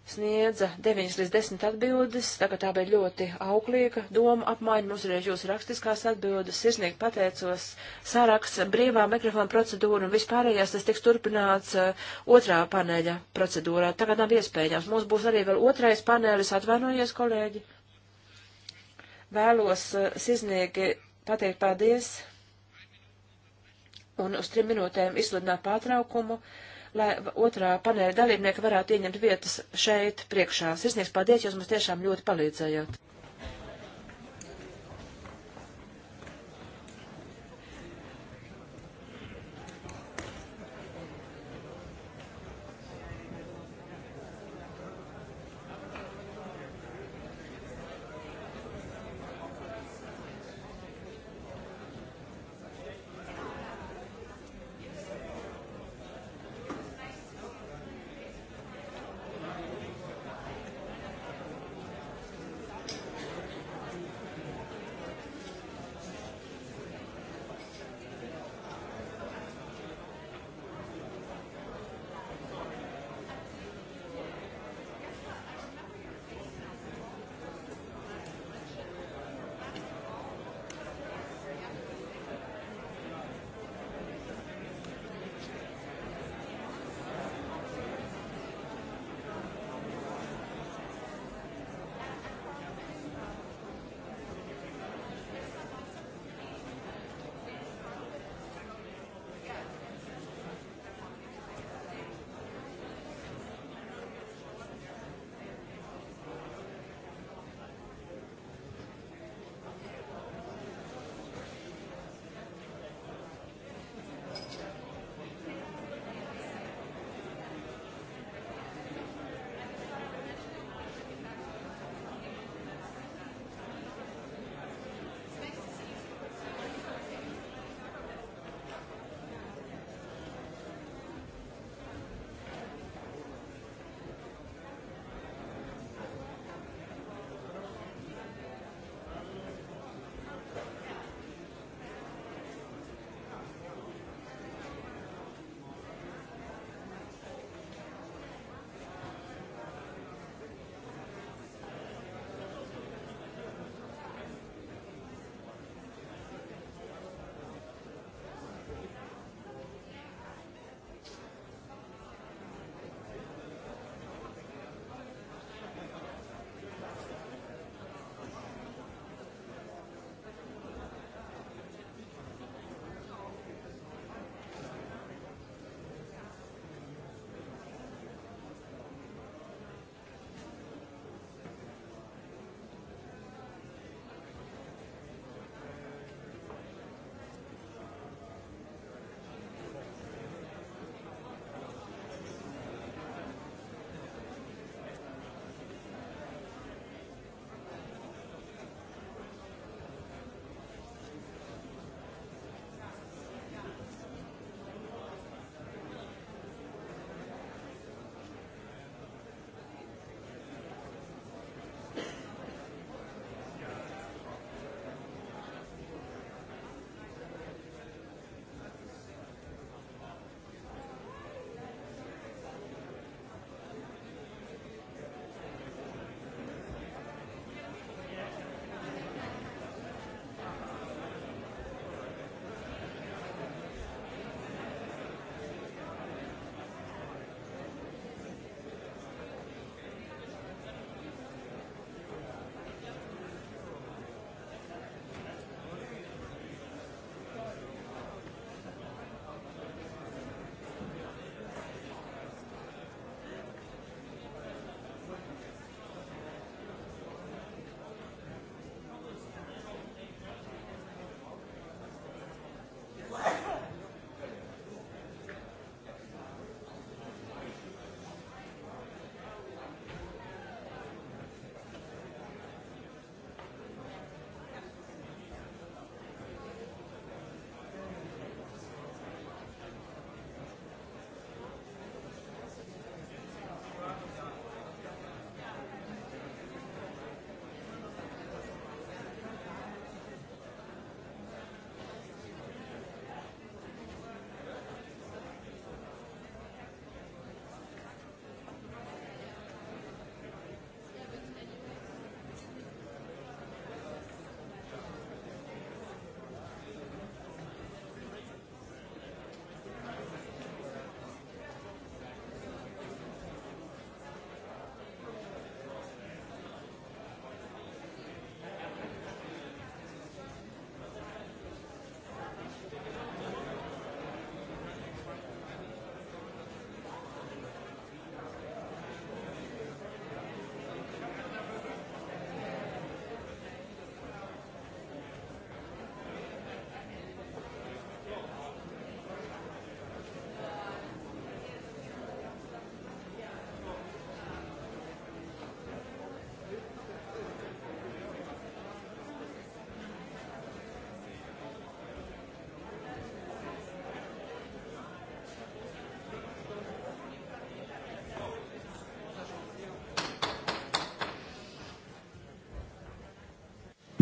sniedza 9 līdz 10 atbildes, tā kā tā bija ļoti auglīga doma apmaiņa, mums ir jūsu rakstiskās atbildes, sirsnīgi pateicos, saraksts, brīvā mikrofona procedūra un vispārējās tas tiks turpināts uh, otrā paneļa procedūrā, tagad nav iespējams, mums būs arī vēl otrais panelis, atvainojies kolēģi, vēlos uh, sirsnīgi pateikt paldies un uz trim minūtēm izsludināt pārtraukumu. Uh, lai otrā paneļa dalībnieki varētu ieņemt vietas šeit priekšā. Sirsnieks, paldies, jūs mums tiešām ļoti palīdzējāt.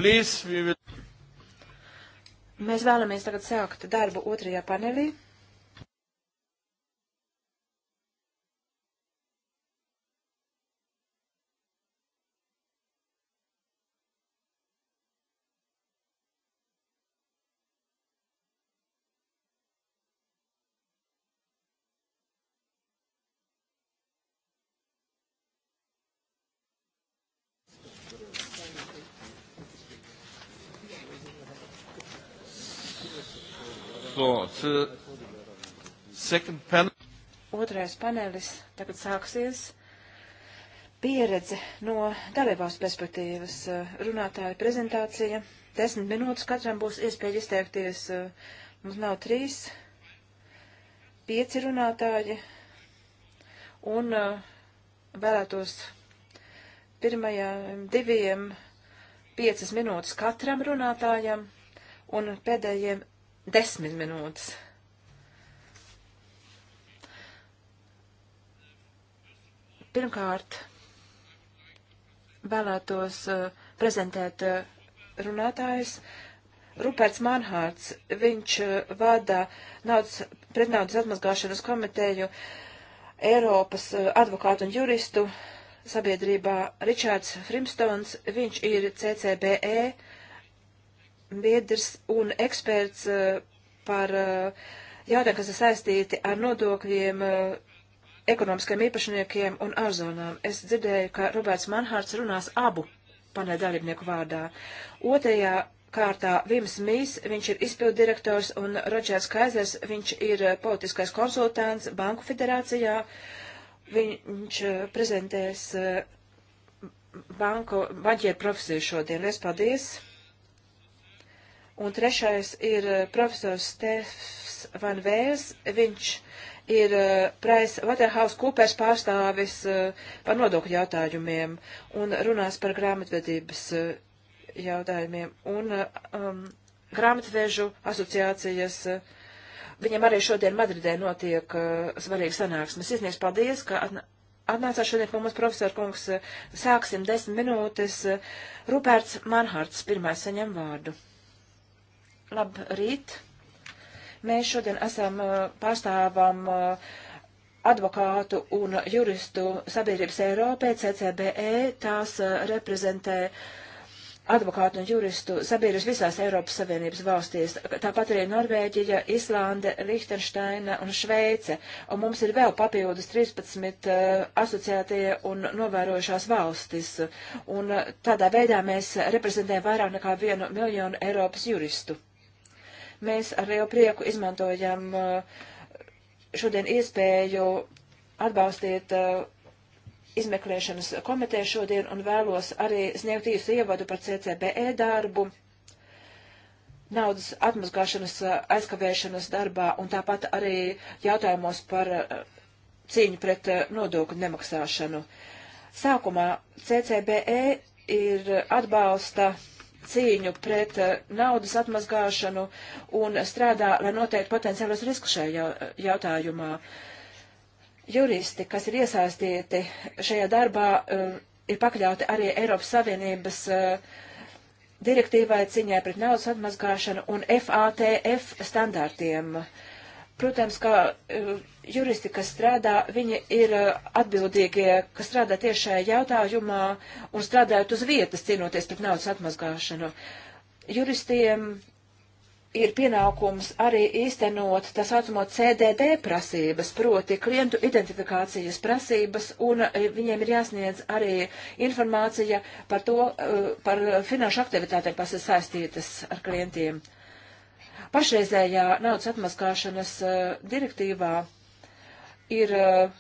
Please, will... Mēs vēlamies tagad sākt darbu otrajā panelī. panelis tagad sāksies. Pieredze no dalībās perspektīvas eh, runātāja prezentācija. Desmit minūtes katram būs iespēja izteikties. Eh, mums nav trīs, pieci runātāji. Un eh, vēlētos pirmajām diviem piecas minūtes katram runātājam un pēdējiem desmit minūtes. Pirmkārt, vēlētos uh, prezentēt uh, eh, runātājus. Ruperts Manhārds, viņš uh, vada naudas, pretnaudas atmazgāšanas komiteju Eiropas advokātu un juristu sabiedrībā Ričards Frimstons, viņš ir CCBE biedrs un eksperts par jautājumu, kas ir saistīti ar nodokļiem ekonomiskiem īpašniekiem un ārzonām. Es dzirdēju, ka Roberts Manhārts runās abu paneļa dalībnieku vārdā. Otrajā kārtā Vims Mīs, viņš ir izpildu direktors, un Rodžērs Kaizers, viņš ir politiskais konsultants Banku federācijā. Viņš eh, prezentēs eh, banku baģieru profesiju šodien. Lies paldies! Un trešais ir eh, profesors Stefs Van Vēls. Viņš uh, ir eh, Price Waterhouse Coopers pārstāvis eh, par nodokļu jautājumiem un runās par grāmatvedības eh, jautājumiem un um, grāmatvežu asociācijas. Viņam arī šodien Madridē notiek uh, svarīga sanāksmes. Iznieks paldies, ka atnācāt šodien pie mums profesor kungs. Sāksim desmit minūtes. Ruperts Manhards pirmais saņem vārdu. Labrīt! Mēs šodien esam pārstāvam advokātu un juristu sabiedrības Eiropē, CCBE, tās reprezentē advokātu un juristu sabiedrības visās Eiropas Savienības valstīs. Tāpat arī Norvēģija, Islande, Lihtenšteina un Šveice. Un mums ir vēl papildus 13 uh, asociētie un novērojušās valstis. Un uh, tādā veidā mēs reprezentējam vairāk nekā vienu miljonu Eiropas juristu. Mēs ar lielu prieku izmantojam uh, šodien iespēju atbalstīt uh, izmeklēšanas komiteju šodien un vēlos arī sniegt īsu ievadu par CCBE darbu, naudas atmazgāšanas uh, aizkavēšanas darbā un tāpat arī jautājumos par cīņu pret nodokļu nemaksāšanu. Sākumā CCBE ir atbalsta cīņu pret eh, naudas atmazgāšanu un strādā, lai noteikti potenciālos riskus šajā eh, jautājumā. Juristi, kas ir iesaistīti šajā darbā, eh, ir pakļauti arī Eiropas Savienības direktīvai ciņai pret naudas atmazgāšanu un FATF standārtiem. Uh, Protams, ka e, juristi, kas strādā, viņi ir e, atbildīgie, kas strādā tieši šajā jautājumā un strādājot uz vietas cīnoties pret naudas atmazgāšanu. Juristiem ir pienākums arī īstenot tā saucamo CDD prasības, proti klientu identifikācijas prasības, un e, viņiem ir jāsniedz arī informācija par to, par finanšu aktivitātēm, kas ir saistītas ar klientiem. Uh, Pašreizējā naudas atmaskāšanas uh, direktīvā ir uh,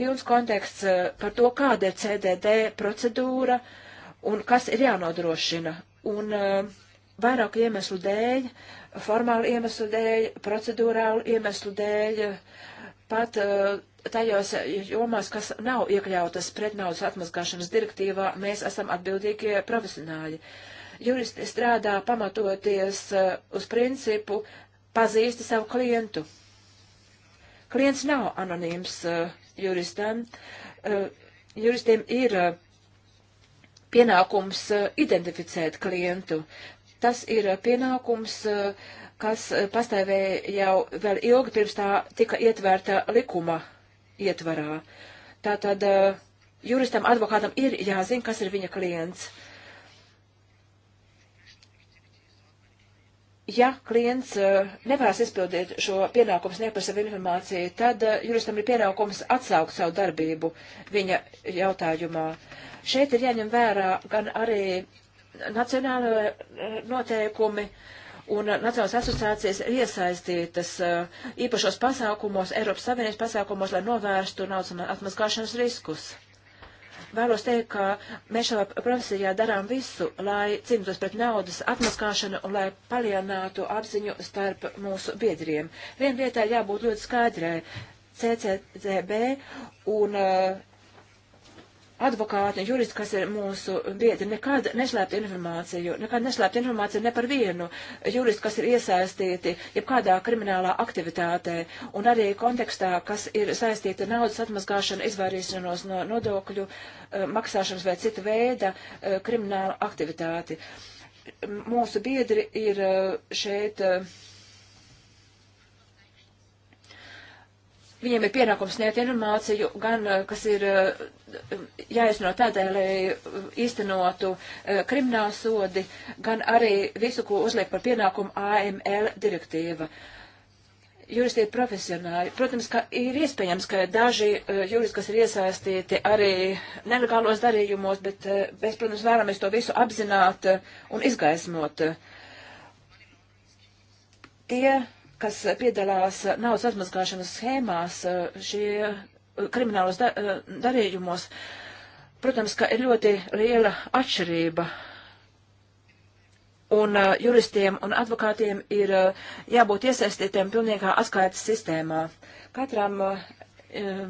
pilns konteksts uh, par to, kāda ir CDD procedūra un kas ir jānodrošina. Un vairāku iemeslu dēļ, formālu iemeslu dēļ, procedūrālu iemeslu dēļ, pat tajos jomās, kas nav iekļautas pretnaudas atmaskāšanas direktīvā, mēs esam atbildīgie profesionāļi. Uh, Juristi strādā pamatoties eh, uz principu pazīsti savu klientu. Klients nav anonīms eh, juristam. Eh, juristiem ir pienākums identificēt klientu. Tas ir pienākums, kas pastāvēja jau vēl ilgi pirms tā tika ietvērta likuma ietvarā. Tātad juristam, advokātam ir jāzina, kas ir viņa klients. ja klients eh, nevēlas izpildīt šo pienākumu sniegt savu informāciju, tad eh, juristam ir pienākums atsaukt savu darbību viņa jautājumā. Šeit ir jāņem vērā gan arī nacionāla eh, noteikumi un Nacionālās asociācijas ir iesaistītas īpašos pasākumos, Eiropas Savienības pasākumos, lai novērstu naudas atmaskāšanas riskus. Vēlos teikt, ka mēs šajā profesijā darām visu, lai cīnītos pret naudas atmaskāšanu un lai palielinātu apziņu starp mūsu biedriem. Viena lietā jābūt ļoti skaidrai. CCCB un uh, advokāti un juristi, kas ir mūsu biedri, nekad neslēpt informāciju, nekad neslēpt informāciju ne par vienu juristu, kas ir iesaistīti jebkādā kriminālā aktivitātē un arī kontekstā, kas ir saistīta naudas atmazgāšana, izvairīšanos no nodokļu eh, maksāšanas vai cita veida eh, krimināla aktivitāti. Mūsu biedri ir eh, šeit. Uh, viņiem ir pienākums sniegt informāciju, gan eh, kas ir eh, jāizno tādēļ, lai eh, īstenotu kriminālu sodi, gan arī visu, ko uzliek par pienākumu AML direktīva. Juristi ir profesionāli. Protams, ka ir iespējams, ka daži juristi, kas ir iesaistīti arī nelegālos darījumos, bet mēs, protams, vēlamies to visu apzināt un izgaismot. Tie kas piedalās naudas atmaskāšanas schēmās, eh, šie eh, kriminālos da eh, darījumos, protams, ka ir ļoti liela atšķirība. Un uh, juristiem un advokātiem ir uh, jābūt iesaistītiem pilnīgā atskaites sistēmā. Katram uh, Eh,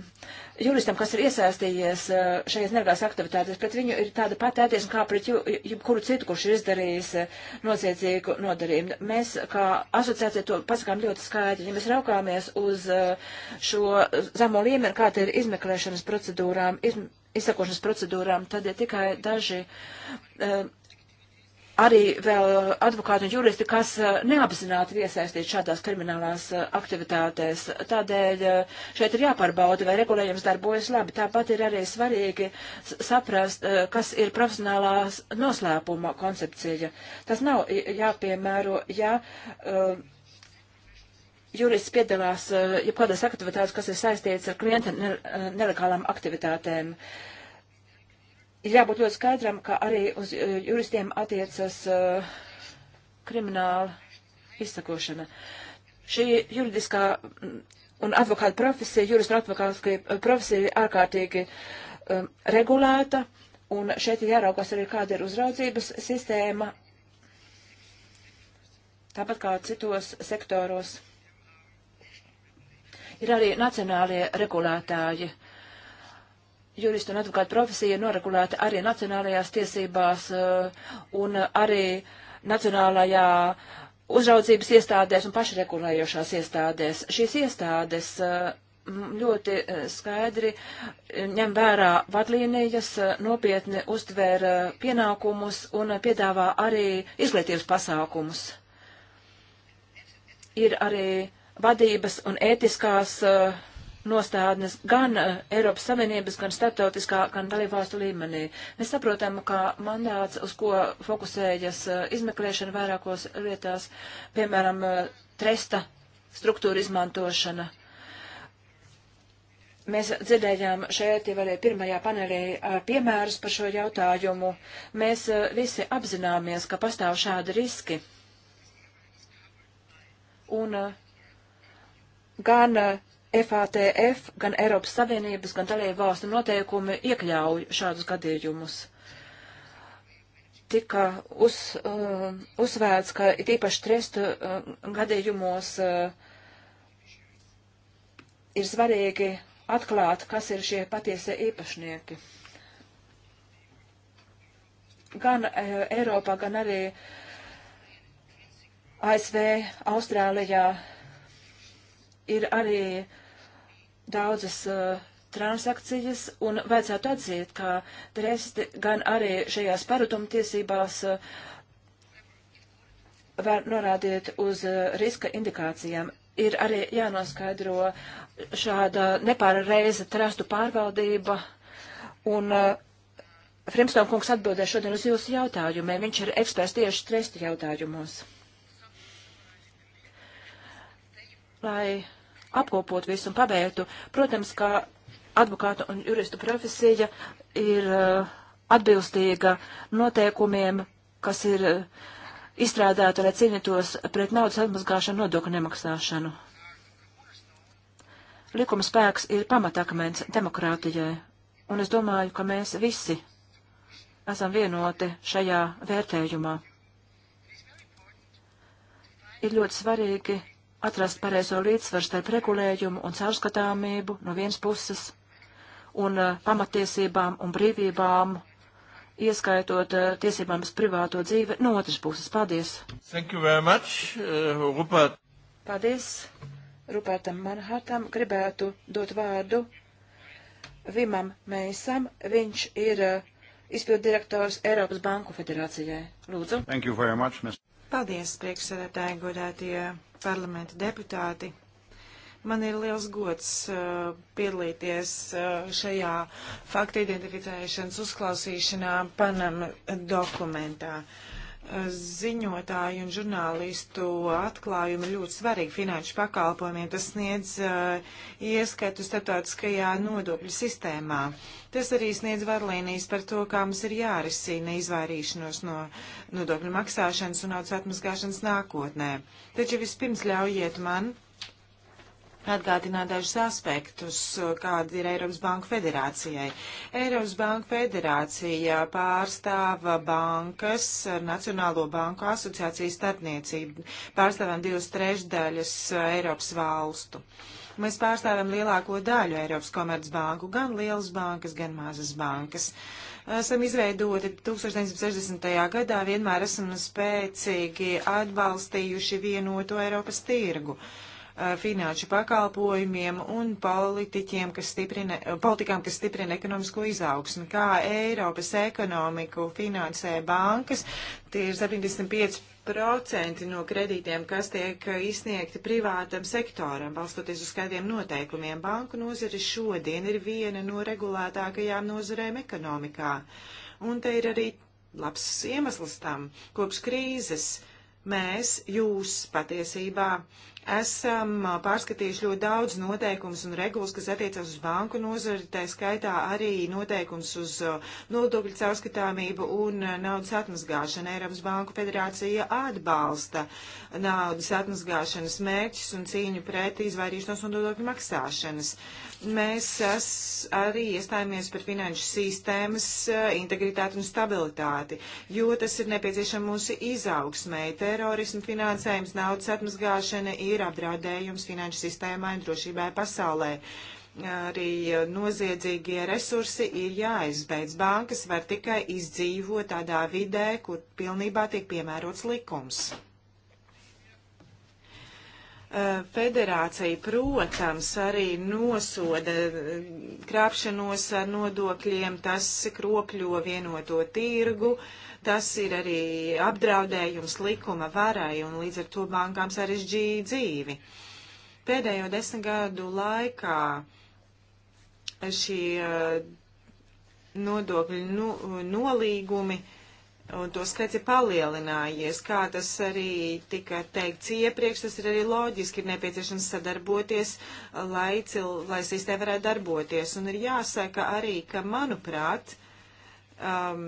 juristam, kas ir iesaistījies eh, šajās nelegālās aktivitātēs, pret viņu ir tāda pati attieksme kā pret jebkuru citu, kurš ir izdarījis eh, noziedzīgu nodarījumu. Mēs kā asociācija to pasakām ļoti skaidri. Ja mēs raukāmies uz šo zemo līmeni, kā te ir izmeklēšanas procedūrām, izmeklēšanas izsakošanas procedūrām, tad ir tikai daži uh, arī vēl advokāti un juristi, kas eh, neapzināti iesaistīt šādās kriminālās eh, aktivitātēs. Tādēļ eh, šeit ir jāpārbauda, vai regulējums darbojas labi. Tāpat ir arī svarīgi saprast, kas ir profesionālās noslēpuma koncepcija. Tas nav jāpiemēro, ja. Uh, jurists piedalās jebkādās aktivitātēs, kas ir saistīts ar klienta nelegālām aktivitātēm. Uh, ir jābūt ļoti skaidram, ka arī uz eh, juristiem attiecas uh, krimināla izsakošana. Šī juridiskā mm, un advokāta profesija, juristu un advokāta profesija ir ārkārtīgi um, regulēta, un šeit ir jāraugās arī, kāda ir uzraudzības sistēma, tāpat kā citos sektoros. Ir arī nacionālie regulētāji. Uh, juristu un advokātu profesija ir noregulēta arī nacionālajās tiesībās eh, un arī nacionālajā uzraudzības iestādēs un pašregulējošās iestādēs. Šīs iestādes eh, ļoti eh, skaidri ņem vērā vadlīnijas, nopietni uztver pienākumus un piedāvā arī izglītības pasākumus. Ir arī vadības un ētiskās uh, nostādnes gan eh, Eiropas Savienības, gan starptautiskā, gan dalībvalstu līmenī. Mēs saprotam, ka mandāts, uz ko fokusējas eh, izmeklēšana vairākos lietās, piemēram, eh, tresta struktūra izmantošana. Mēs dzirdējām šeit jau arī pirmajā panelī piemērus par šo jautājumu. Mēs visi apzināmies, ka pastāv šādi riski. Un gan FATF, gan Eiropas Savienības, gan dalību valstu noteikumi iekļauj šādus gadījumus. Tika uz, uh, uzsvērts, ka it īpaši trestu uh, gadījumos uh, ir svarīgi atklāt, kas ir šie patiesie īpašnieki. Gan uh, Eiropā, gan arī ASV, Austrālijā ir arī uh, daudzas uh, transakcijas un vajadzētu atzīt, ka tresti gan arī šajās parutumtiesībās uh, var norādīt uz uh, riska indikācijām. Ir arī jānoskaidro šāda nepārreiza trastu pārvaldība un uh, Frimstam kungs atbildē šodien uz jūsu jautājumiem. Viņš ir eksperts tieši trestu jautājumos. Lai apkopot visu un pabeigtu. Protams, kā advokātu un juristu profesija ir uh, atbilstīga noteikumiem, kas ir uh, izstrādāti, lai cīnītos pret naudas atmazgāšanu, nodokļu nemaksāšanu. Likuma spēks ir pamatakmens demokrātijai, un es domāju, ka mēs visi esam vienoti šajā vērtējumā. Ir ļoti svarīgi atrast pareizo līdzsvaru starp regulējumu un caurskatāmību no vienas puses un uh, pamatiesībām un brīvībām, ieskaitot uh, tiesībām uz privāto dzīvi no otras puses. Paldies! Thank you very much, uh, Rupert. Paldies Rupertam Manhartam. Gribētu dot vārdu Vimam Meisam. Viņš ir uh, izpildu direktors Eiropas Banku federācijai. Lūdzu. Thank you very much, Mr. Paldies, priekšsēdētāji, godētie. Uh, parlamenta deputāti. Man ir liels gods uh, piedalīties uh, šajā faktu identificēšanas uzklausīšanā Panama dokumentā. Uh, ziņotāju un žurnālistu atklājumi ļoti svarīgi finanšu pakalpojumiem. Tas sniedz uh, ieskatu starptautiskajā nodokļu sistēmā. Tas arī sniedz vadlīnijas par to, kā mums ir jārisina izvairīšanos no nodokļu maksāšanas un naudas atmaskāšanas nākotnē. Taču vispirms ļaujiet man uh, atgādināt dažus aspektus, kāda ir Eiropas Banka federācijai. Eiropas Banka federācija pārstāva bankas ar Nacionālo banku asociāciju starpniecību, pārstāvam divas trešdaļas Eiropas valstu. Mēs pārstāvam lielāko daļu Eiropas Komercbanku, gan lielas bankas, gan mazas bankas. Esam izveidoti 1960. gadā, vienmēr esam spēcīgi atbalstījuši vienoto Eiropas tirgu. Uh, Eh, finanšu pakalpojumiem un politiķiem, kas stiprina, eh, politikām, kas stiprina ekonomisko izaugsmu. Kā Eiropas ekonomiku finansē bankas, tie ir 75 procenti no kredītiem, kas tiek eh, izsniegti privātam sektoram, balstoties uz kādiem noteikumiem. Banku nozare šodien ir viena no regulētākajām nozarēm ekonomikā. Un te ir arī labs iemesls tam. Kopš krīzes mēs, jūs patiesībā, esam pārskatījuši ļoti daudz noteikumus un regulas, kas attiecas uz banku nozari, tā skaitā arī noteikums uz nodokļu caurskatāmību un naudas atmazgāšanu. Eiropas Banku federācija atbalsta naudas atmazgāšanas mērķus un cīņu pret izvairīšanos un nodokļu maksāšanas. Uh, Mēs es, arī iestājāmies par finanšu sistēmas eh, integritāti un stabilitāti, jo tas ir nepieciešams mūsu izaugsmēji. Terorismu finansējums, naudas atmazgāšana ir apdraudējums finanšu sistēmai un drošībai pasaulē arī eh, noziedzīgie resursi ir jāizbeidz. Bankas var tikai izdzīvot tādā vidē, kur pilnībā tiek piemērots likums. Eh, federācija, protams, arī nosoda eh, krāpšanos ar nodokļiem, tas kropļo vienoto tirgu, tas ir arī apdraudējums likuma varai un līdz ar to bankām sarežģīja dzīvi. Pēdējo desmit gadu laikā šie eh, nodokļu nu, nolīgumi uh, un to skaits ir palielinājies. Kā tas arī tika teikts iepriekš, tas ir arī loģiski, ir nepieciešams sadarboties, lai, cil, lai sistēma varētu darboties. Un ir jāsaka arī, ka, manuprāt, um,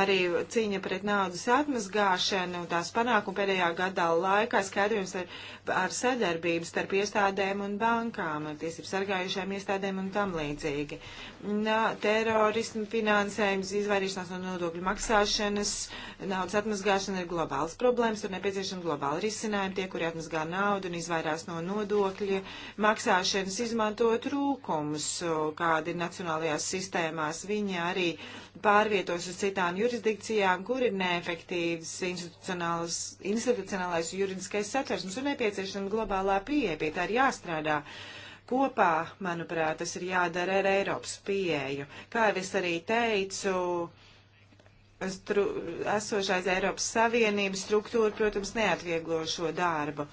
arī cīņa pret naudas atmazgāšanu, tās panākuma pēdējā gadā laikā skatījums ar, ar sadarbību starp iestādēm un bankām, tiesību sargājušām iestādēm un tam līdzīgi. Na, terorismu finansējums, izvairīšanās no nodokļu maksāšanas, naudas atmazgāšana ir globāls problēmas, tur nepieciešama globāla risinājuma. Tie, kuri atmazgā naudu un izvairās no nodokļu maksāšanas, izmanto trūkumus, kādi ir nacionālajās sistēmās. Viņi arī pārvietojas uz citām jurisdikcijām, kur ir neefektīvs institucionālais juridiskais satvers. Mums ir nepieciešama globālā pieeja, pie tā ir jāstrādā. Kopā, manuprāt, tas ir jādara ar Eiropas pieeju. Kā jau es arī teicu, stru, esošais Eiropas Savienības struktūra, protams, neatvieglo šo darbu. Uh,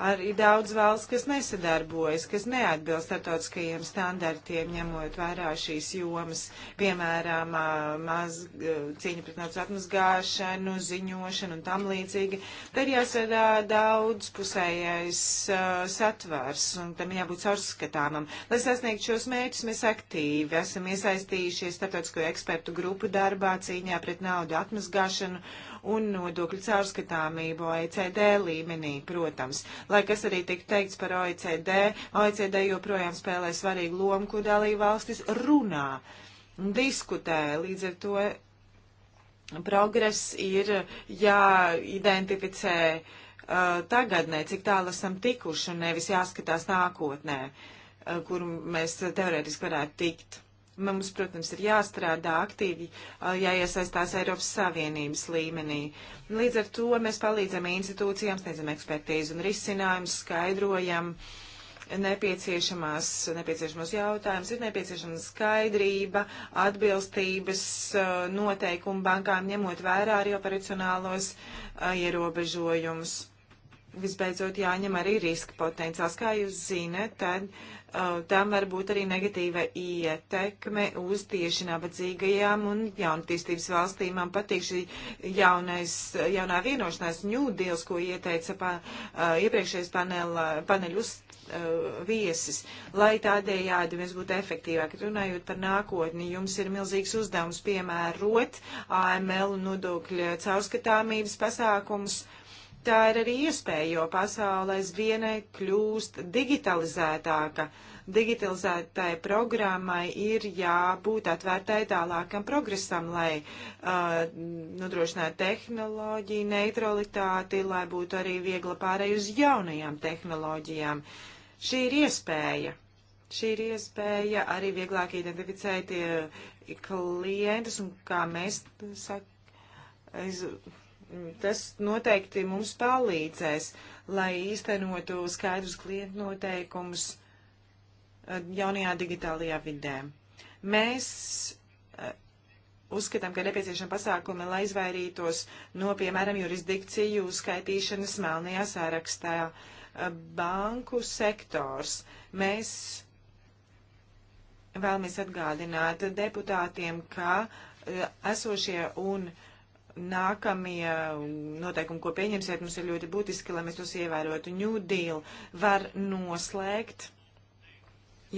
arī daudz valsts, kas nesadarbojas, kas neatbilst startautiskajiem standartiem, ņemot vērā šīs jomas, piemēram, maz, cīņa pret naudas atmazgāšanu, ziņošanu un tam līdzīgi. Te ir jāsadā daudzpusējais uh, satvars un tam jābūt caurskatāmam. Lai sasniegtu šos mērķus, mēs aktīvi esam iesaistījušies startautisko ekspertu grupu darbā cīņā pret naudu atmazgāšanu un nodokļu caurskatāmību OECD līmenī, protams. Lai kas arī tik teikts par OECD, OECD joprojām spēlē svarīgu lomu, kur dalība valstis runā un diskutē. Līdz ar to progress ir jāidentificē. Ja uh, tagadnē, cik tālu esam tikuši un nevis jāskatās nākotnē, uh, kur mēs teorētiski varētu tikt. Mums, protams, ir jāstrādā aktīvi, jāiesaistās Eiropas Savienības līmenī. Līdz ar to mēs palīdzam institūcijām, sniedzam ekspertīzi un risinājumus, skaidrojam nepieciešamās, nepieciešamos jautājumus, ir nepieciešama skaidrība, atbilstības noteikumu bankām, ņemot vērā arī operacionālos ierobežojumus visbeidzot jāņem arī riska potenciāls. Kā jūs zinat, tad Uh, tam var būt arī negatīva ietekme uz tieši nabadzīgajām un jaunatīstības valstīm. Man patīk šī jaunais, jaunā vienošanās ņūdils, ko ieteica pa, uh, iepriekšējais panela, uh, paneļus uh, viesis, lai tādējādi mēs būtu efektīvāki. Runājot par nākotni, jums ir milzīgs uzdevums piemērot AML nodokļa caurskatāmības pasākumus. Uh, tā ir arī iespēja, jo pasaule aizvienai kļūst digitalizētāka. Digitalizētai programmai ir jābūt atvērtai tālākam progresam, lai uh, nodrošinātu tehnoloģiju neutralitāti, lai būtu arī viegla pārēj uz jaunajām tehnoloģijām. Šī ir iespēja. Šī ir iespēja arī vieglāk identificēt uh, klientus un kā mēs sāk, aiz, tas noteikti mums palīdzēs, lai īstenotu skaidrus klientu noteikumus eh, jaunajā digitālajā vidē. Mēs eh, uzskatām, ka nepieciešama pasākumi, lai izvairītos no, piemēram, jurisdikciju uzskaitīšanas melnajā sārakstā. Eh, banku sektors. Mēs vēlamies atgādināt deputātiem, ka esošie un uh, nākamie noteikumi, ko pieņemsiet, mums ir ļoti būtiski, lai mēs tos ievērotu. New Deal var noslēgt,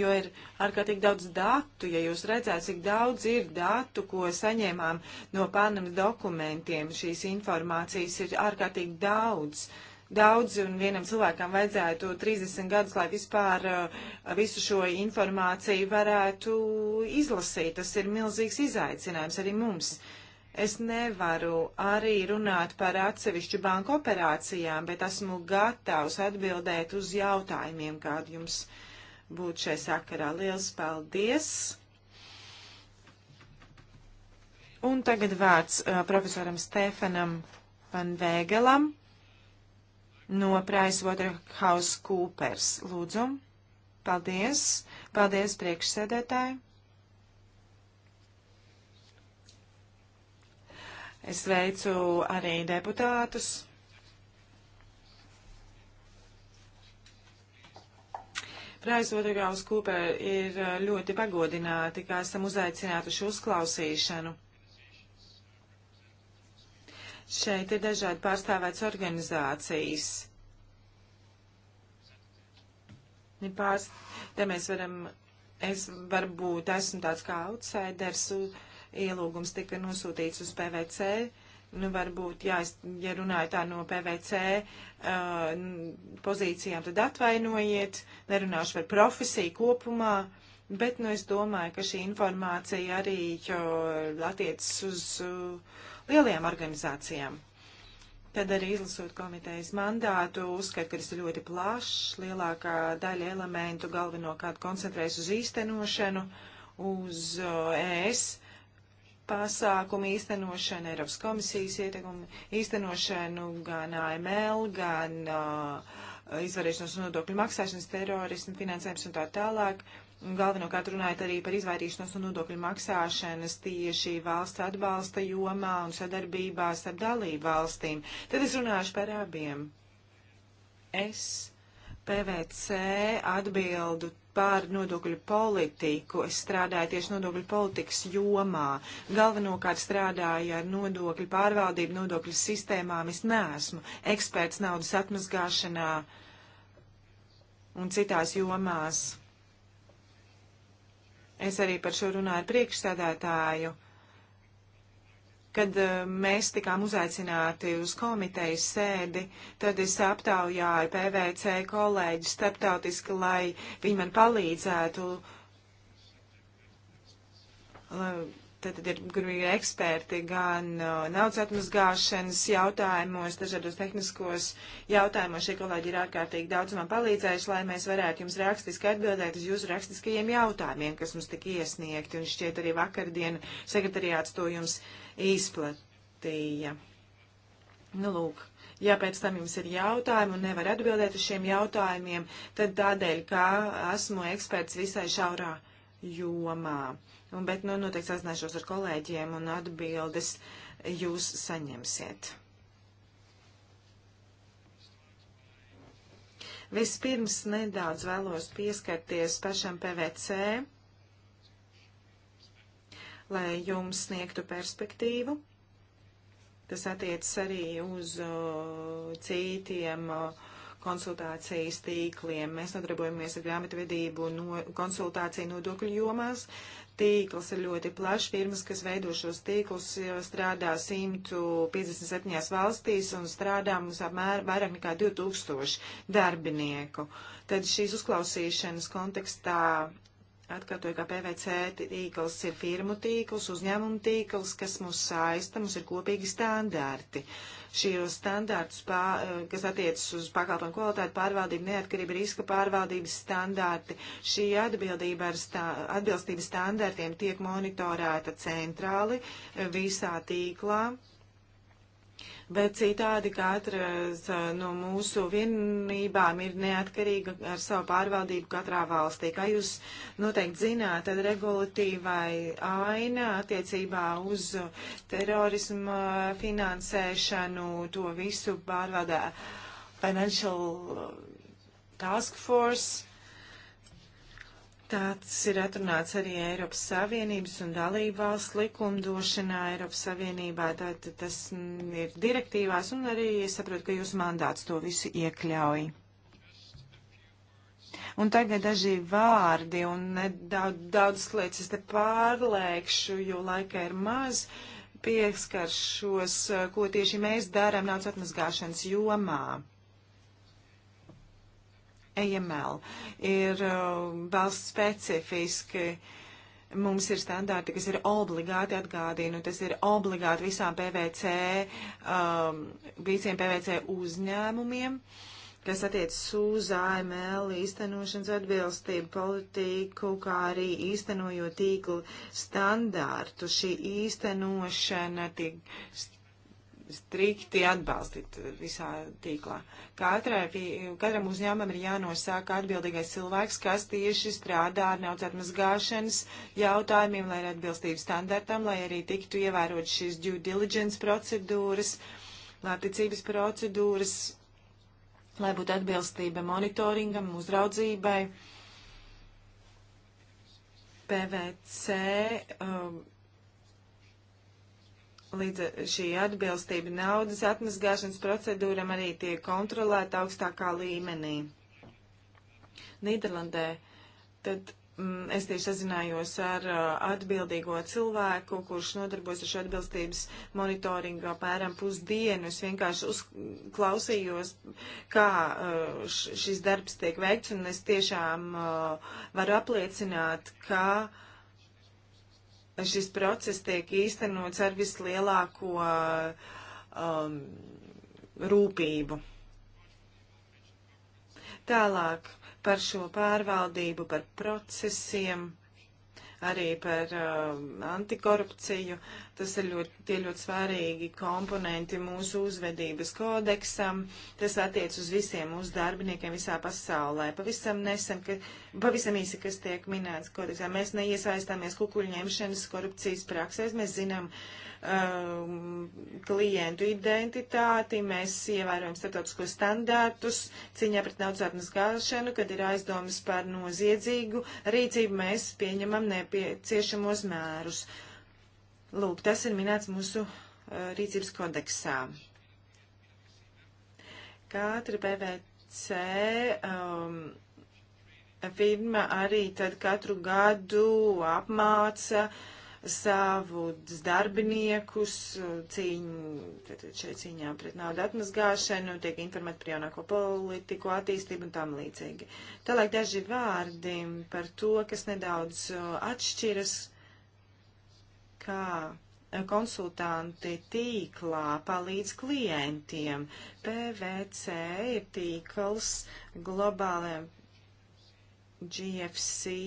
jo ir ārkārtīgi daudz datu. Ja jūs redzētu, cik daudz ir datu, ko saņēmām no Panamas dokumentiem, šīs informācijas ir ārkārtīgi daudz. Daudz un vienam cilvēkam vajadzētu 30 gadus, lai vispār uh, visu šo informāciju varētu izlasīt. Tas ir milzīgs izaicinājums arī mums. Uh, Es nevaru arī runāt par atsevišķu banku operācijām, bet esmu gatavs atbildēt uz jautājumiem, kādi jums būtu šai sakarā. Liels paldies! Un tagad vārds uh, profesoram Stefanam Van Vēgelam no PricewaterhouseCoopers. Lūdzu, paldies! Paldies priekšsēdētāji! Es veicu arī deputātus. Praisotragaus Cooper ir uh, ļoti pagodināti, kā esam uzaicināti šo uzklausīšanu. Šeit ir dažādi pārstāvēts organizācijas. Ir pārst... Te mēs varam, es varbūt esmu tāds kā outsiders, ielūgums tika nosūtīts uz PVC. Nu, varbūt, jā, es, ja runāju tā no PVC uh, pozīcijām, tad atvainojiet, nerunāšu par profesiju kopumā, bet, nu, es domāju, ka šī informācija arī attiecas uz uh, lielajām organizācijām. Tad arī izlasot komitejas mandātu, uzskat, ka tas ir ļoti plašs, lielākā daļa elementu galvenokārt koncentrēs uz īstenošanu, uz uh, ES pasākumu īstenošanu, Eiropas komisijas ieteikumu īstenošanu, gan AML, gan uh, izvarēšanos nodokļu maksāšanas, terorismu finansējums un tā tālāk. Galvenokārt runājot arī par izvairīšanos un nodokļu maksāšanas tieši valsts atbalsta jomā un sadarbībās ar dalību valstīm. Tad es runāšu par abiem. Es PVC atbildu par nodokļu politiku. Es strādāju tieši nodokļu politikas jomā. Galvenokārt strādāju ar nodokļu pārvaldību, nodokļu sistēmām. Es neesmu eksperts naudas atmazgāšanā un citās jomās. Es arī par šo runāju ar priekšsēdētāju kad eh, mēs tikām uzaicināti uz komitejas sēdi, tad es aptaujāju PVC kolēģi starptautiski, lai viņi man palīdzētu Tad ir grūti eksperti gan uh, naudas atmazgāšanas jautājumos, dažādos tehniskos jautājumos. Šie kolēģi ir ārkārtīgi daudz man palīdzējuši, lai mēs varētu jums rakstiski atbildēt uz jūsu rakstiskajiem jautājumiem, kas mums tika iesniegti. Un šķiet arī vakardien sekretariāts to jums izplatīja. Nu, lūk. Ja pēc tam jums ir jautājumi un nevar atbildēt uz šiem jautājumiem, tad tādēļ, ka esmu eksperts visai šaurā jomā. Un, bet nu, noteikti sazināšos ar kolēģiem un atbildes jūs saņemsiet. Vispirms nedaudz vēlos pieskarties pašam PVC, lai jums sniegtu perspektīvu. Tas attiecas arī uz uh, citiem uh, konsultācijas tīkliem. Mēs nodarbojamies ar grāmatvedību no konsultāciju nodokļu jomās. Tīkls ir ļoti plašs. Firmas, kas veido šos tīklus, strādā 157 valstīs un strādā mums apmēram vairāk nekā 2000 darbinieku. Tad šīs uzklausīšanas kontekstā Atkārtoju, ka PVC tīkls ir firmu tīkls, uzņēmumu tīkls, kas mūs saista, mums ir kopīgi standarti. Šīs standārtus, pā, eh, kas attiecas uz pakalpojumu kvalitāti, pārvaldību, neatkarību, riska pārvaldības standarti, šī atbildība ar stā, atbilstība standartiem tiek monitorēta centrāli eh, visā tīklā bet citādi katras eh, no mūsu vienībām ir neatkarīga ar savu pārvaldību katrā valstī. Kā jūs noteikti zināt, tad regulatīvai aina attiecībā uz terorismu finansēšanu to visu pārvaldā Financial Task Force Tāds ir atrunāts arī Eiropas Savienības un dalību valsts likumdošanā Eiropas Savienībā. Tātad tas ir direktīvās un arī es saprotu, ka jūsu mandāts to visu iekļauj. Un tagad daži vārdi un nedaudz daudz lietas es te pārlēkšu, jo laika ir maz pieskaršos, ko tieši mēs darām naudas atmazgāšanas jomā. AML ir um, valsts specifiski. Mums ir standarti, kas ir obligāti atgādina, un tas ir obligāti visām PVC, um, visiem PVC uzņēmumiem. Uh, kas attiecas uz AML īstenošanas atbilstību politiku, kā arī īstenojot tīklu standārtu. Šī īstenošana tiek strikti atbalstīt visā tīklā. Katrai, katram uzņēmumam ir jānosaka atbildīgais cilvēks, kas tieši strādā ar naudas atmazgāšanas jautājumiem, lai ir atbilstību standartam, lai arī tiktu ievērot šīs due diligence procedūras, lēpticības procedūras, lai būtu atbilstība monitoringam, uzraudzībai. PVC. Um, Līdz šī atbilstība naudas atmazgāšanas procedūram arī tiek kontrolēta augstākā līmenī. Nīderlandē tad mm, es tieši sazinājos ar uh, atbildīgo cilvēku, kurš nodarbojas ar šo atbilstības monitoringu apmēram pusdienu. Es vienkārši uzklausījos, kā uh, šis darbs tiek veikts, un es tiešām uh, varu apliecināt, ka uh, šis process tiek īstenots ar vislielāko um, rūpību. Tālāk par šo pārvaldību, par procesiem arī par uh, antikorupciju. Tas ir ļoti, tie ļoti svarīgi komponenti mūsu uzvedības kodeksam. Tas attiec uz visiem mūsu darbiniekiem visā pasaulē. Pavisam nesen, ka, pavisam īsi, kas tiek minēts kodeksā, mēs neiesaistāmies kukuļņemšanas korupcijas praksēs. Mēs zinām, uh, um, klientu identitāti, mēs ievērojam starptautiskos standārtus cīņā pret naudzātnes gāšanu, kad ir aizdomas par noziedzīgu rīcību, mēs pieņemam nepieciešamos mērus. Lūk, tas ir minēts mūsu uh, rīcības kodeksā. Katra PVC um, firma arī tad katru gadu apmāca uh, savus darbiniekus cīņu, šeit cīņā pret naudu atmazgāšanu, tiek informēti par jaunāko politiku, attīstību un tam līdzīgi. Tālāk daži vārdi par to, kas nedaudz atšķiras, kā konsultanti tīklā palīdz klientiem. PVC ir tīkls globāliem GFC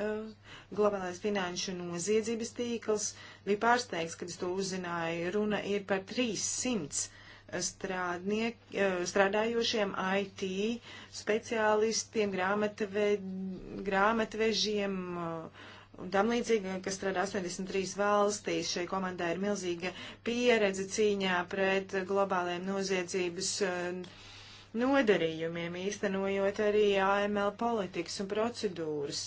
uh, globālais finanšu noziedzības tīkls. Bija pārsteigts, kad es to uzzināju. Runa ir par 300 strādniek, uh, strādājošiem IT speciālistiem, grāmatve, grāmatvežiem uh, un tam līdzīgi, kas strādā 83 valstīs. Šai komandai ir milzīga pieredze cīņā pret globāliem noziedzības uh, nodarījumiem, īstenojot arī AML politikas un procedūras.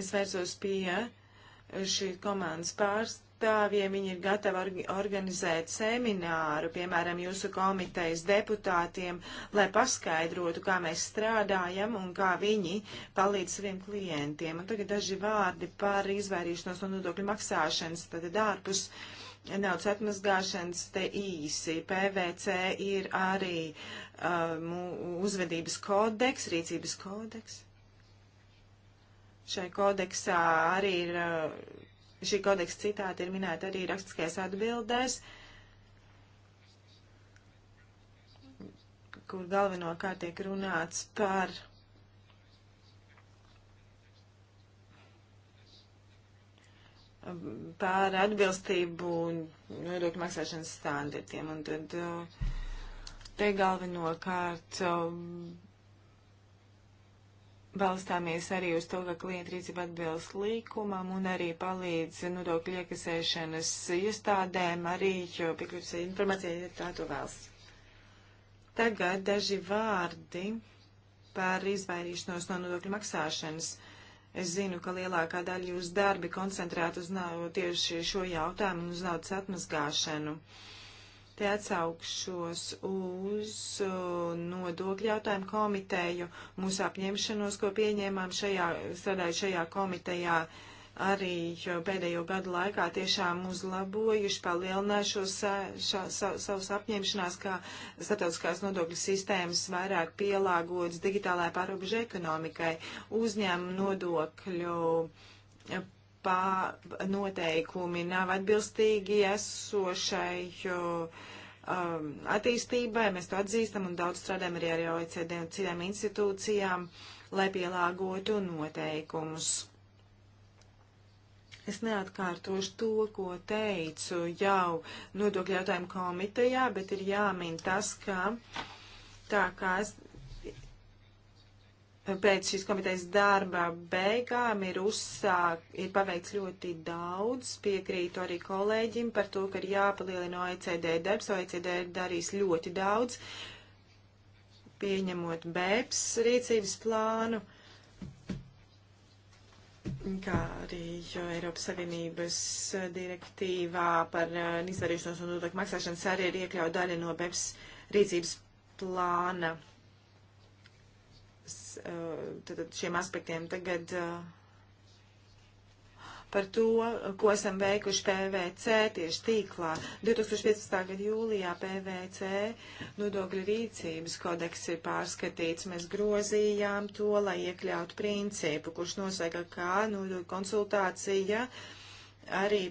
Es vērsos pie eh, šī komandas pārstāvjiem. Viņi ir gatavi organizēt semināru, piemēram, jūsu komitejas deputātiem, lai paskaidrotu, kā mēs strādājam un kā viņi palīdz saviem klientiem. Un tagad daži vārdi par izvairīšanos no nodokļu maksāšanas, tad ārpus naudas atmazgāšanas te īsi. PVC ir arī um, uzvedības kodeks, rīcības kodeks. Šai kodeksā arī ir, eh, šī kodeksa citāta ir minēta arī rakstiskajās atbildēs, kur galvenokārt tiek runāts par par atbilstību nodokļu maksāšanas standartiem. Un tad eh, te galvenokārt eh, balstāmies arī uz to, ka klienta rīcība atbilst līkumam un arī palīdz nodokļu iekasēšanas iestādēm arī piekļuvis informācijai, ja tā to vēlas. Tagad daži vārdi par izvairīšanos no nodokļu maksāšanas. Es zinu, ka lielākā daļa jūsu darbi koncentrēt uz nav, tieši šo jautājumu un uz naudas atmazgāšanu. Uh, Te atsaukšos uz uh, nodokļu jautājumu komiteju, mūsu apņemšanos, ko pieņēmām šajā, strādājot šajā komitejā arī pēdējo gadu laikā tiešām uzlabojuši, palielinājuši sa, sa, sa, savus apņemšanās, kā statautiskās nodokļu sistēmas vairāk pielāgotas digitālajai pārobežu ekonomikai, uzņēmumu nodokļu pā, noteikumi nav atbilstīgi esošai um, attīstībai. Mēs to atzīstam un daudz strādājam arī ar OECD un citām institūcijām, lai pielāgotu noteikumus. Es neatkārtošu to, ko teicu jau nodokļu jautājumu komitejā, bet ir jāmin tas, ka tā kā es pēc šīs komitejas darba beigām ir uzsāk, ir paveikts ļoti daudz, piekrītu arī kolēģim par to, ka ir jāpalielina OECD darbs, OECD ir darījis ļoti daudz, pieņemot BEPS rīcības plānu, kā arī Eiropas Savienības direktīvā par uh, izvarīšanos un nodokļu maksāšanas arī ir iekļaut daļa no BEPS rīcības plāna tātad eh, šiem aspektiem tagad eh, par to, ko esam veikuši PVC tieši tīklā. 2015. gada jūlijā PVC nodokļu rīcības kodeks ir pārskatīts. Mēs grozījām to, lai iekļautu principu, kurš nosaka, kā nodokļu konsultācija arī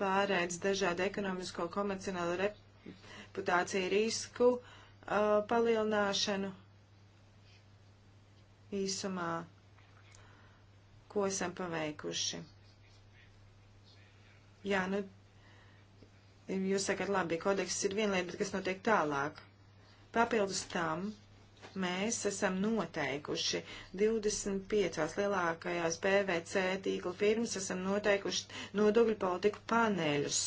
pārēdz dažādu ekonomisko komercionālu reputāciju risku. Uh, uh, palielināšanu īsumā, ko esam paveikuši. Jā, nu, jūs sakat, labi, kodeks ir viena lieta, bet kas notiek tālāk? Papildus tam mēs esam noteikuši 25 lielākajās PVC tīkla firmas, esam noteikuši nodokļu politiku paneļus.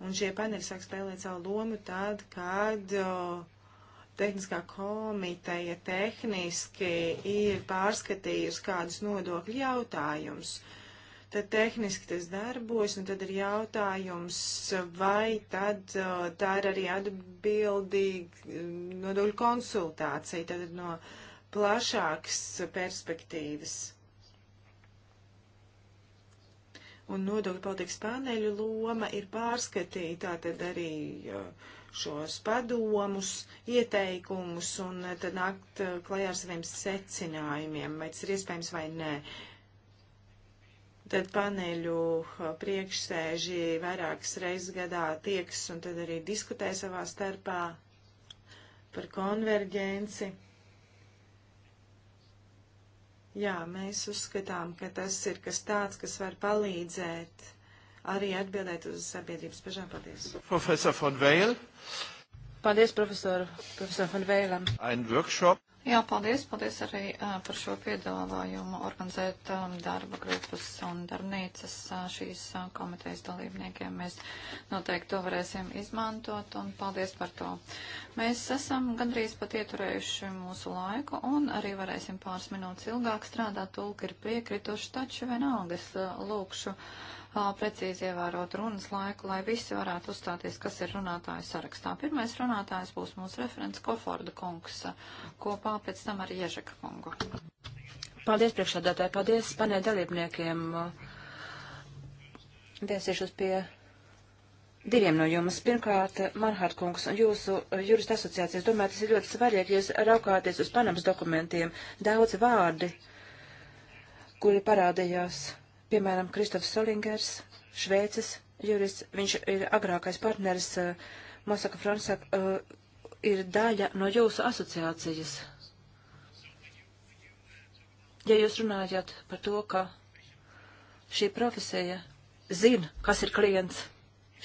Un šie paneļi sāk spēlēt savu lomu tad, kad uh, Tehniskā komiteja tehniski ir pārskatījusi kādus nodokļu jautājumus. Tad tehniski tas darbojas, un tad ir jautājums, vai tad tā ir arī atbildīga nodokļu konsultācija, tad no plašākas perspektīvas. un nodokļu politikas paneļu loma ir pārskatīta, tad arī uh, šos padomus, ieteikumus un eh, tad nākt eh, klajā ar saviem secinājumiem, vai tas ir iespējams vai nē. Tad paneļu eh, priekšsēži vairākas reizes gadā tieks un tad arī diskutē savā starpā par konverģenci. Jā, mēs uzskatām, ka tas ir kas tāds, kas var palīdzēt arī atbildēt uz sabiedrības pažām. Paldies. Profesor von Veil. Paldies, profesor, profesor von Veilam. Ein workshop. Jā, paldies, paldies arī uh, par šo piedāvājumu organizēt um, darba grupas un darbnīcas uh, šīs uh, komitejas dalībniekiem. Mēs noteikti to varēsim izmantot un paldies par to. Mēs esam gandrīz pat ieturējuši mūsu laiku un arī varēsim pāris minūtes ilgāk strādāt. Tulki ir piekrituši, taču vienalga es uh, lūkšu. Uh, precīzi ievērot runas laiku, lai visi varētu uzstāties, kas ir runātāju sarakstā. Pirmais runātājs būs mūsu referents Koforda kungs, kopā pēc tam ar Ježeka kungu. Paldies priekšādātāji, paldies panē dalībniekiem. Vērsīšos pie diviem no jums. Pirmkārt, Marhārt kungs, jūsu juristu asociācijas, domāju, tas ir ļoti svarīgi, jūs raukāties uz Panamas dokumentiem. Daudz vārdi, kuri parādījās piemēram, Kristofs Solingers, Šveices jurists, viņš ir agrākais partneris eh, Mosaka Fransak, eh, ir daļa no jūsu asociācijas. Ja jūs runājat par to, ka šī profesija zina, kas ir klients,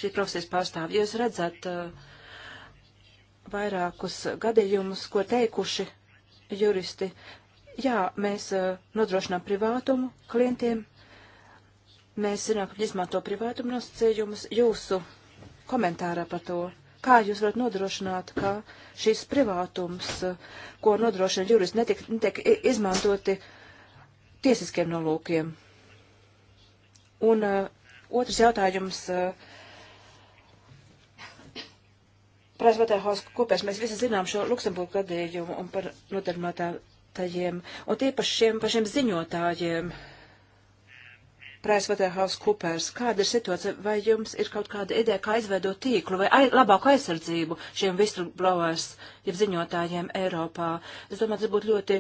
šī profesijas pārstāvja, jūs redzat eh, vairākus gadījumus, ko teikuši juristi. Jā, mēs nodrošinām privātumu klientiem, Mēs zinām, ka izmanto privātuma nosacījumus jūsu komentārā par to. Kā jūs varat nodrošināt, ka šīs privātums, ko nodrošina jurists, netiek, netiek izmantoti tiesiskiem nolūkiem? Un uh, otrs jautājums. Uh, Prasvaterhaus kopēs mēs visi zinām šo Luksemburgu gadījumu un par nodarbinātājiem, un tie par šiem, par šiem ziņotājiem, PricewaterhouseCoopers. Kāda ir situācija? Vai jums ir kaut kāda ideja, kā izveidot tīklu vai ai, labāku aizsardzību šiem whistleblowers, jeb ziņotājiem Eiropā? Es domāju, tas būtu ļoti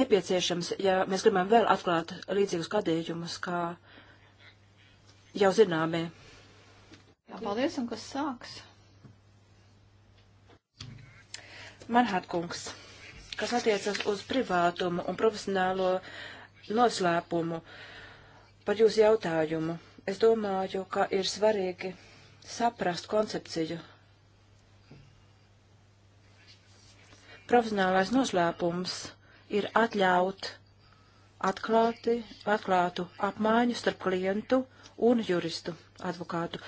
nepieciešams, ja mēs gribam vēl atklāt līdzīgus gadījumus, kā jau zināmie. Jā, paldies, un kas sāks? Manhārkungs, kas attiecas uz privātumu un profesionālo noslēpumu. Uh, par jūsu jautājumu. Es domāju, ka ir svarīgi saprast koncepciju. Profesionālais noslēpums ir atļaut atklāti, atklātu apmaiņu starp klientu un juristu, advokātu.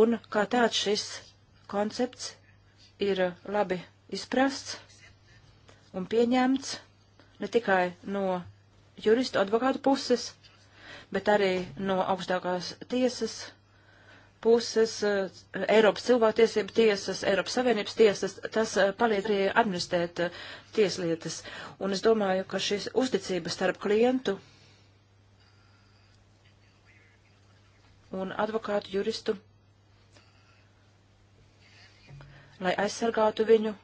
Un kā tāds šis koncepts ir labi izprasts un pieņemts ne tikai no juristu advokātu puses, bet arī no augstākās tiesas puses, eh, Eiropas cilvēktiesība tiesas, Eiropas Savienības tiesas, tas eh, palīdz arī administrēt eh, tieslietas. Un es domāju, ka šis uzticības starp klientu un advokātu juristu, lai aizsargātu viņu,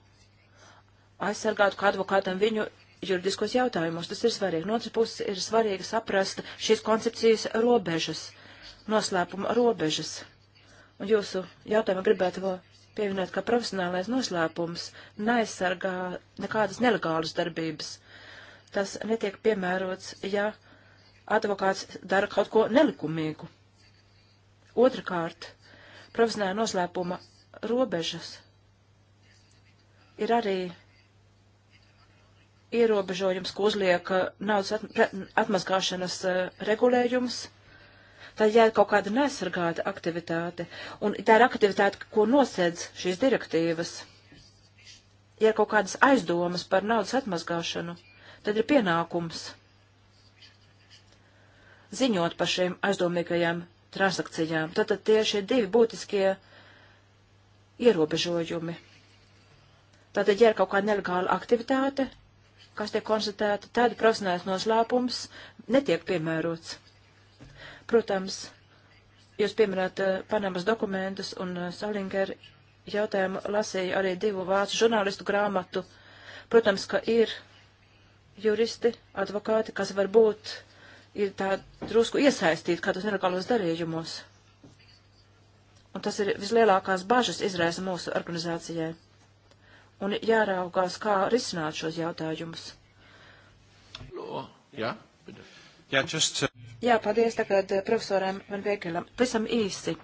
aizsargātu kā advokātam viņu juridiskos jautājumus. Tas ir svarīgi. No otras puses ir svarīgi saprast šīs koncepcijas robežas, noslēpuma robežas. Un jūsu jautājumu gribētu vēl pievienot, ka profesionālais noslēpums neaizsargā nekādas nelegālas darbības. Tas netiek piemērots, ja advokāts dara kaut ko nelikumīgu. Otrakārt, profesionāla noslēpuma robežas ir arī ierobežojums, ko uzliek eh, naudas atmazgāšanas eh, regulējums. Tā ir kaut kāda nesargāta aktivitāte, un tā ir aktivitāte, ko nosedz šīs direktīvas. Ja ir kaut kādas aizdomas par naudas atmazgāšanu, tad ir pienākums ziņot par šīm aizdomīgajām transakcijām. Tātad tie ir šie divi būtiskie ierobežojumi. Tātad, ja ir kaut kāda nelegāla aktivitāte, kas tiek konstatēta, tad profesionāls noslēpums netiek piemērots. Protams, jūs pieminat eh, Panamas dokumentus un eh, Salingeru jautājumu lasīju arī divu vācu žurnālistu grāmatu. Protams, ka ir juristi, advokāti, kas varbūt ir tā drusku iesaistīti kādos nelegālos darījumos. Un tas ir vislielākās bažas izraisa mūsu organizācijai un jāraugās, kā risināt šos jautājumus. Jā, jā, just... Uh, jā paldies tagad uh, profesoram Van Viegelam. Pavisam īsi.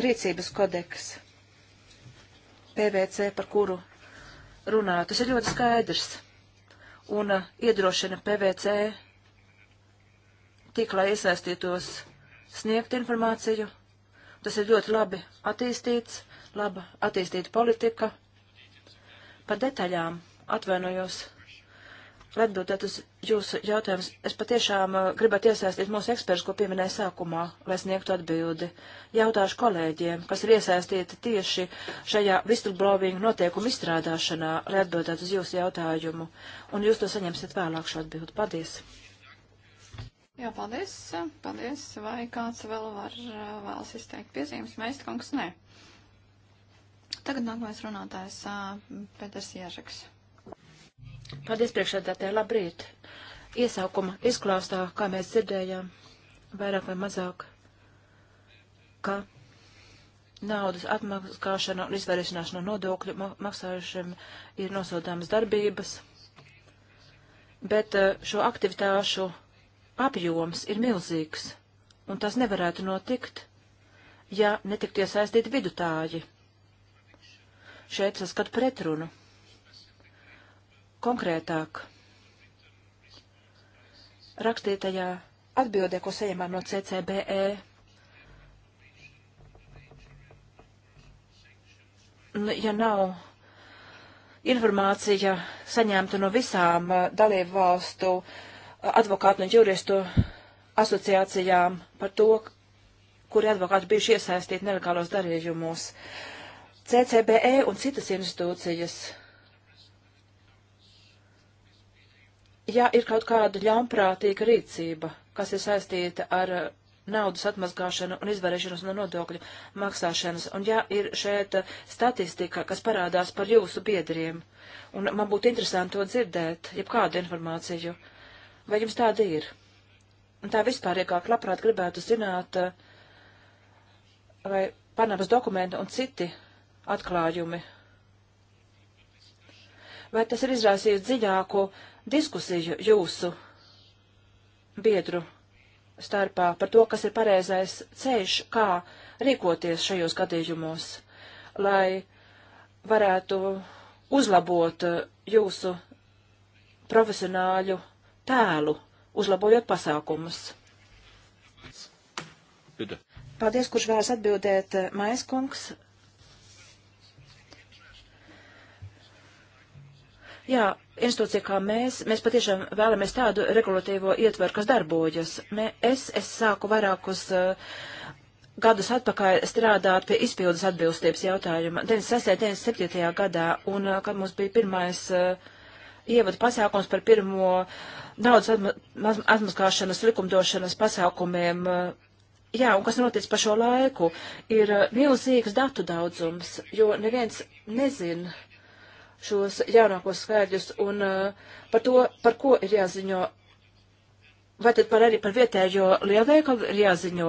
Rīcības kodeks. PVC, par kuru runā. Tas ir ļoti skaidrs un uh, iedrošina PVC tik, lai iesaistītos sniegt informāciju. Tas ir ļoti labi attīstīts, laba attīstīta politika. Par detaļām atvainojos. Lai atbildētu uz jūsu jautājumus, es patiešām uh, gribētu iesaistīt mūsu ekspertus, ko pieminēju sākumā, lai sniegtu atbildi. Jautāšu kolēģiem, kas ir iesaistīti tieši šajā whistleblowing notiekuma izstrādāšanā, lai atbildētu uz jūsu jautājumu, un jūs to saņemsiet vēlāk šo atbildi. Paldies! Jā, paldies, paldies. Vai kāds vēl var uh, vēlas izteikt piezīmes? Meistkungs, nē. Tagad nākamais runātājs Pēters Ježeks. Paldies priekšādātāji, labrīt. Iesākuma izklāstā, kā mēs dzirdējām, vairāk vai mazāk, ka naudas atmaksāšana un izvairīšanāšana no nodokļu maksājušiem ir nosodāmas darbības, bet šo aktivitāšu apjoms ir milzīgs, un tas nevarētu notikt, ja netiktu iesaistīti vidutāji Šeit saskat pretrunu. Konkrētāk, rakstītajā atbildē, ko saņemam no CCBE, nu, ja nav informācija saņemta no visām uh, dalību valstu uh, advokātu un juristu asociācijām par to, kuri advokāti bijuši iesaistīti nelegālos darījumos. Uh, CCBE un citas institūcijas. Ja ir kaut kāda ļaunprātīga rīcība, kas ir saistīta ar uh, naudas atmazgāšanu un izvarēšanos no nodokļu maksāšanas, un ja ir šeit uh, statistika, kas parādās par jūsu biedriem, un man būtu interesanti to dzirdēt, jebkādu informāciju, vai jums tāda ir? Un tā vispārīgāk labprāt gribētu zināt, uh, vai Panamas dokumenti un citi atklājumi. Vai tas ir izrāsījis dziļāku diskusiju jūsu biedru starpā par to, kas ir pareizais ceļš, kā rīkoties šajos gadījumos, lai varētu uzlabot jūsu profesionāļu tēlu, uzlabojot pasākumus? Bida. Paldies, kurš vēlas atbildēt, Maiskungs, Jā, institūcija kā mēs, mēs patiešām vēlamies tādu regulatīvo ietveru, kas darbojas. Mē, es, es sāku vairākus uh, gadus atpakaļ strādāt pie izpildes atbilstības jautājuma 96. 97. gadā, un uh, kad mums bija pirmais uh, ievada pasākums par pirmo naudas atmaskāšanas atma likumdošanas pasākumiem. Uh, jā, un kas notiek pa šo laiku, ir uh, milzīgs datu daudzums, jo neviens nezina, šos jaunākos skaidrus un uh, par to, par ko ir jāziņo. Vai tad par arī par vietējo lielveikalu ir jāziņo?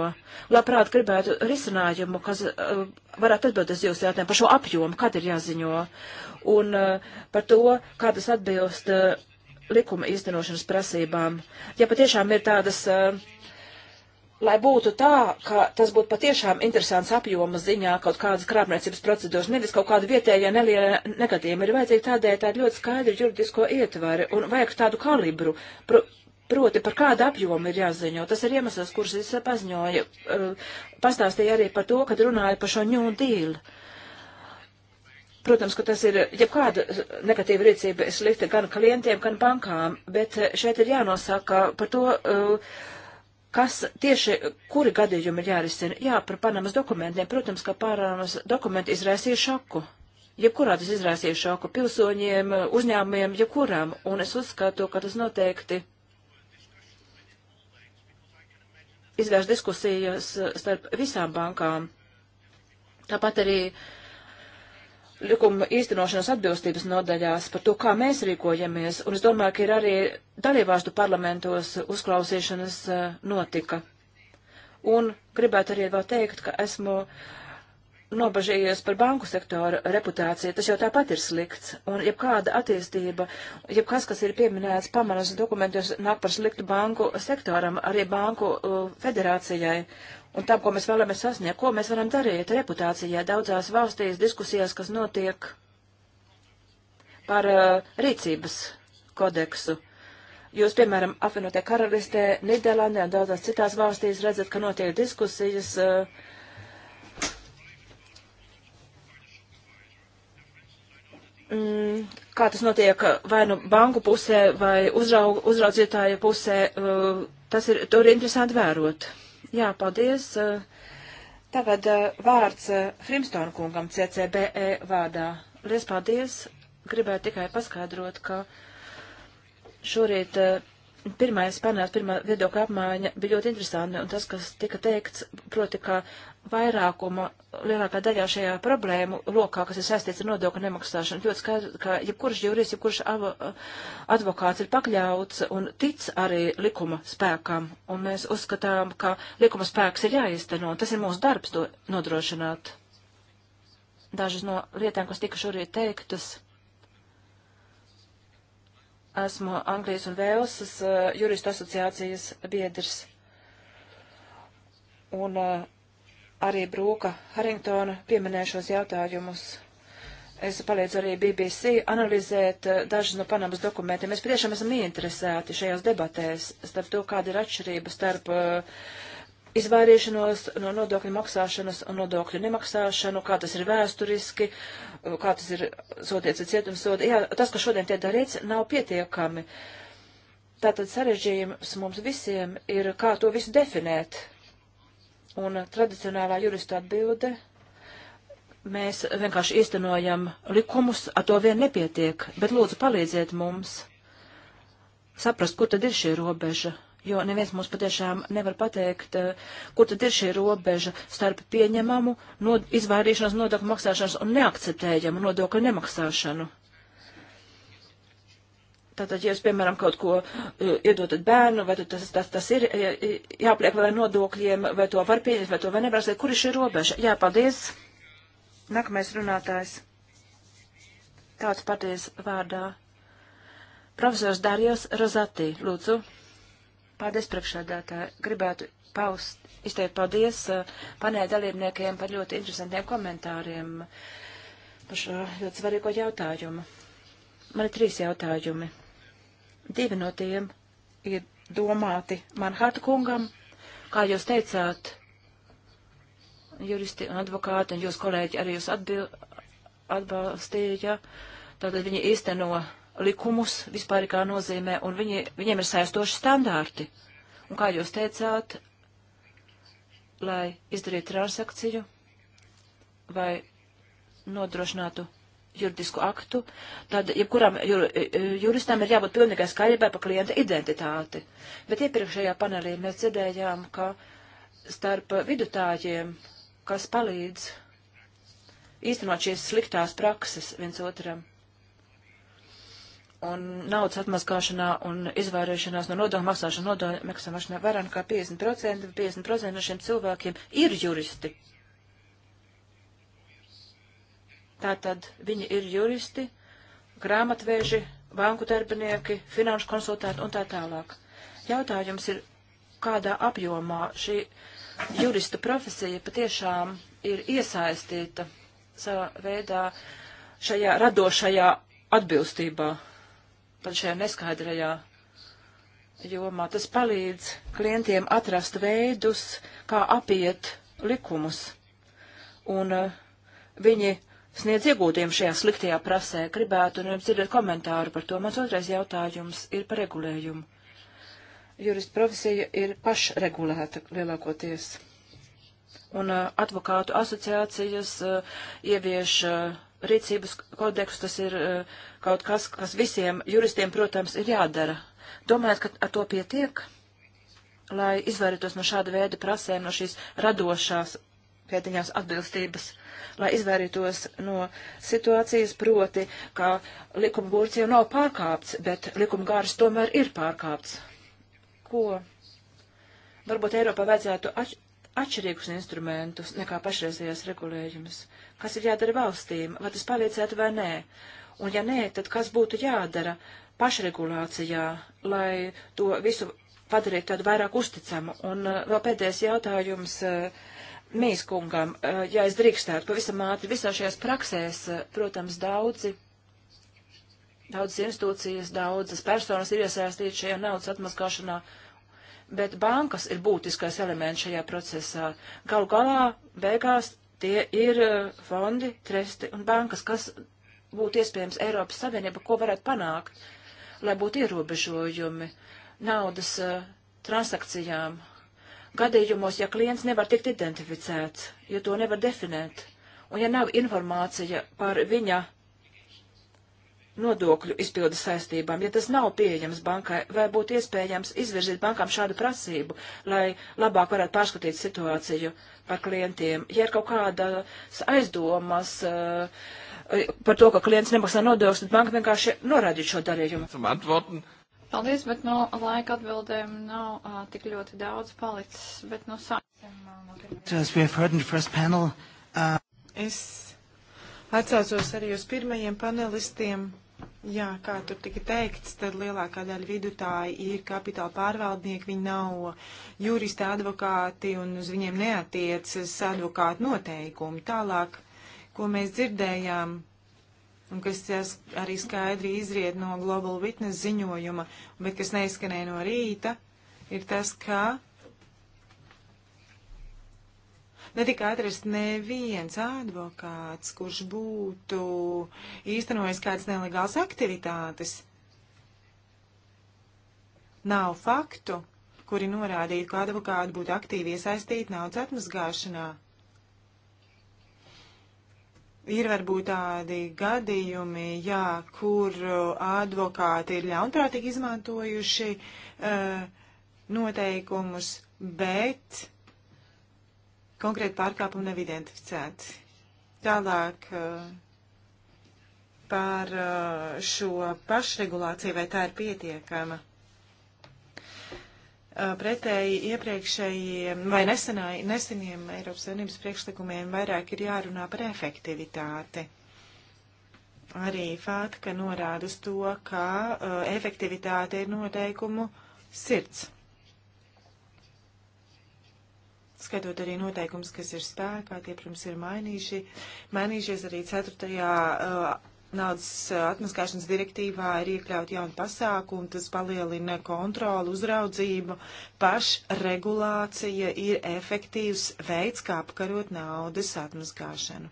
Labprāt gribētu risinājumu, kas uh, varētu atbildēt jūsu jautājumu par šo apjomu, kad ir jāziņo, un uh, par to, kā tas atbilst likuma īstenošanas prasībām. Ja patiešām ir tādas uh, lai būtu tā, ka tas būtu patiešām interesants apjoma ziņā kaut kādas krāpniecības procedūras, nevis kaut kāda vietējā neliela negadījuma. Ir vajadzīga tādēļ tāda ļoti skaidra juridisko ietvari un vajag tādu kalibru. Pro, proti, par kādu apjomu ir jāziņo. Tas ir iemesls, kurus es paziņoju. Uh, Pastāstīju arī par to, kad runāju par šo New Deal. Protams, ka tas ir, ja kāda negatīva rīcība ir slikta gan klientiem, gan bankām, bet uh, šeit ir jānosaka par to. Uh, kas tieši, kuri gadījumi ir jārisina. Jā, par Panamas dokumentiem. Protams, ka Panamas dokumenti izraisīja šoku. Jebkurā tas izraisīja šoku pilsoņiem, uzņēmumiem, jebkuram. Un es uzskatu, ka tas noteikti izvērš diskusijas starp visām bankām. Tāpat arī uh, likuma īstenošanas atbilstības nodaļās par to, kā mēs rīkojamies, un es domāju, ka ir arī dalībvārstu parlamentos uzklausīšanas eh, notika. Un gribētu arī vēl teikt, ka esmu nobažījies par banku sektoru reputāciju, tas jau tāpat ir slikts, un jebkāda attīstība, jebkas, kas ir pieminēts pamanas dokumentos, nāk par sliktu banku sektoram, arī banku uh, federācijai, un tam, ko mēs vēlamies sasniegt, ko mēs varam darīt reputācijā daudzās valstīs diskusijās, kas notiek par uh, rīcības kodeksu. Jūs, piemēram, apvienotie karalistē, Nīderlandē un daudzās citās valstīs redzat, ka notiek diskusijas. Uh, mm, kā tas notiek vai nu banku pusē, vai uzraug, uzraudzītāju pusē, uh, tas ir, tur ir interesanti vērot. Jā, paldies. Tagad eh, vārds eh, Frimstona kungam CCBE vārdā. Lies paldies. Gribētu tikai paskaidrot, ka šorīt eh, pirmais panels, pirmā viedokļa apmaiņa bija ļoti interesanti, un tas, kas tika teikts, proti, ka vairākuma lielākā daļā šajā problēmu lokā, kas ir saistīts ar nodokļu nemaksāšanu. Ļoti skaidrs, ka jebkurš jūris, jebkurš advokāts ir pakļauts un tic arī likuma spēkam. Un mēs uzskatām, ka likuma spēks ir jāizteno. Tas ir mūsu darbs to nodrošināt. Dažas no lietām, kas tika šorīt teiktas. Esmu Anglijas un Velsas uh, juristu asociācijas biedrs. Un uh, arī Brūka Haringtona pieminēšos jautājumus. Es palīdzu arī BBC analizēt eh, dažus no Panamas dokumentiem. Mēs patiešām esam ieinteresēti šajās debatēs starp to, kāda ir atšķirība starp uh, izvairīšanos no nodokļu maksāšanas un nodokļu nemaksāšanu, kā tas ir vēsturiski, eh, kā tas ir sodiets ar cietumsodu. Jā, tas, kas šodien tiek darīts, nav pietiekami. Tātad sarežģījums mums visiem ir, kā to visu definēt, Un tradicionālā jurista atbilde mēs vienkārši īstenojam likumus, ar to vien nepietiek, bet lūdzu palīdziet mums saprast, kur tad ir šī robeža, jo neviens mums patiešām nevar pateikt, eh, kur tad ir šī robeža starp pieņemamu, no, izvairīšanos nodokļu maksāšanas un neakceptējamu nodokļu nemaksāšanu. Tātad, ja jūs, piemēram, kaut ko uh, iedodat bērnu, vai tas, tas, tas ir jāpliek vēl nodokļiem, vai to var pieņemt, vai to vai nevar, kur ir šī robeža? Jā, paldies. Nākamais runātājs. Tāds paties vārdā. Profesors Dārijos Rozatī, lūdzu. Paldies, priekšādātāji. Gribētu paust, izteikt paldies uh, panē dalībniekiem par ļoti interesantiem komentāriem par šo ļoti svarīgo jautājumu. Man ir trīs jautājumi Divi no tiem ir domāti Manharta kungam. Kā jūs teicāt, juristi un advokāti un jūs kolēģi arī jūs atbil, atbalstīja, tātad viņi īsteno likumus vispār kā nozīmē, un viņi, viņiem ir saistoši standārti. Un kā jūs teicāt, lai izdarītu transakciju vai nodrošinātu juridisku aktu, tad jebkuram jur, eh, juristam ir jābūt pilnīgai skaidrībai par klienta identitāti. Bet iepriekšējā panelī mēs dzirdējām, ka starp vidutājiem, kas palīdz īstenot šīs sliktās prakses viens otram, un naudas atmaskāšanā un izvairīšanās no nodokļu maksāšana, nodokļu maksāšanā vairāk nekā 50%, 50% no šiem cilvēkiem ir juristi Tātad viņi ir juristi, grāmatvēži, banku darbinieki, finanšu konsultanti un tā tālāk. Jautājums ir, kādā apjomā šī jurista profesija patiešām ir iesaistīta savā veidā šajā radošajā atbilstībā, pat šajā neskaidrajā jomā. Tas palīdz klientiem atrast veidus, kā apiet likumus. Un uh, viņi sniedz iegūtiem šajā sliktajā prasē. Gribētu no nu jums dzirdēt komentāru par to. Mans otrais jautājums ir par regulējumu. Jurista profesija ir pašregulēta lielākoties. Un uh, advokātu asociācijas uh, ievieš uh, rīcības kodeksu, tas ir uh, kaut kas, kas visiem juristiem, protams, ir jādara. Domājat, ka ar to pietiek, lai izvairītos no šāda veida prasēm, no šīs radošās pēdiņās atbilstības, lai izvairītos no situācijas proti, ka likuma gūrts jau nav pārkāpts, bet likuma gārs tomēr ir pārkāpts. Ko? Varbūt Eiropā vajadzētu atš atšķirīgus instrumentus nekā pašreizējās regulējumus. Kas ir jādara valstīm, vai tas palīdzētu vai nē? Un ja nē, tad kas būtu jādara pašregulācijā, lai to visu padarītu tādu vairāk uzticamu? Un uh, vēl pēdējais jautājums. Uh, Mīskungam, eh, ja es drīkstētu pavisam ātri, visā šajās praksēs, eh, protams, daudzi, daudzas institūcijas, daudzas personas ir iesaistīti šajā naudas atmaskāšanā, bet bankas ir būtiskais elements šajā procesā. Galu galā, beigās, tie ir eh, fondi, tresti un bankas, kas būtu iespējams Eiropas Savienība, ko varētu panākt, lai būtu ierobežojumi naudas transakcijām gadījumos, ja klients nevar tikt identificēts, ja to nevar definēt, un ja nav informācija par viņa nodokļu izpildes saistībām, ja tas nav pieejams bankai, vai būtu iespējams izvirzīt bankām šādu prasību, lai labāk varētu pārskatīt situāciju par klientiem. Ja ir kaut kādas aizdomas uh, par to, ka klients nemaksā nodevs, tad banka vienkārši norādīja šo darījumu. Paldies, bet no laika atbildēm nav uh, tik ļoti daudz palicis, bet no sākuma. Uh... Es atsaucos arī uz pirmajiem panelistiem. Jā, kā tur tika teikts, tad lielākā daļa vidutāji ir kapitāla pārvaldnieki, viņi nav juristi, advokāti un uz viņiem neatiecas advokātu noteikumi. Tālāk, ko mēs dzirdējām un kas arī skaidri izried no Global Witness ziņojuma, bet kas neizskanēja no rīta, ir tas, ka netika atrast neviens advokāts, kurš būtu īstenojis kādas nelegālas aktivitātes. Nav faktu, kuri norādītu, ka advokāti būtu aktīvi iesaistīti naudas atmazgāšanā. Ir varbūt tādi gadījumi, jā, kur uh, advokāti ir ļaunprātīgi izmantojuši uh, noteikumus, bet konkrēti pārkāpumi nav identificēti. Tālāk uh, par uh, šo pašregulāciju, vai tā ir pietiekama? Uh, pretēji iepriekšējiem vai nesenai, neseniem Eiropas Savienības priekšlikumiem vairāk ir jārunā par efektivitāti. Arī Fātka norāda uz to, ka uh, efektivitāte ir noteikumu sirds. Skatot arī noteikums, kas ir spēkā, tie, protams, ir mainījuši, mainījušies arī ceturtajā uh, Naudas eh, atmaskāšanas direktīvā ir iekļauti jauni pasākumi, tas palielina kontroli, uzraudzību. Pašregulācija ir efektīvs veids, kā apkarot naudas atmaskāšanu.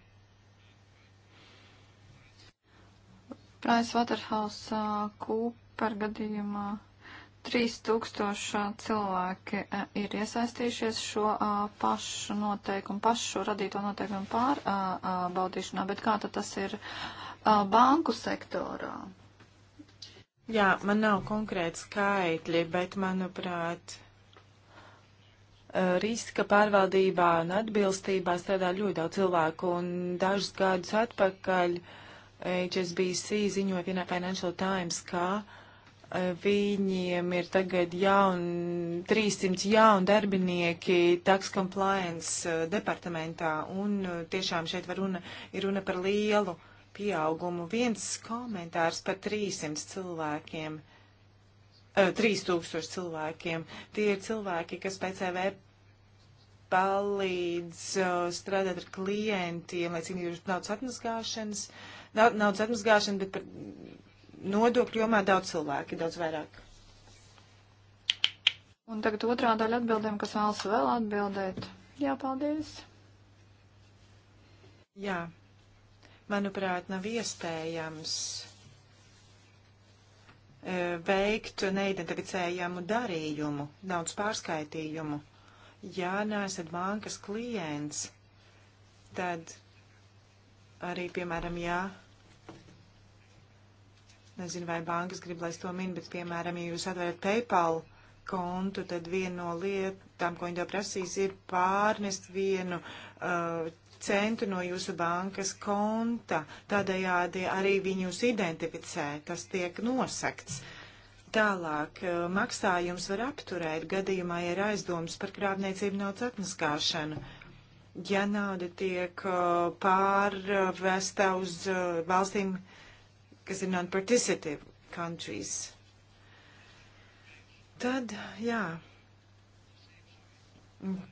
Price Waterhouse eh, Cooper gadījumā 3000 eh, cilvēki ir iesaistījušies šo pašu noteikumu, pašu radīto noteikumu pārbaudīšanā, bet kā tad tas ir Uh, banku sektorā? Jā, man nav konkrēti skaitļi, bet, manuprāt, uh, riska pārvaldībā un atbilstībā strādā ļoti daudz cilvēku. Un dažus gadus atpakaļ HSBC ziņoja Financial Times, ka uh, viņiem ir tagad jaun, 300 jauni darbinieki tax compliance departamentā. Un tiešām šeit var runa, ir runa par lielu uh, pieaugumu. Viens komentārs par 300 cilvēkiem, 3000 eh, cilvēkiem. Tie ir cilvēki, kas PCV e palīdz eh, strādāt ar klientiem, lai cīnītos par naudas atmazgāšanas, naudas atmazgāšanu, bet par nodokļu jomā daudz cilvēki, daudz vairāk. Un tagad otrā daļa atbildēm, kas vēlas vēl atbildēt. Jā, paldies. Jā, manuprāt, nav iespējams e, veikt neidentificējamu darījumu, naudas pārskaitījumu. Ja neesat bankas klients, tad arī, piemēram, jā, nezinu, vai bankas grib, lai es to minu, bet, piemēram, ja jūs atverat PayPal kontu, tad viena no lietām, ko viņi tev prasīs, ir pārnest vienu uh, centu no jūsu bankas konta. Tādējādi arī viņus identificē, tas tiek nosakts. Tālāk eh, maksājums var apturēt gadījumā, ja ir aizdomas par krāpniecību naudas atmaskāšanu. Ja nauda tiek eh, pārvesta uz eh, valstīm, kas ir non-participative countries, tad, jā,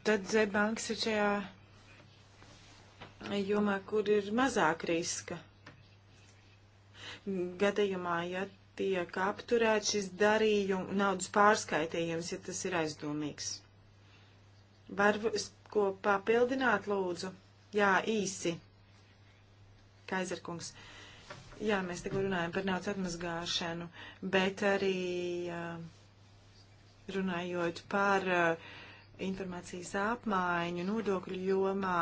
tad banks ir šajā jomā, kur ir mazāk riska. Gadījumā, ja tiek apturēt šis darījums, naudas pārskaitījums, ja tas ir aizdomīgs. Var ko papildināt, lūdzu? Jā, īsi. Kaizerkungs. Jā, mēs tikko runājam par naudas atmazgāšanu, bet arī runājot par informācijas apmaiņu nodokļu jomā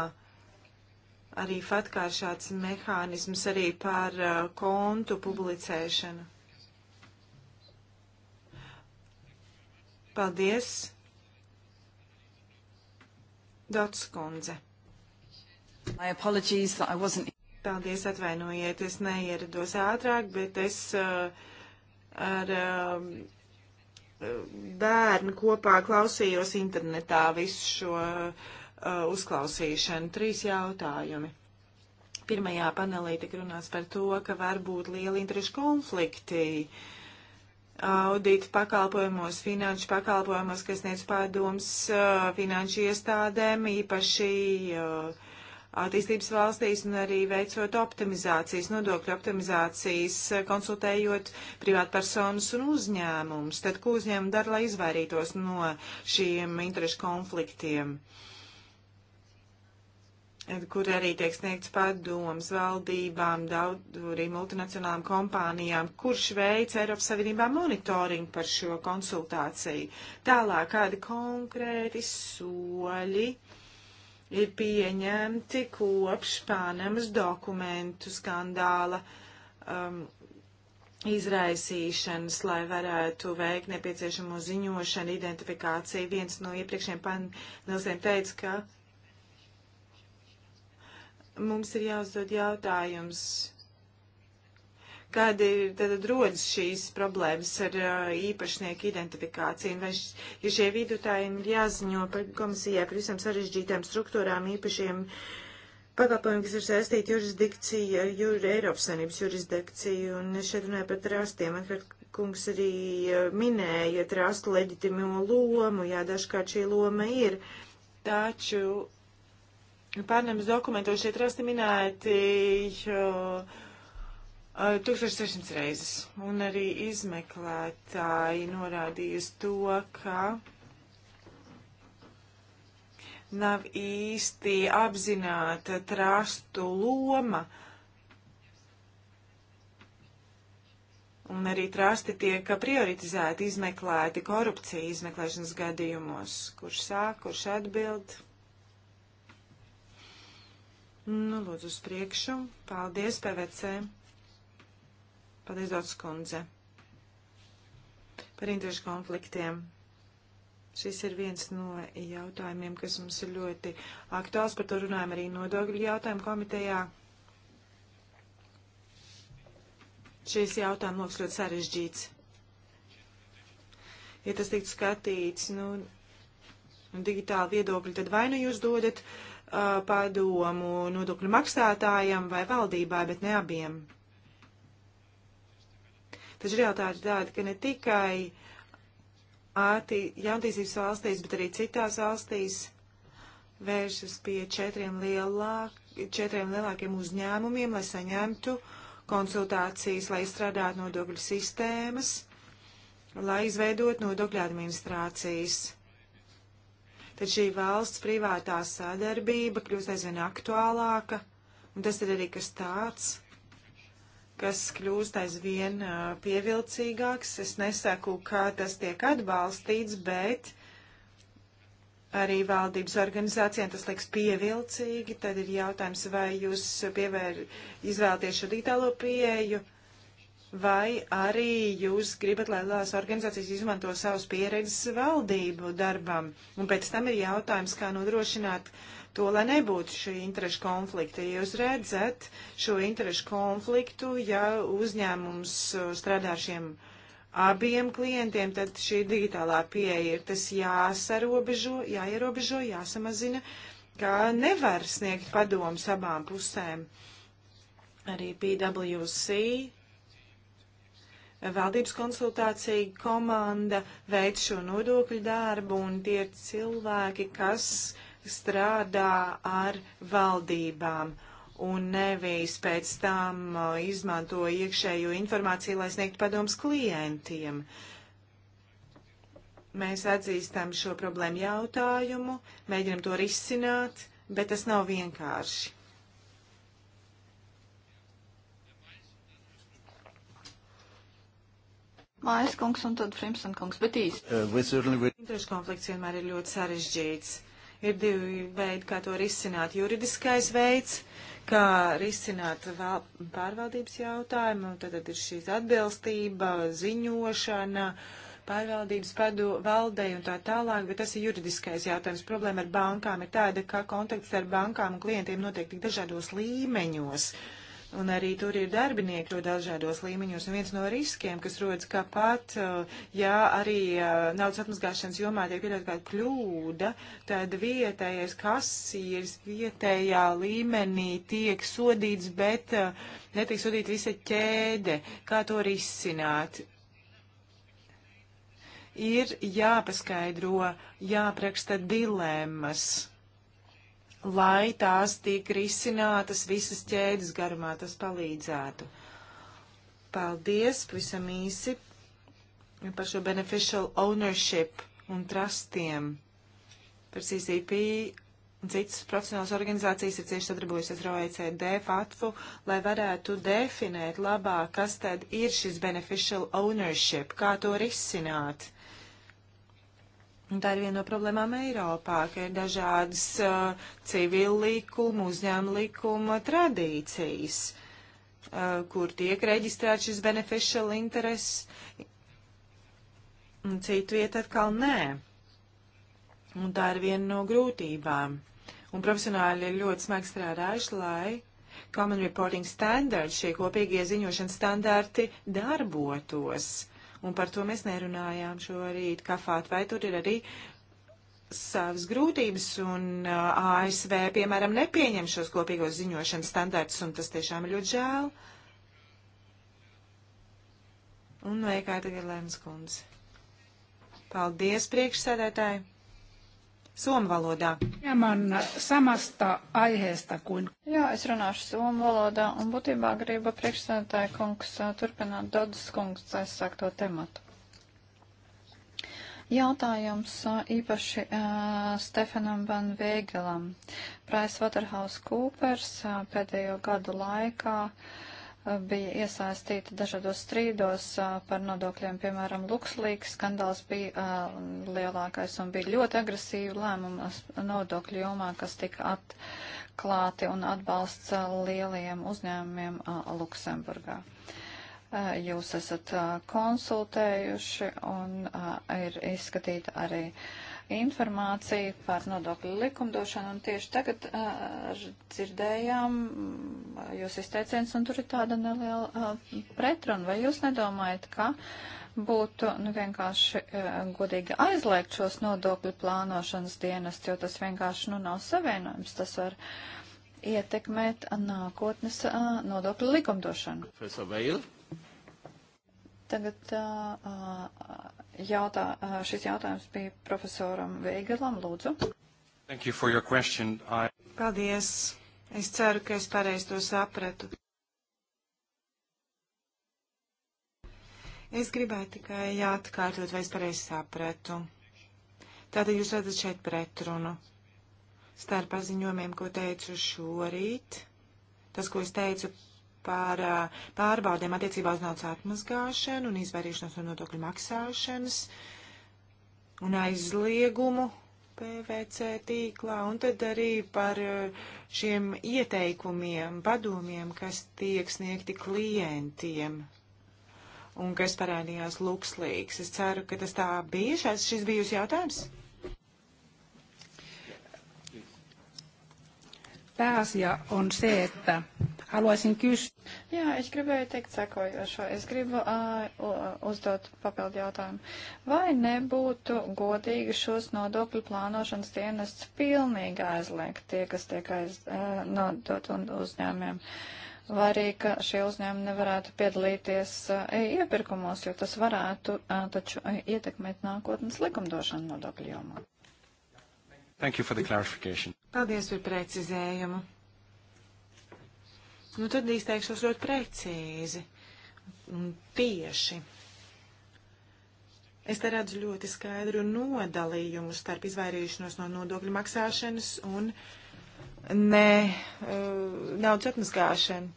arī fatkā ir šāds mehānisms arī par uh, kontu publicēšanu. Paldies, Dots kundze. Paldies, atvainojiet, es neierados ātrāk, bet es uh, ar uh, bērnu kopā klausījos internetā visu šo uh, Uh, uzklausīšanu. Trīs jautājumi. Pirmajā panelī tika runāts par to, ka var būt lieli interešu konflikti audīta pakalpojumos, finanšu pakalpojumos, kas sniedz pārdoms uh, finanšu iestādēm, īpaši uh, attīstības valstīs un arī veicot optimizācijas, nodokļu optimizācijas, konsultējot privātpersonas un uzņēmumus. Tad, ko uzņēmumi dara, lai izvairītos no šiem interešu konfliktiem? Uh, kur arī tiek sniegts padoms valdībām, daudz arī multinacionālām kompānijām, kurš veids Eiropas Savienībā monitoringu par šo konsultāciju. Tālāk, kādi konkrēti soļi ir pieņemti kopš Pānamas dokumentu skandāla um, izraisīšanas, lai varētu veikt nepieciešamo ziņošanu, identifikāciju. Viens no iepriekšējiem panelistiem teica, ka mums ir jāuzdod jautājums, kāda ir tad rodas šīs problēmas ar uh, īpašnieku identifikāciju, vai š, ja šie vidutāji ir jāziņo par komisijai par visam sarežģītām struktūrām īpašiem pakalpojumiem, kas ir saistīti jurisdikciju, jur, Eiropas Sanības jurisdikciju, un šeit runāju par trastiem, atvērt kungs arī uh, minēja trastu leģitimo lomu, jā, dažkārt šī loma ir, taču Pārnamas dokumentos šeit rasti minēti jo, 1600 reizes, un arī izmeklētāji norādījusi to, ka nav īsti apzināta trastu loma, un arī trasti tiek prioritizēti, izmeklēti korupcija izmeklēšanas gadījumos, kurš sāk, kurš atbild. Nu, lūdzu, uz priekšu. Paldies, PVC. Paldies, Dots kundze. Par interešu konfliktiem. Šis ir viens no jautājumiem, kas mums ir ļoti aktuāls. Par to runājam arī nodokļu jautājumu komitejā. Šis jautājums liekas ļoti sarežģīts. Ja tas tiktu skatīts, nu, digitāli viedokļi, tad vai nu jūs dodat uh, uh, padomu nodokļu maksātājiem vai valdībai, bet ne abiem. Taču realitāte tāda, ka ne tikai ātī, jaunatīstības valstīs, bet arī citās valstīs vēršas pie četriem, lielāk, četriem lielākiem uzņēmumiem, lai saņemtu konsultācijas, lai izstrādātu nodokļu sistēmas, lai izveidot nodokļu administrācijas tad šī valsts privātā sadarbība kļūst aizvien aktuālāka, un tas ir arī kas tāds, kas kļūst aizvien pievilcīgāks. Es nesaku, ka tas tiek atbalstīts, bet arī valdības organizācijām tas liekas pievilcīgi. Tad ir jautājums, vai jūs pievēr, izvēlaties šo digitālo pieeju. Uh, vai arī jūs gribat, lai lielās organizācijas izmanto savus pieredzes valdību darbam. Un pēc tam ir jautājums, kā nodrošināt to, lai nebūtu šī interešu konflikta. Ja jūs redzat šo interešu konfliktu, ja uzņēmums uh, strādā ar šiem abiem klientiem, tad šī digitālā pieeja ir tas jāsarobežo, jāierobežo, jāsamazina, kā nevar sniegt padomus abām pusēm. Arī PWC valdības konsultācija komanda veic šo nodokļu darbu, un tie ir cilvēki, kas strādā ar valdībām un nevis pēc tam uh, izmanto iekšējo informāciju, lai sniegtu padoms klientiem. Mēs atzīstam šo problēmu jautājumu, mēģinam to risināt, bet tas nav vienkārši. Mājas kungs un tad Frimson kungs, bet īsti. Uh, Interešu konflikts vienmēr ir ļoti sarežģīts. Ir divi veidi, kā to risināt. Juridiskais veids, kā risināt val... pārvaldības jautājumu, tad, tad ir šīs atbilstība, ziņošana, pārvaldības padu valdei un tā tālāk, bet tas ir juridiskais jautājums. Problēma ar bankām ir tāda, ka kontakts ar bankām un klientiem notiek tik dažādos līmeņos. Uh, Un arī tur ir darbinieki ļoti dažādos līmeņos. Un viens no riskiem, kas rodas, ka pat, uh, ja arī uh, naudas atmazgāšanas jomā tiek pieļaut kāda kļūda, tad vietējais kasīrs vietējā līmenī tiek sodīts, bet uh, netiek sodīta visa ķēde. Kā to risināt? ir jāpaskaidro, jāpraksta dilemmas lai tās tiek risinātas visas ķēdes garumā, tas palīdzētu. Paldies, pavisam īsi, par šo beneficial ownership un trustiem. Par CCP un citas profesionālas organizācijas ir cieši sadarbojusies ar OECD, FATFU, lai varētu definēt labāk, kas tad ir šis beneficial ownership, kā to risināt Un tā ir viena no problēmām Eiropā, ka ir dažādas uh, civila likuma, uzņēmuma likuma tradīcijas, uh, kur tiek reģistrēts šis beneficial interest, un citu vietu atkal nē. Un tā ir viena no grūtībām. Un profesionāļi ir ļoti smagi strādājuši, lai Common Reporting Standards, šie kopīgie ziņošanas standarti darbotos. Uh, un par to mēs nerunājām šorīt kafāt, vai tur ir arī savas grūtības, un ASV, piemēram, nepieņem šos kopīgos ziņošanas standartus, un tas tiešām ir ļoti žēl. Un vajag kā tagad lēmas kundze. Paldies, priekšsēdētāji! somu valodā. Hieman samasta aiheesta kuin. Jā, es runāšu somu valodā un būtībā gribu priekšsēdētāja kungs turpināt Dodas kungs aizsākto tematu. Jautājums īpaši uh, Stefanam Van Vēgelam. Price Waterhouse Coopers uh, pēdējo gadu laikā uh, bija iesaistīti dažādos strīdos par nodokļiem, piemēram, Luxlīks skandāls bija lielākais un bija ļoti agresīvi lēmumi nodokļu jomā, kas tika atklāti un atbalsts lieliem uzņēmumiem Luksemburgā. Jūs esat konsultējuši un ir izskatīta arī. Uh, informāciju par nodokļu likumdošanu, un tieši tagad uh, dzirdējām jūs izteiciens, un tur ir tāda neliela uh, pretruna. Vai jūs nedomājat, ka būtu nu, vienkārši uh, godīgi aizliegt šos nodokļu plānošanas dienas, jo tas vienkārši nu, nav savienojums, tas var ietekmēt nākotnes uh, nodokļu likumdošanu? Tagad uh, uh, Jautā, šis jautājums bija profesoram Veigelam, lūdzu. Thank you for your question. I... Paldies. Es ceru, ka es pareiz to sapratu. Es gribēju tikai atkārtot, vai es pareizi sapratu. Tātad jūs redzat šeit pretrunu starp paziņojumiem, ko teicu šorīt, tas, ko es teicu par eh, pārbaudēm attiecībā uz naudas atmazgāšanu un izvairīšanos no nodokļu maksāšanas un aizliegumu PVC tīklā, un tad arī par eh, šiem ieteikumiem, padomiem, kas tiek sniegti klientiem un kas parādījās lukslīgs. Es ceru, ka tas tā bija. Šais, šis bija jūsu jautājums. Pääasia on se, että Haluaisin kysyä. Jā, es gribēju teikt sekojošo. Es gribu uh, uzdot papildu jautājumu. Vai nebūtu godīgi šos nodokļu plānošanas dienests pilnīgi aizliegt tie, kas tiek aiz, uh, nodot un uzņēmiem? Vai arī, ka šie uzņēmumi nevarētu piedalīties uh, iepirkumos, jo tas varētu uh, taču uh, ietekmēt nākotnes likumdošanu nodokļu jomā? Thank you for the clarification. Paldies par precizējumu. Nu, tad izteikšos ļoti precīzi un tieši. Es te redzu ļoti skaidru nodalījumu starp izvairīšanos no nodokļu maksāšanas un ne uh, naudas atmaskāšanu.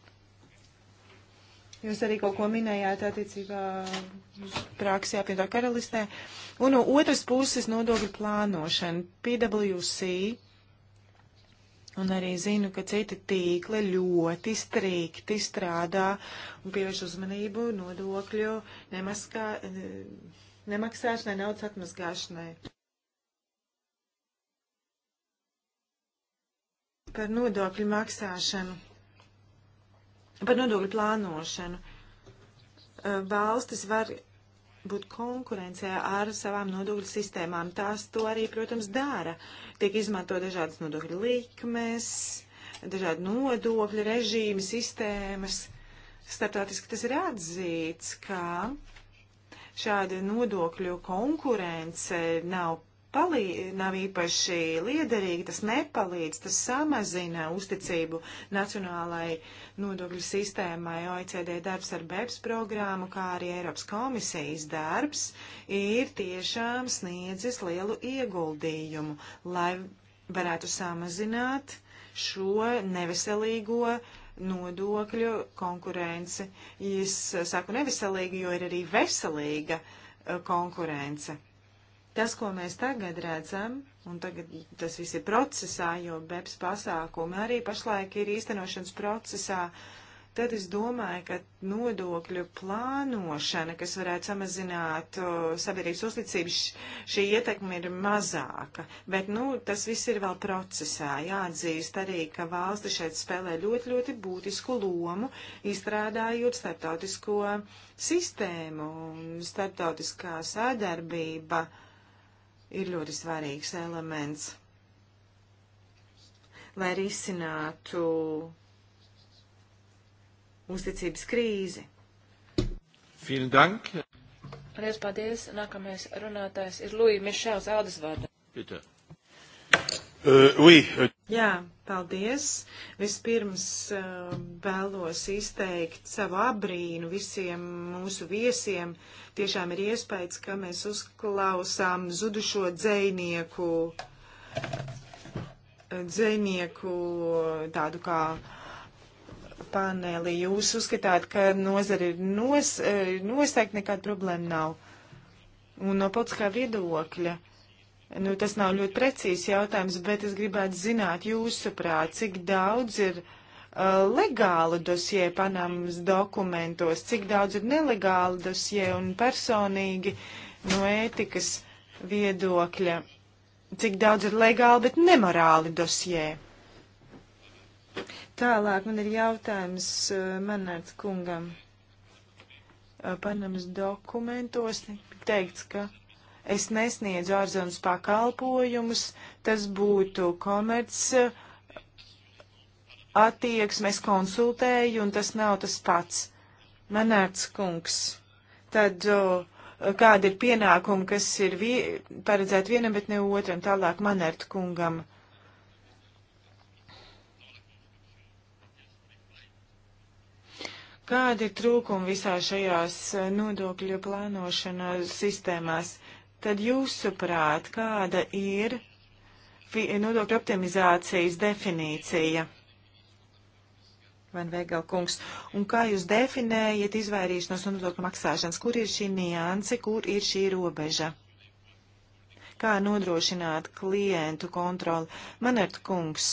Jūs arī kaut ko minējāt attiecībā uz praksi apvienotā karalistē. Un no otras puses nodokļu plānošana. PWC Un arī zinu, ka citi tīkli ļoti strikti strādā un pievērš uzmanību nodokļu nemaskā, nemaksāšanai, naudas atmazgāšanai. Par nodokļu maksāšanu, par nodokļu plānošanu. Valstis var būt konkurencē ar savām nodokļu sistēmām. Tās to arī, protams, dara. Tiek izmanto dažādas nodokļu likmes, dažādi nodokļu režīmi, sistēmas. Startautiski tas ir atzīts, ka šāda nodokļu konkurence nav palī, nav īpaši liederīgi, tas nepalīdz, tas samazina uzticību nacionālai nodokļu sistēmai. OECD darbs ar BEPS programmu, kā arī Eiropas komisijas darbs, ir tiešām sniedzis lielu ieguldījumu, lai varētu samazināt šo neveselīgo nodokļu konkurenci. Es saku neveselīgi, jo ir arī veselīga e, konkurence. Tas, ko mēs tagad redzam, un tagad tas viss ir procesā, jo BEPS pasākumi arī pašlaik ir īstenošanas procesā, tad es domāju, ka nodokļu plānošana, kas varētu samazināt o, sabiedrības uzticības, šī ietekme ir mazāka. Bet, nu, tas viss ir vēl procesā. Jāatzīst arī, ka valsti šeit spēlē ļoti, ļoti būtisku lomu, izstrādājot starptautisko sistēmu un starptautiskā sadarbība. Uh, ir ļoti svarīgs elements, lai risinātu uzticības krīzi. Vielen Dank. Paldies, paldies. Nākamais runātājs ir Lūija Mišels Aldisvārda. Bitte. Uh, oui. Uh, Jā, paldies. Vispirms uh, vēlos izteikt savu abrīnu visiem mūsu viesiem. Tiešām ir iespējas, ka mēs uzklausām zudušo dzēnieku, dzēnieku tādu kā paneli. Jūs uzskatāt, ka nozara ir nos, uh, noslēgta, nekāda problēma nav. Un no politiskā viedokļa. Uh, Nu, tas nav ļoti precīzs jautājums, bet es gribētu zināt jūsuprāt, cik daudz ir uh, legālu dosie Panamas dokumentos, cik daudz ir nelegālu dosie un personīgi no ētikas viedokļa, cik daudz ir legāli, bet nemorāli dosie. Tālāk man ir jautājums uh, Manārds kungam. Uh, Panamas dokumentos teikts, ka es nesniedzu ārzonas pakalpojumus, tas būtu komerc eh, attieksmes konsultēju, un tas nav tas pats. Manārts kungs, tad o, kāda ir pienākuma, kas ir vie, paredzēta vienam, bet ne otram, tālāk Manārta kungam. Kādi ir trūkumi visā šajās eh, nodokļu plānošanas sistēmās? Uh, tad jūsuprāt, kāda ir nodokļu optimizācijas definīcija? Van Vegal kungs, un kā jūs definējat izvairīšanos no nodokļu maksāšanas? Kur ir šī nianse, kur ir šī robeža? Kā nodrošināt klientu kontroli? Manert kungs,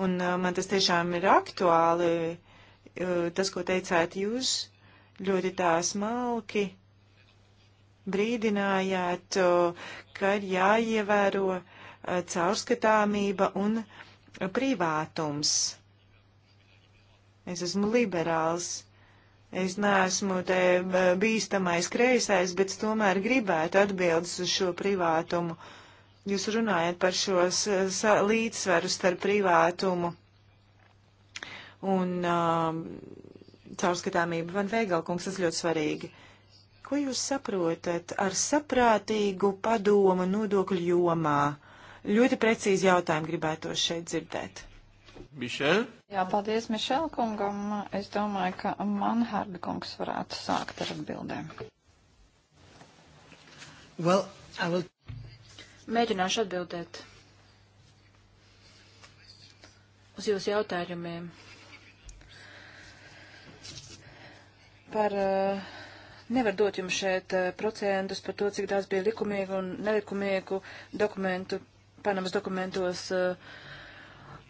un uh, man tas tiešām ir aktuāli, uh, tas, ko teicāt jūs, ļoti tā smalki brīdinājāt, ka ir jāievēro caurskatāmība un privātums. Es esmu liberāls. Es neesmu te e, bīstamais kreisais, bet tomēr gribētu atbildes uz šo privātumu. Jūs runājat par šo līdzsveru starp privātumu un um, caurskatāmību. Van Veigalkungs, tas ļoti svarīgi. Uh, Ko jūs saprotat ar saprātīgu padomu nodokļu jomā? Ļoti precīzi jautājumu gribētu šeit dzirdēt. Mišel? Jā, paldies Mišel kungam. Es domāju, ka Manhārda kungs varētu sākt ar atbildēm. Well, I will... Mēģināšu atbildēt uz jūsu jautājumiem par uh, Nevar dot jums šeit eh, procentus par to, cik daudz bija likumīgu un nelikumīgu dokumentu, Panamas dokumentos. Eh,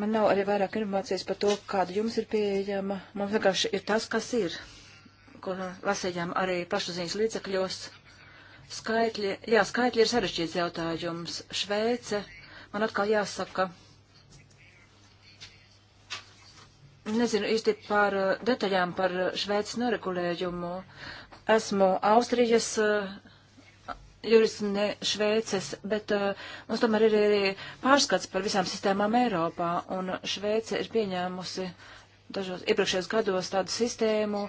man nav arī vairāk informācijas par to, kāda jums ir pieejama. Mums vienkārši ir tas, kas ir, ko lasījām arī pašaziņas līdzekļos. Skaitļi, jā, skaitļi ir sarežģīts jautājums. Šveice, man atkal jāsaka, nezinu īsti par eh, detaļām par Šveices noregulējumu. Uh, Esmu Austrijas eh, jurists ne Šveices, bet uh, mums tomēr ir arī pārskats par visām sistēmām Eiropā, un Šveice ir pieņēmusi dažos iepriekšējos gados tādu sistēmu,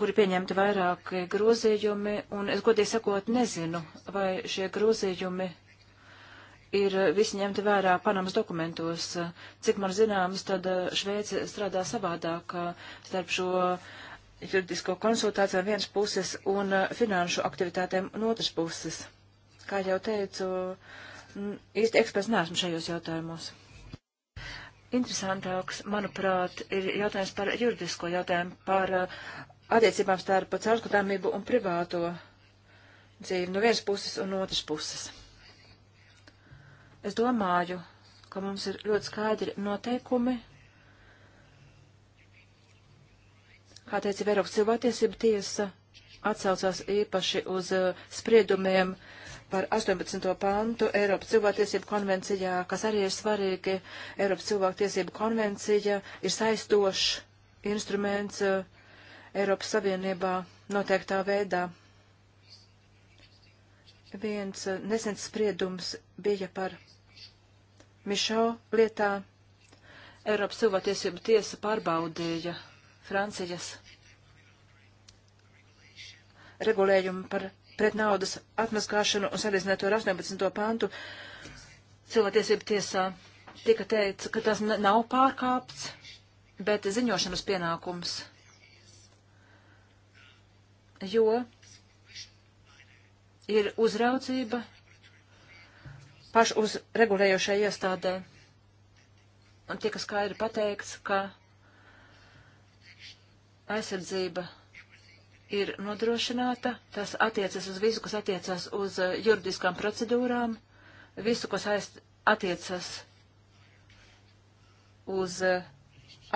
kuri pieņemti vairāk grozījumi, un es godīgi sakot nezinu, vai šie grozījumi ir visi ņemti vērā Panamas dokumentos. Cik man zināms, tad Šveice strādā savādāk eh, starp šo uh, juridisko konsultāciju no vienas puses un uh, finanšu aktivitātēm no otras puses. Kā jau teicu, īsti eksperts neesmu šajos jautājumos. Interesantāks, manuprāt, ir jautājums par juridisko jautājumu, par uh, attiecībām starp caurskatāmību un privāto dzīvi no vienas puses un no otras puses. Es domāju, ka mums ir ļoti skaidri noteikumi Kā teica Eiropas cilvēktiesība tiesa, atsaucās īpaši uz uh, spriedumiem par 18. pantu Eiropas cilvēktiesību konvencijā, kas arī ir svarīgi. Eiropas cilvēktiesību konvencija ir saistošs instruments uh, Eiropas Savienībā noteiktā veidā. Viens uh, nesens spriedums bija par Mišo lietā. Eiropas cilvēktiesību tiesa pārbaudīja Francijas regulējumu par pret naudas atmaskāšanu un salīdzinot ar 18. pantu cilvēktiesību tiesā tika teikts, ka tas nav pārkāpts, bet ziņošanas pienākums. Jo ir uzraudzība pašu uz regulējošai iestādē. Un tika skaidri pateikts, ka aizsardzība ir nodrošināta. Tas attiecas uz visu, kas attiecas uz eh, juridiskām procedūrām, visu, kas attiecas uz eh,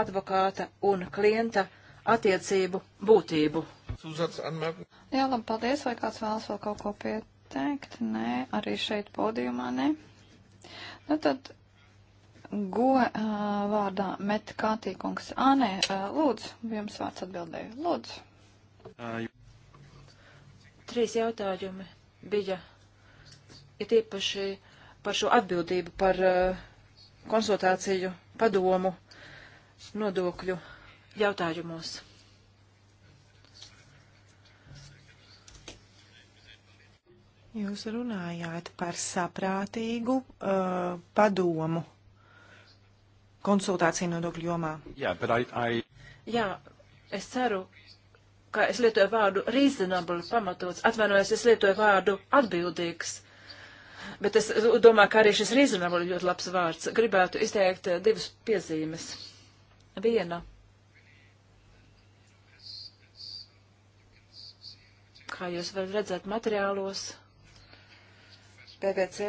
advokāta un klienta attiecību būtību. Jā, labi, paldies. Vai kāds vēlas vēl kaut ko pieteikt? Nē, arī šeit podījumā nē. Nu tad Go uh, vārdā met Kātīkungs. Ā, nē, uh, lūdzu, jums vārds atbildēja. Lūdzu. Trīs jautājumi bija ir tiepaši par šo atbildību, par uh, konsultāciju, padomu, nodokļu jautājumos. Jūs runājāt par saprātīgu uh, padomu konsultāciju nodokļu jomā. Yeah, I, I... Jā, es ceru, ka es lietoju vārdu reasonable, pamatots. Atvainojos, es lietoju vārdu atbildīgs. Bet es domāju, ka arī šis reasonable ir ļoti labs vārds. Gribētu izteikt eh, divas piezīmes. Viena. Kā jūs varat redzēt materiālos, PVC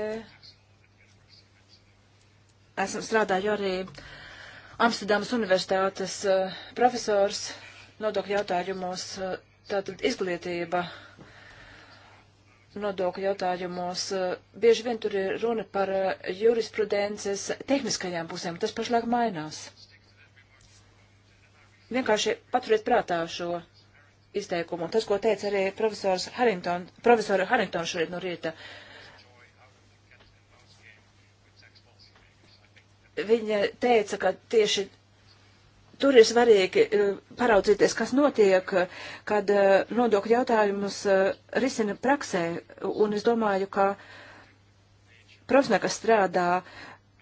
esmu strādāju arī Amsterdamas universitātes uh, profesors nodokļu jautājumos, uh, tātad izglītība nodokļu jautājumos. Eh, bieži vien tur ir runa par jurisprudences tehniskajām pusēm. Tas pašlaik mainās. Vienkārši paturiet prātā šo izteikumu. Tas, ko teica arī profesors Harrington, profesora Harrington šorīt no rīta, uh, viņa teica, ka tieši tur ir svarīgi e, paraudzīties, kas notiek, kad e, nodokļu jautājumus e, risina praksē. Un es domāju, ka profesionāli, kas strādā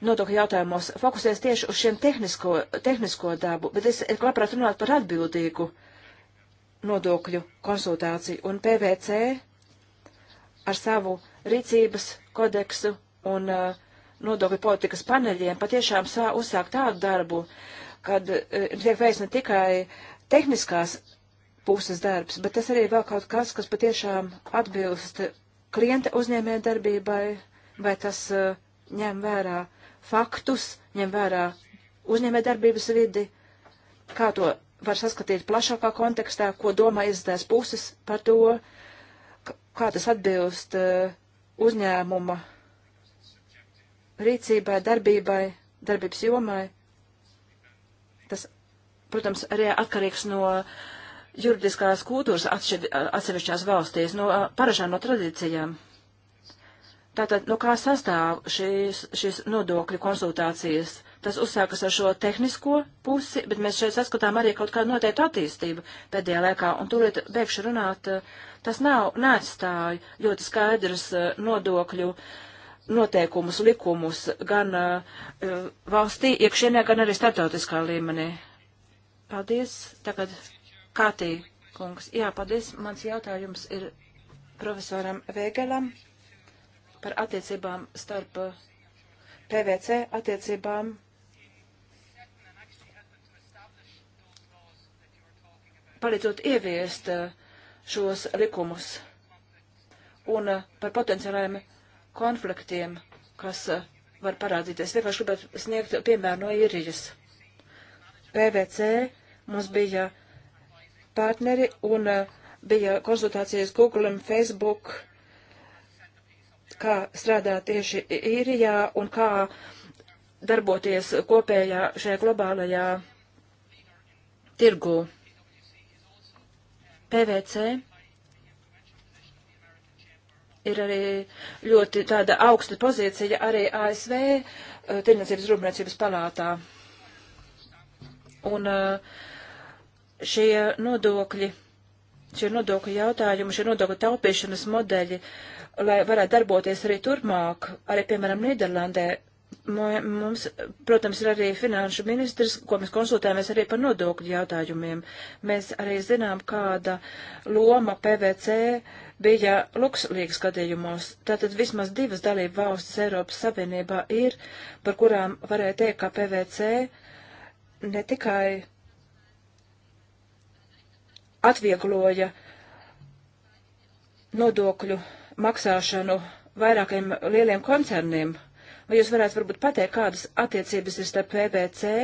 nodokļu jautājumos, fokusēs tieši uz šiem tehnisko, tehnisko dabu, bet es labprāt runātu par atbildīgu nodokļu konsultāciju. Un PVC ar savu rīcības kodeksu un uh, nodokļu politikas paneļiem patiešām sā, uzsākt tādu darbu, kad e, tiek veids ne tikai tehniskās puses darbs, bet tas arī vēl kaut kas, kas patiešām atbilst klienta uzņēmē darbībai, vai tas uh, ņem vērā faktus, ņem vērā uzņēmē darbības vidi, kā to var saskatīt plašākā kontekstā, ko domā izdevās puses par to, kā tas atbilst uh, uzņēmuma rīcībai, darbībai, darbības jomai. Tas, protams, arī atkarīgs no juridiskās kultūras atsevišķās valstīs, no paražām, no tradīcijām. Tātad, no kā sastāv šīs, šīs nodokļu konsultācijas? Tas uzsākas ar šo tehnisko pusi, bet mēs šeit saskatām arī kaut kādu noteiktu attīstību pēdējā laikā, un tūlīt beigšu runāt, tas nav, neatstāja ļoti skaidrs nodokļu uh, noteikumus, likumus gan uh, valstī iekšienē, gan arī startautiskā līmenī. Paldies. Tagad Kātī kungs. Jā, paldies. Mans jautājums ir profesoram Vēgelam par attiecībām starp eh, PVC attiecībām. Palīdzot ieviest uh, šos likumus un uh, par potenciālajiem konfliktiem, kas eh, var parādīties. Vienkārši gribētu sniegt piemēru no īrijas. PVC mums bija partneri un eh, bija konsultācijas Google un Facebook, kā strādāt tieši īrijā un kā darboties kopējā šajā globālajā tirgū. PVC ir arī ļoti tāda augsta pozīcija arī ASV eh, Tirnācības rūpniecības palātā. Un eh, šie nodokļi, šie nodokļu jautājumi, šie nodokļu taupīšanas modeļi, lai varētu darboties arī turpmāk, arī, piemēram, Nīderlandē, mums, protams, ir arī finanšu ministrs, ko mēs konsultējamies arī par nodokļu jautājumiem. Mēs arī zinām, kāda loma PVC uh, bija Luksulīgas gadījumos. Tātad vismaz divas dalību valstis Eiropas Savienībā ir, par kurām varēja teikt, ka PVC ne tikai atviegloja nodokļu maksāšanu vairākiem lieliem koncerniem. Vai jūs varētu varbūt pateikt, kādas attiecības ir starp PVC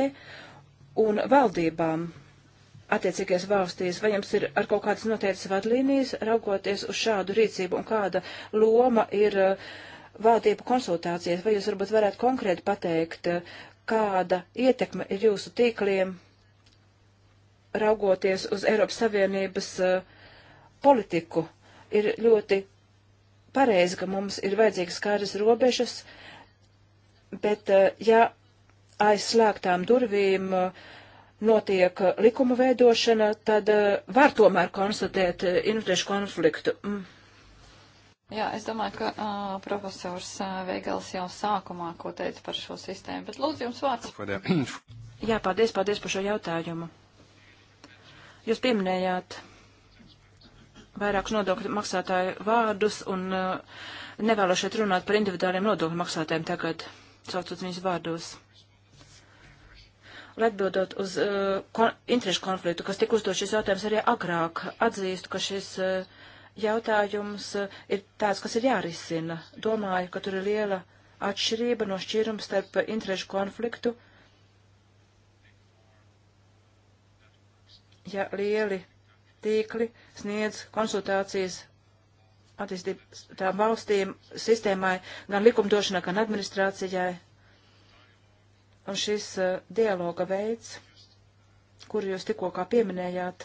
un valdībām? attiecīgajās valstīs, vai jums ir ar kaut kādas noteiktas vadlīnijas, raugoties uz šādu rīcību un kāda loma ir uh, valdību konsultācijas, vai jūs varbūt varētu konkrēti pateikt, uh, kāda ietekme ir jūsu tīkliem, raugoties uz Eiropas Savienības uh, politiku. Ir ļoti pareizi, ka mums ir vajadzīgas kādas robežas, bet ja aizslēgtām durvīm uh, notiek likuma veidošana, tad eh, var tomēr konstatēt eh, interešu konfliktu. Mm. Jā, es domāju, ka uh, profesors uh, Veigels jau sākumā ko teica par šo sistēmu, bet lūdzu jums vārds. (coughs) Jā, paldies, paldies par šo jautājumu. Jūs pieminējāt vairākus nodokļu maksātāju vārdus un uh, nevēlu šeit runāt par individuāliem nodokļu maksātājiem tagad, saucot viņus vārdos. Un atbildot uz uh, kon interešu konfliktu, kas tika uzdot šis jautājums arī agrāk, atzīstu, ka šis uh, jautājums uh, ir tāds, kas ir jārisina. Domāju, ka tur ir liela atšķirība no šķīrums starp interešu konfliktu. Ja lieli tīkli sniedz konsultācijas attīstībām valstīm, sistēmai, gan likumdošanai, gan administrācijai, Un šis uh, dialoga veids, kuru jūs tikko kā pieminējāt,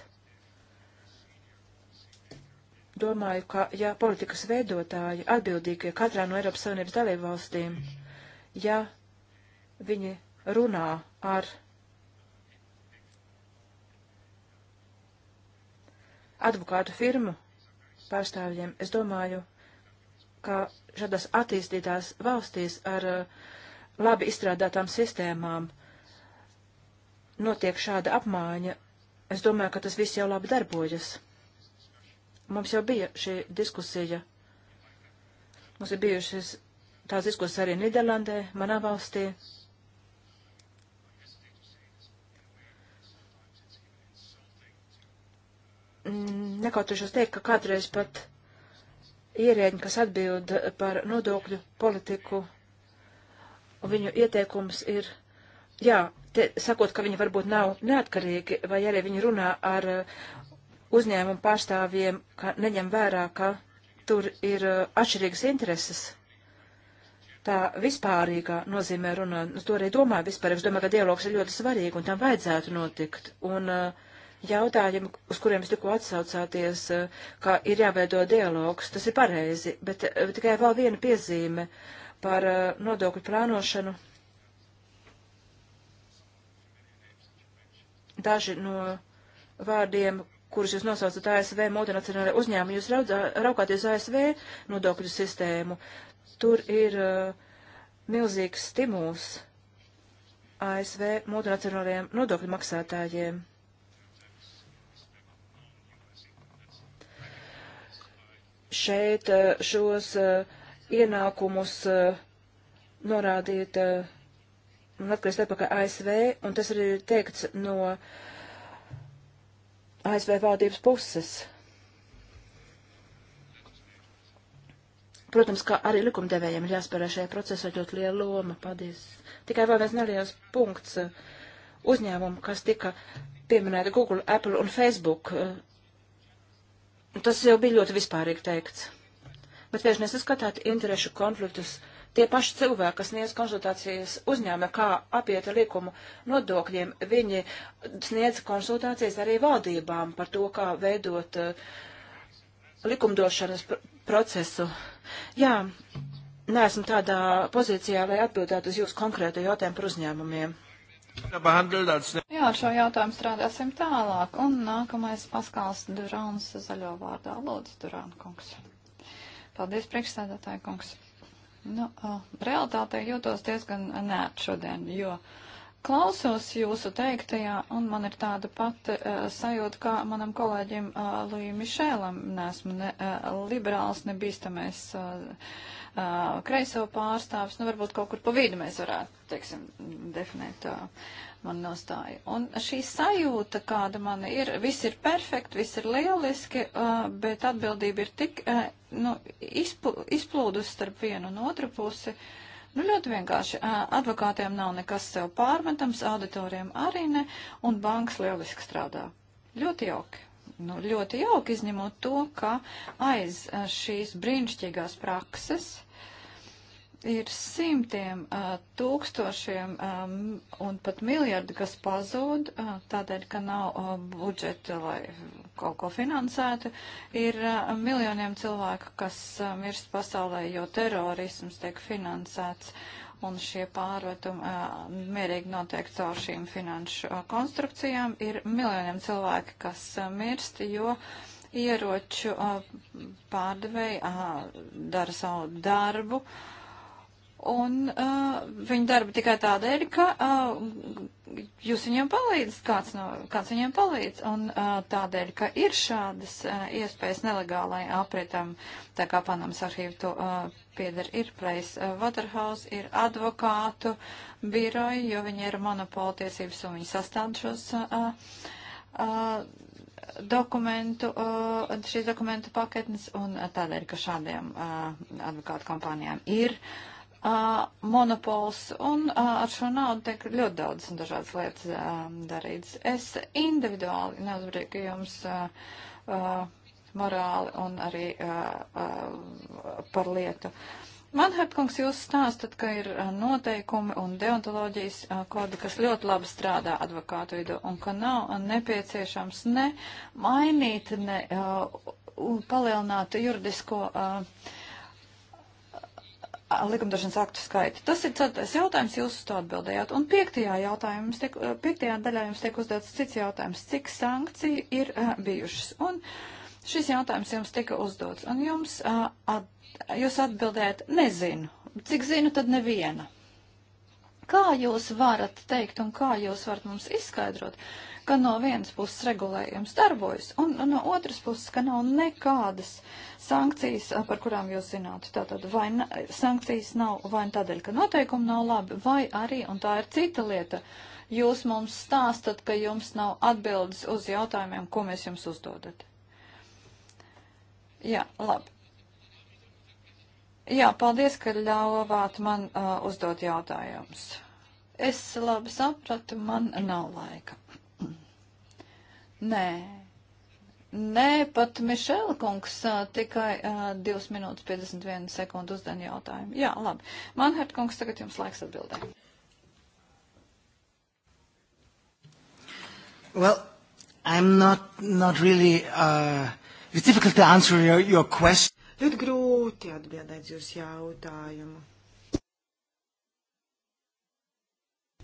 domāju, ka ja politikas veidotāji atbildīgie katrā no Eiropas Savienības dalību valstīm, ja viņi runā ar advokātu firmu pārstāvjiem, es domāju, ka šādās attīstītās valstīs ar uh, labi izstrādātām sistēmām notiek šāda apmaiņa, es domāju, ka tas viss jau labi darbojas. Mums jau bija šī diskusija. Mums ir bijušas tās diskusijas arī Nīderlandē, manā valstī. Nekautušos teikt, ka kādreiz pat ierēģi, kas atbild par nodokļu politiku un viņu ieteikums ir, jā, te, sakot, ka viņi varbūt nav neatkarīgi, vai arī viņi runā ar uh, uzņēmumu pārstāvjiem, ka neņem vērā, ka tur ir uh, atšķirīgas intereses. Tā vispārīgā nozīmē runā, nu, to arī domāju vispār, es domāju, ka dialogs ir ļoti svarīgi un tam vajadzētu notikt. Un uh, jautājumi, uz kuriem es tikko atsaucāties, ka ir jāveido dialogs, tas ir pareizi, bet, bet tikai vēl viena piezīme. Uh, par eh, nodokļu plānošanu. Daži no vārdiem, kurus jūs nosaucat ASV multinacionālajā uzņēmumā, jūs raudzā, raukāties ASV nodokļu sistēmu. Tur ir uh, milzīgs stimuls ASV multinacionālajiem nodokļu maksātājiem. Šeit eh, šos uh, ienākumus eh, norādīt eh, un atgriezt atpakaļ ASV, un tas arī ir teikts no ASV valdības puses. Protams, ka arī likumdevējiem ir jāspēlē šajā procesā ļoti liela loma. Paldies. Tikai vēl viens neliels punkts eh, uzņēmumu, kas tika pieminēta Google, Apple un Facebook. Tas jau bija ļoti vispārīgi teikts bet tieši nesaskatāt interešu konfliktus. Tie paši cilvēki, kas sniedz konsultācijas uzņēmē, kā apiet likumu nodokļiem, viņi sniedz konsultācijas arī valdībām par to, kā veidot uh, likumdošanas pr procesu. Jā, neesmu tādā pozīcijā, lai atbildētu uz jūsu konkrēto jautājumu par uzņēmumiem. Jā, ar šo jautājumu strādāsim tālāk. Un nākamais Paskāls Durāns zaļo vārdā. Lūdzu, Durāna kungs. Paldies, priekšstādātāja kungs. Nu, uh, realitātei jūtos diezgan nēt šodien, jo klausos jūsu teiktajā, un man ir tāda pati uh, sajūta, kā manam kolēģim uh, Lui Mišēlam. Nesmu ne uh, liberāls, ne bīstamais uh, uh, kreiso pārstāvs. Nu, varbūt kaut kur pa vidu mēs varētu, teiksim, definēt uh, man nostāja. Un šī sajūta, kāda man ir, viss ir perfekti, viss ir lieliski, bet atbildība ir tik nu, izplūdus starp vienu un otru pusi. Nu, ļoti vienkārši. Advokātiem nav nekas sev pārmetams, auditoriem arī ne, un bankas lieliski strādā. Ļoti jauki. Nu, ļoti jauki izņemot to, ka aiz šīs brīnišķīgās prakses ir simtiem tūkstošiem un pat miljardi, kas pazūd tādēļ, ka nav budžeta, lai kaut ko finansētu. Ir miljoniem cilvēku, kas mirst pasaulē, jo terorisms tiek finansēts. Un šie pārvetumi mierīgi notiek caur šīm finanšu konstrukcijām. Ir miljoniem cilvēki, kas mirst, jo ieroču pārdevēji dara savu darbu. Uh, un uh, viņi darba tikai tādēļ, ka uh, jūs viņiem palīdzat, kāds, no, kāds viņiem palīdz, un uh, tādēļ, ka ir šādas uh, iespējas nelegālai aprietam, tā kā Panamas arhīva to uh, pieder, ir Preis uh, Waterhouse, ir advokātu biroji, jo viņi ir monopola tiesības un viņi sastāv šos. Uh, uh, dokumentu, uh, šīs dokumentu paketnes, un uh, tādēļ, ka šādiem uh, advokātu kompānijām ir uh, uh, monopols, un uh, ar šo naudu tiek ļoti daudz un dažādas lietas uh, darītas. Es individuāli neuzbrieku jums uh, uh, morāli un arī uh, uh, par lietu. Manhartkungs, jūs stāstat, ka ir noteikumi un deontoloģijas uh, koda, kas ļoti labi strādā advokātu vidū un ka nav nepieciešams ne mainīt, ne uh, palielināt juridisko. Uh, likumdošanas aktu skaitu. Tas ir ceturtais jautājums, jūs uz to atbildējāt. Un piektajā, jautājums, tiek, piektajā daļā jums tiek uzdots cits jautājums, cik sankciju ir uh, bijušas. Un šis jautājums jums tika uzdots, un jums, uh, at, jūs atbildējat, nezinu, cik zinu, tad neviena. Kā jūs varat teikt un kā jūs varat mums izskaidrot, ka no vienas puses regulējums darbojas, un no otras puses, ka nav nekādas sankcijas, par kurām jūs zināt. Tātad vai na, sankcijas nav vai tādēļ, ka noteikumi nav labi, vai arī, un tā ir cita lieta, jūs mums stāstat, ka jums nav atbildes uz jautājumiem, ko mēs jums uzdodat. Jā, labi. Jā, paldies, ka ļāvāt man uh, uzdot jautājumus. Es labi sapratu, man nav laika. Nē. Nē, pat Mišela kungs tikai uh, 2 minūtes 51 sekundu uzdan jautājumu. Jā, labi. Manhart kungs, tagad jums laiks atbildēt. Well, I'm not, not really, uh, it's difficult to answer your, your question. Ļoti grūti atbildēt jūs jautājumu.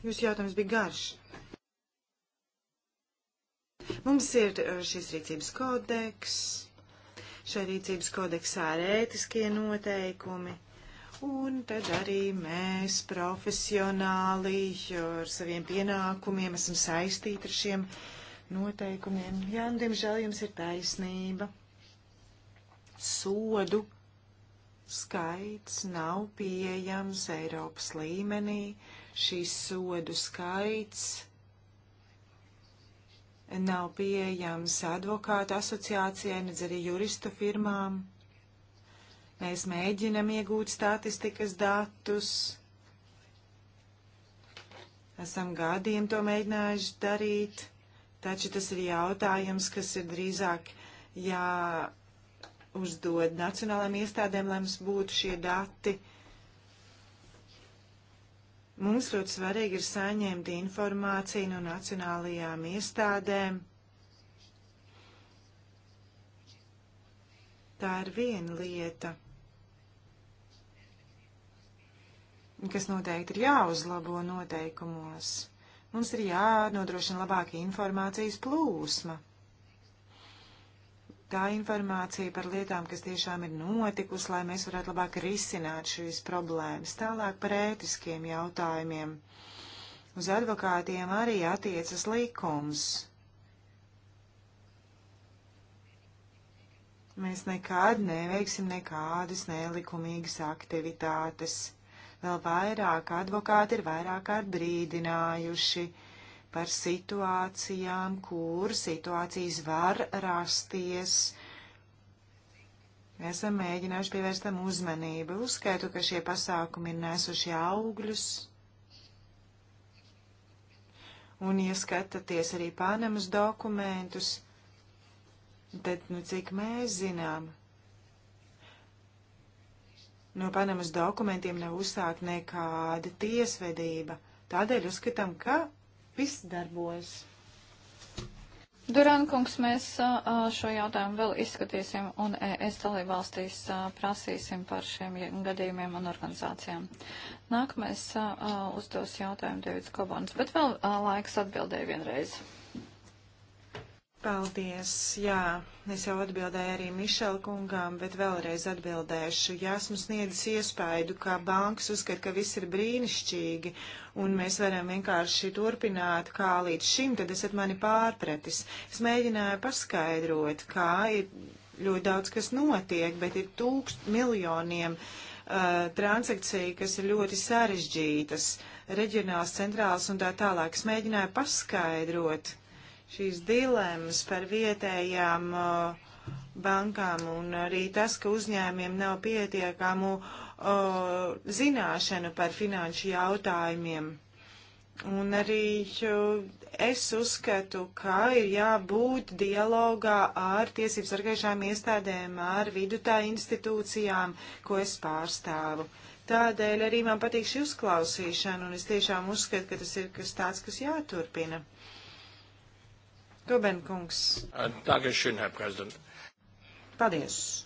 Jūsu jautājums bija garš. Mums ir uh, šis rīcības kodeks, šai rīcības kodeksā ir ētiskie noteikumi, un tad arī mēs profesionāli ar saviem pienākumiem esam saistīti ar šiem noteikumiem. Jā, un diemžēl jums ir taisnība. Sodu skaits nav pieejams Eiropas līmenī. Šīs sodu skaits nav pieejams advokātu asociācijai, nedz arī juristu firmām. Mēs mēģinam iegūt statistikas datus. Esam gadiem to mēģinājuši darīt, taču tas ir jautājums, kas ir drīzāk jāuzdod nacionālajām iestādēm, lai mums būtu šie dati. Mums ļoti svarīgi ir saņemt informāciju no nacionālajām iestādēm. Tā ir viena lieta, kas noteikti ir jāuzlabo noteikumos. Mums ir jānodrošina labāka informācijas plūsma tā informācija par lietām, kas tiešām ir notikusi, lai mēs varētu labāk risināt šīs problēmas. Tālāk par ētiskiem jautājumiem. Uz advokātiem arī attiecas likums. Mēs nekad neveiksim nekādas nelikumīgas aktivitātes. Vēl vairāk advokāti ir vairāk kārt brīdinājuši. Uh, par situācijām, kur situācijas var rasties. Esam mēģinājuši pievērst tam uzmanību. Uzskaitu, ka šie pasākumi ir nesuši augļus. Un, ja skatāties arī Panamas dokumentus, tad, nu, cik mēs zinām, no Panamas dokumentiem nav uzsākt nekāda tiesvedība. Tādēļ uzskatām, ka viss darbojas. Durankungs, mēs šo jautājumu vēl izskatīsim un es dalību valstīs prasīsim par šiem gadījumiem un organizācijām. Nākamais uzdos jautājumu Deivids Kobons, bet vēl laiks atbildēja vienreiz. Paldies. Jā, es jau atbildēju arī Mišela kungām, bet vēlreiz atbildēšu. Jā, esmu sniedzis iespaidu, ka bankas uzskata, ka viss ir brīnišķīgi un mēs varam vienkārši turpināt kā līdz šim, tad esat mani pārpratis. Es mēģināju paskaidrot, kā ir ļoti daudz, kas notiek, bet ir tūkst miljoniem uh, transakciju, kas ir ļoti sarežģītas, reģionāls, centrāls un tā tālāk. Es mēģināju paskaidrot, šīs dilemmas par vietējām uh, bankām un arī tas, ka uzņēmiem nav pietiekamu uh, zināšanu par finanšu jautājumiem. Un arī uh, es uzskatu, ka ir jābūt dialogā ar tiesību sargājušām iestādēm, ar vidutā institūcijām, ko es pārstāvu. Tādēļ arī man patīk šī uzklausīšana, un es tiešām uzskatu, ka tas ir kas tāds, kas jāturpina. Rubenkungs. Uh, Dankeschön, Herr Präsident. Paldies.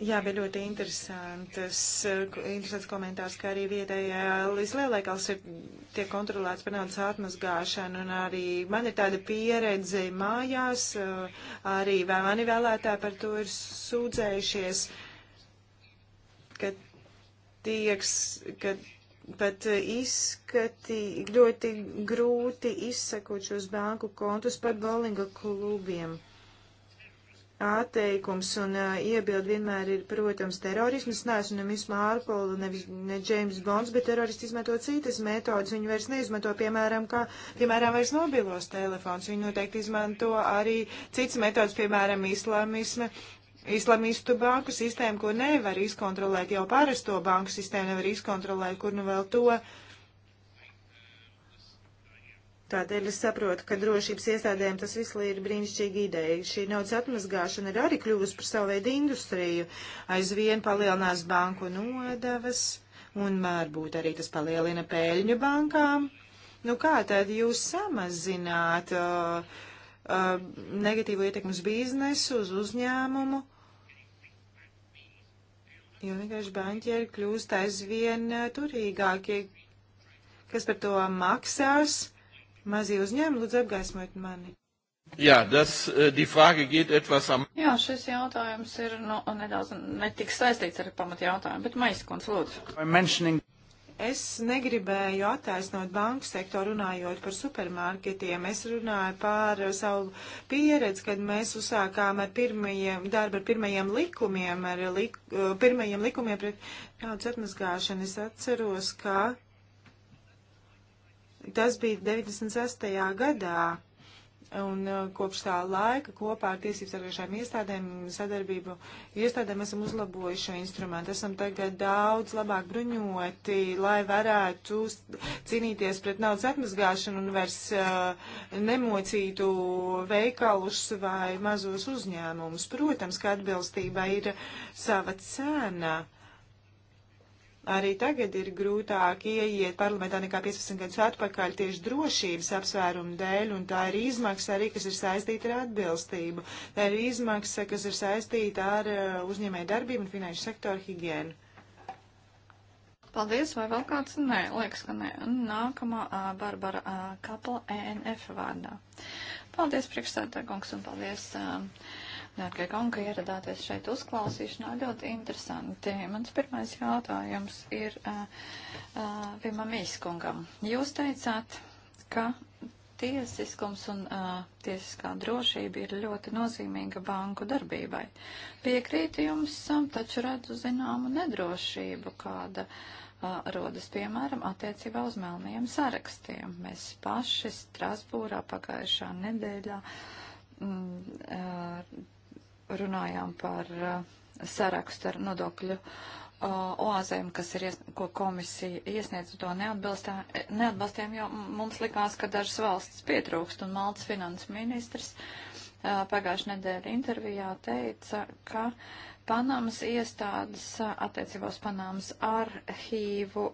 Jā, bija ļoti interesants, interesants komentārs, ka arī vietējā līdz lielākās ir tiek kontrolēts par naudas atmazgāšanu, un arī man ir tāda pieredze mājās, uh, arī vēl mani vēlētāji par to ir sūdzējušies, ka tieks, ka pat eh, izskati ļoti grūti izsakot šos banku kontus pat bowlinga klubiem. Atteikums un uh, iebildi vienmēr ir, protams, terorisms. Neesmu ne Miss Mārpola, ne, ne James Bonds, bet teroristi izmanto citas metodas. Viņi vairs neizmanto, piemēram, kā, piemēram, vairs mobilos telefons. Viņi noteikti izmanto arī citas metodas, piemēram, islāmisme islamistu banku sistēmu, ko nevar izkontrolēt, jau parasto banku sistēmu nevar izkontrolēt, kur nu vēl to. Tādēļ es saprotu, ka drošības iestādēm tas viss ir brīnišķīgi ideja. Šī naudas atmazgāšana ir arī kļuvusi par savu veidu industriju. Aizvien palielinās banku nodevas, un varbūt arī tas palielina pēļņu bankām. Nu kā tad jūs samazināt? Uh, Um, negatīvo ietekmu uz biznesu, uz uzņēmumu. Jo vienkārši banķieri kļūst aizvien uh, turīgākie. Kas par to maksās? Mazie uzņēmumi, lūdzu apgaismojiet mani. Jā, das, uh, die Frage geht etwas am. Jā, šis jautājums ir nu, nedaudz netik saistīts ar pamat jautājumu, bet maiskons lūdzu. Mentioning... Es negribēju attaisnot banku sektoru runājot par supermarketiem. Es runāju par savu pieredzi, kad mēs uzsākām ar pirmajiem, darbu ar pirmajiem likumiem, ar lik, eh, pirmajiem likumiem pret naudas atmazgāšanu. Es atceros, ka tas bija 96. gadā Un uh, kopš tā laika kopā ar tiesības sargājušām iestādēm sadarbību iestādēm esam uzlabojuši šo instrumentu. Esam tagad daudz labāk bruņoti, lai varētu cīnīties pret naudas atmazgāšanu un vairs uh, nemocītu veikalus vai mazos uzņēmumus. Protams, ka atbilstība ir sava cena. Uh, Arī tagad ir grūtāk ieiet parlamentā nekā 15 gadus atpakaļ tieši drošības apsvērumu dēļ, un tā ir izmaksa arī, kas ir saistīta ar atbilstību. Tā ir izmaksa, kas ir saistīta ar uh, uzņēmēju darbību un finanšu sektoru higienu. Paldies, vai vēl kāds? Nē, liekas, ka nē. Nākamā uh, Barbara uh, Kapla ENF vārdā. Paldies, priekšstādā kungs, un paldies uh, Nārkai Konka ieradāties šeit uzklausīšanā ļoti interesanti. Mans pirmais jautājums ir uh, uh, Vimam Īskungam. Jūs teicāt, ka tiesiskums un uh, tiesiskā drošība ir ļoti nozīmīga banku darbībai. Piekrītu jums, taču redzu zināmu nedrošību, kāda uh, rodas, piemēram, attiecībā uz melniem sarakstiem. Mēs paši Strasbūrā pagājušā nedēļā mm, uh, runājām par eh, sarakstu ar nodokļu eh, oāzēm, kas ir, ies, ko komisija iesniedz, to eh, neatbalstījām, jo mums likās, ka dažas valsts pietrūkst, un Maltas finanses ministrs pagājušajā nedēļa intervijā teica, ka Panamas iestādes attiecībos Panamas arhīvu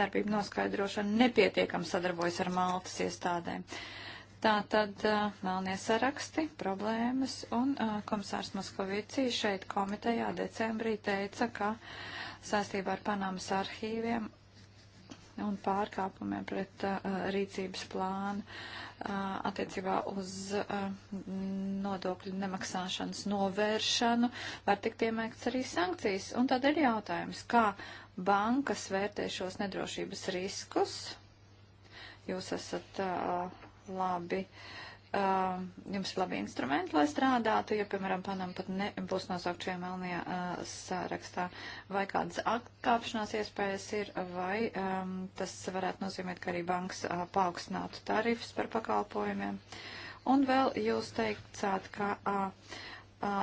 darbību noskaidrošana nepietiekam sadarbojas ar Maltas iestādēm. Uh, Tā tad melnie saraksti, problēmas, un komisārs Moskovici šeit komitejā decembrī teica, ka saistībā ar Panamas arhīviem un pārkāpumiem pret uh, rīcības plānu uh, attiecībā uz uh, nodokļu nemaksāšanas novēršanu var tikt piemērts arī sankcijas. Un tad ir jautājums, kā bankas vērtē šos nedrošības riskus. Jūs esat uh, labi. Uh, jums ir labi instrumenti, lai strādātu, ja, piemēram, panam pat nebūs nosaukt šajā melnajā uh, sarakstā, vai kādas atkāpšanās iespējas ir, vai um, tas varētu nozīmēt, ka arī bankas uh, paaugstinātu tarifus par pakalpojumiem. Un vēl jūs teicāt, ka uh,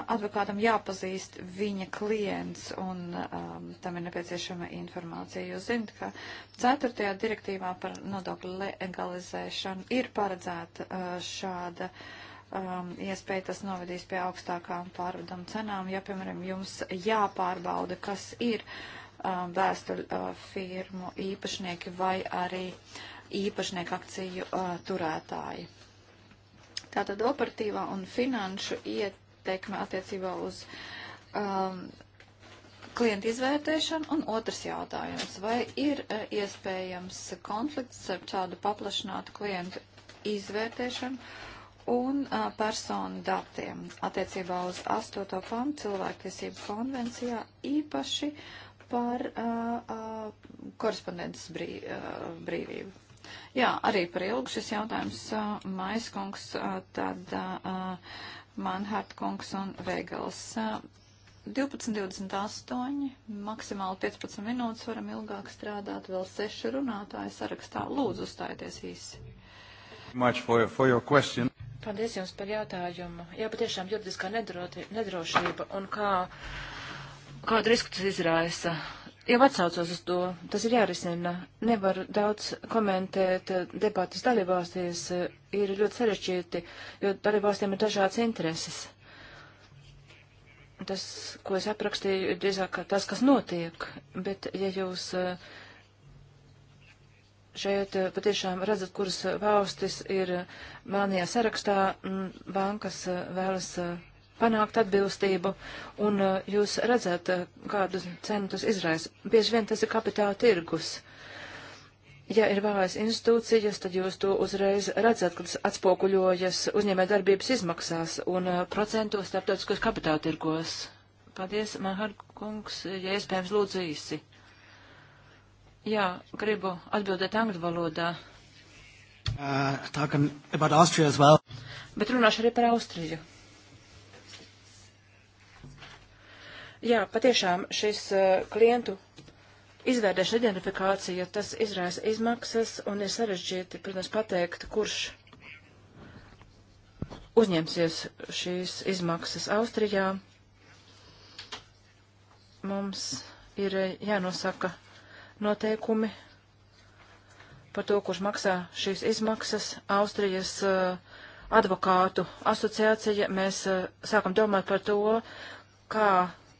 advokātam jāpazīst viņa klients un um, tam ir nepieciešama informācija. Jūs zinat, ka ceturtajā direktīvā par nodokļu legalizēšanu ir paredzēta uh, šāda um, iespēja, tas novedīs pie augstākām pārvedam cenām, ja, piemēram, jums jāpārbauda, kas ir um, vēstuļu uh, firmu īpašnieki vai arī īpašnieku akciju uh, turētāji. Tātad operatīvā un finanšu iet ietekme attiecībā uz um, klientu izvērtēšanu? Un otrs jautājums, vai ir uh, iespējams konflikts ar tādu paplašinātu klientu izvērtēšanu? un a, uh, personu datiem. Attiecībā uz 8. pantu cilvēktiesību konvencijā īpaši par a, uh, a, uh, korespondences brī, brīvību. Jā, arī par ilgu šis jautājums, Maiskungs, tad Manhart kungs un Vegels. 12.28, maksimāli 15 minūtes varam ilgāk strādāt, vēl seši runātāji sarakstā. Lūdzu, uzstājieties īsi. For your, for your question. Paldies jums par jautājumu. Jā, patiešām juridiskā nedro, nedrošība un kā, kādu risku tas izraisa jau atsaucos uz to, tas ir jārisina. Nevar daudz komentēt eh, debatas dalībvalstīs, eh, ir ļoti sarežģīti, jo dalībvalstiem ir dažādas intereses. Tas, ko es aprakstīju, ir drīzāk tas, kas notiek, bet ja jūs eh, šeit patiešām redzat, kuras valstis ir melnajā sarakstā, bankas vēlas panākt atbilstību, un uh, jūs redzat, uh, kādus cenu tas izraisa. Bieži vien tas ir kapitāla tirgus. Ja ir vājas institūcijas, tad jūs to uzreiz redzat, kad tas atspoguļojas uzņēmē darbības izmaksās un uh, procentos starptautiskos kapitāla tirgos. Paldies, Mahard kungs, ja iespējams lūdzu īsi. Jā, gribu atbildēt angļu valodā. Uh, well. Bet runāšu arī par Austriju. Jā, patiešām šis eh, klientu izvērdēšana identifikācija, tas izraisa izmaksas un ir sarežģīti, protams, pateikt, kurš uzņemsies šīs izmaksas Austrijā. Mums ir jānosaka noteikumi par to, kurš maksā šīs izmaksas. Austrijas uh, advokātu asociācija mēs uh, sākam domāt par to, kā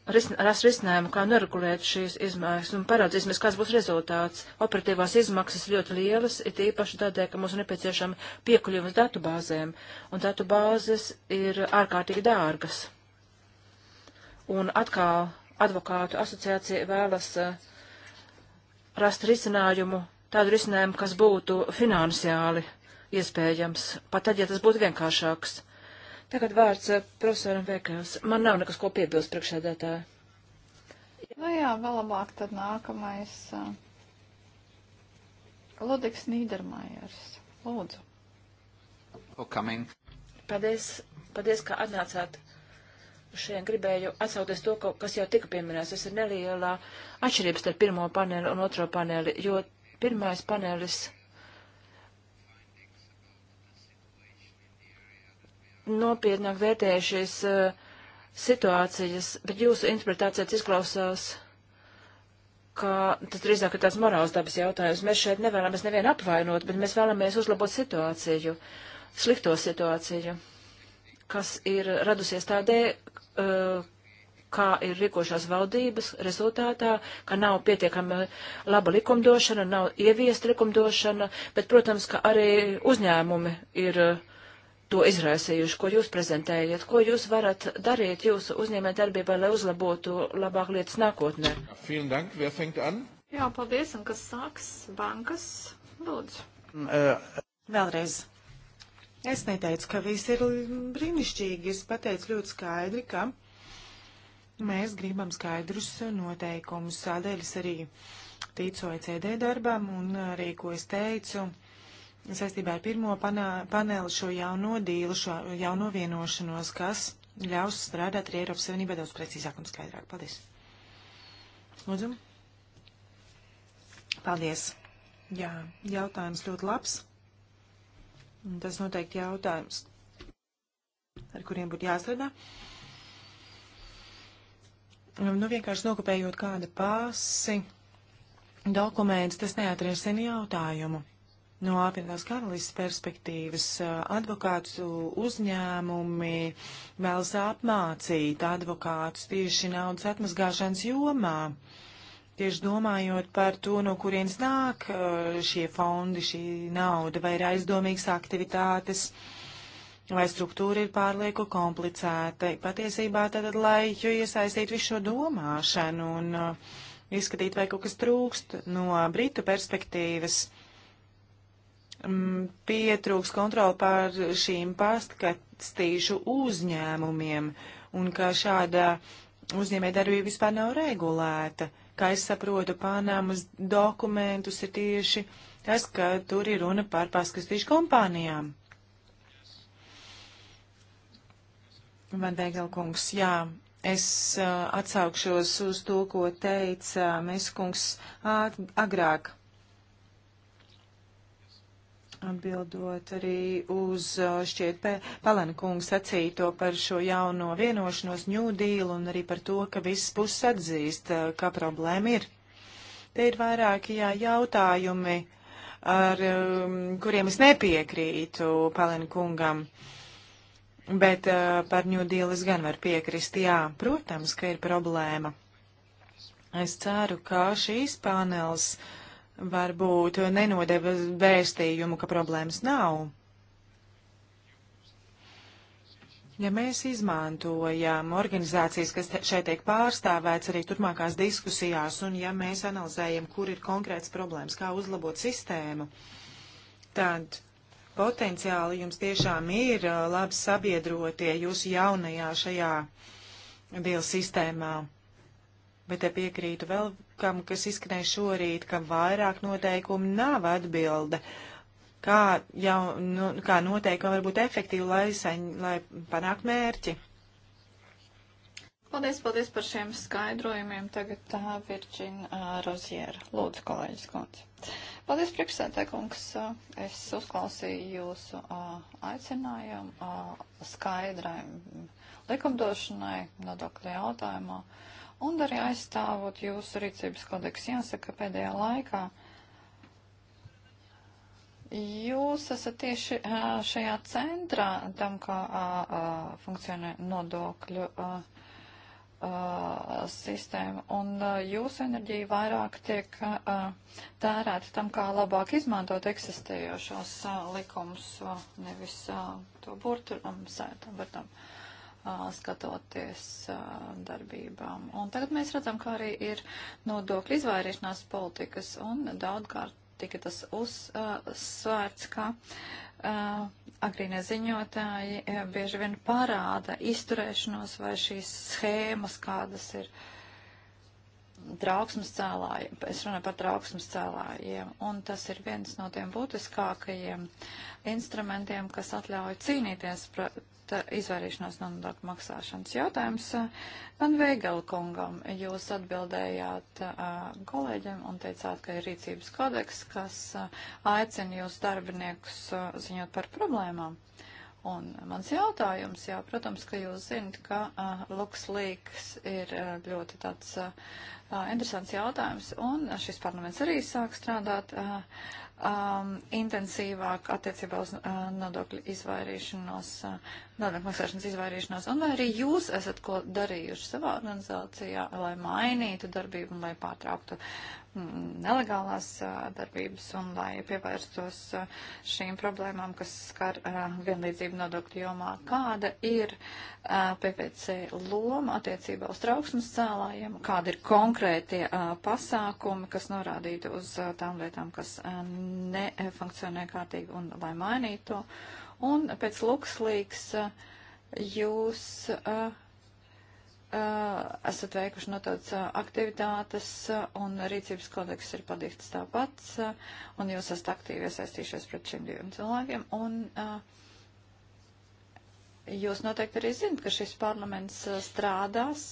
rast risinājumu, kā noregulēt šīs izmaksas un paraudzīsimies, kāds būs rezultāts. Operatīvās izmaksas ļoti lielas, it īpaši tādēļ, ka mums ir nepieciešama piekļuvas datubāzēm, un datubāzes ir ārkārtīgi dārgas. Un atkal advokātu asociācija vēlas eh, rast risinājumu, tādu risinājumu, kas būtu finansiāli iespējams, pat tad, ja tas būtu vienkāršāks Tagad vārds eh, profesoram Vekās. Man nav nekas ko piebilst priekšēdētāji. Nu jā, vēl labāk tad nākamais uh, Ludvigs Nīdermājers. Lūdzu. For coming. Paldies, paldies, ka atnācāt. Šodien gribēju atsauties to, kas jau tika pieminēts. Tas ir nelielā atšķirības starp pirmo paneli un otro paneli, jo pirmais panelis nopietnāk vērtējušies uh, eh, situācijas, bet jūsu interpretācijas izklausās, ka tas drīzāk ir tāds morāls dabas jautājums. Mēs šeit nevēlamies nevienu apvainot, bet mēs vēlamies uzlabot situāciju, slikto situāciju, kas ir radusies tādēļ, uh, kā ir rīkošās valdības rezultātā, ka nav pietiekami laba likumdošana, nav ieviesta likumdošana, bet, protams, ka arī uzņēmumi ir uh, to izraisījuši, ko jūs prezentējat, ko jūs varat darīt jūsu uzņēmē darbībā, lai uzlabotu labāk lietas nākotnē. Jā, paldies, un kas sāks? Bankas, lūdzu. Uh, vēlreiz. Es neteicu, ka viss ir brīnišķīgi. Es pateicu ļoti skaidri, ka mēs gribam skaidrus noteikumus. Tādēļ es arī ticu OECD darbam un arī, ko es teicu saistībā ar pirmo panā, paneli šo jauno dīlu, šo jauno vienošanos, kas ļaus strādāt arī Eiropas Savienībā daudz precīzāk un skaidrāk. Paldies. Lūdzu. Paldies. Jā, jautājums ļoti labs. Un tas noteikti jautājums, ar kuriem būtu jāstrādā. Nu, vienkārši nokopējot kādu pasi, dokumentus, tas neatrisina jautājumu. No apvienotās karalistas perspektīvas advokātu uzņēmumi vēlas apmācīt advokātus tieši naudas atmazgāšanas jomā. Tieši domājot par to, no kurienes nāk šie fondi, šī nauda, vai ir aizdomīgas aktivitātes, vai struktūra ir pārlieku komplicēta. Patiesībā tad, lai iesaistītu visu šo domāšanu un izskatīt, vai kaut kas trūkst no britu perspektīvas Mm, pietrūks kontroli pār šīm pastkastīšu uzņēmumiem un ka šāda uzņēmē darbība vispār nav regulēta. Kā es saprotu, Panamas dokumentus ir tieši tas, ka tur ir runa par pastkastīšu kompānijām. Vandēgelkungs, jā, es uh, atsaukšos uz to, ko teica Mēskungs agrāk. Atbildot arī uz šķiet Pelenkungu sacīto par šo jauno vienošanos New Deal un arī par to, ka visas puses atzīst, ka problēma ir. Te ir vairāki jā, jautājumi, ar kuriem es nepiekrītu Pelenkungam. Bet uh, par New Deal es gan varu piekrist, jā, protams, ka ir problēma. Es ceru, ka šīs panelis uh, varbūt nenodeva vēstījumu, ka problēmas nav. Ja mēs izmantojam organizācijas, kas te, šeit tiek pārstāvēts arī turpmākās diskusijās, un ja mēs analizējam, kur ir konkrēts problēmas, kā uzlabot sistēmu, tad potenciāli jums tiešām ir uh, labi sabiedrotie jūsu jaunajā šajā dievu sistēmā. Bet te piekrītu vēl kam, kas izskanēja šorīt, ka vairāk noteikumu nav atbilde. Kā, jau, nu, kā noteikumi var būt efektīvi, lai, saņ, lai panāk mērķi? Paldies, paldies par šiem skaidrojumiem. Tagad uh, Virģina uh, Roziera. Lūdzu, kolēģis Kundze. Paldies, priekšsētē, kungs. Es uzklausīju jūsu uh, aicinājumu uh, skaidrai likumdošanai nodokļu jautājumā. Uh, Un arī aizstāvot jūsu rīcības kodeksu, jāsaka, pēdējā laikā jūs esat tieši šajā centrā tam, kā funkcionē nodokļu sistēma, un jūsu enerģija vairāk tiek tērēta tam, kā labāk izmantot eksistējošos likumus, nevis to burtu sētam, bet tam. Um, skatoties darbībām. Un tagad mēs redzam, kā arī ir nodokļu izvairīšanās politikas, un daudzkārt tika tas uzsvērts, ka agrīnie ziņotāji bieži vien parāda izturēšanos vai šīs schēmas, kādas ir trauksmes cēlāji, es runāju par trauksmes cēlājiem, un tas ir viens no tiem būtiskākajiem instrumentiem, kas atļauj cīnīties izvairīšanās no nodokļu maksāšanas jautājums. Man Veigela kungam jūs atbildējāt kolēģiem un teicāt, ka ir rīcības kodeks, kas aicina jūs darbiniekus ziņot par problēmām. Un mans jautājums, jā, protams, ka jūs zinat, ka uh, LuxLeaks ir uh, ļoti tāds uh, interesants jautājums, un šis parlaments arī sāk strādāt uh, um, intensīvāk attiecībā uz uh, nodokļu izvairīšanos. Uh, Nodokļu maksāšanas izvairīšanās, un vai arī jūs esat ko darījuši savā organizācijā, lai mainītu darbību un lai pārtrauktu mm, nelegālās darbības un lai pievērstos šīm problēmām, kas skar vienlīdzību nodokļu jomā. Kāda ir PPC loma attiecībā uz trauksmes cēlājiem? Kādi ir konkrētie pasākumi, kas norādītu uz tām lietām, kas nefunkcionē kārtīgi un lai mainītu to? un pēc lukslīgs eh, jūs eh, eh, esat veikuši no tādas aktivitātes, un rīcības kodeks ir padīkts tāpats, un jūs esat aktīvi iesaistījušies pret šiem diviem cilvēkiem, un jūs noteikti arī zinat, ka šis parlaments strādās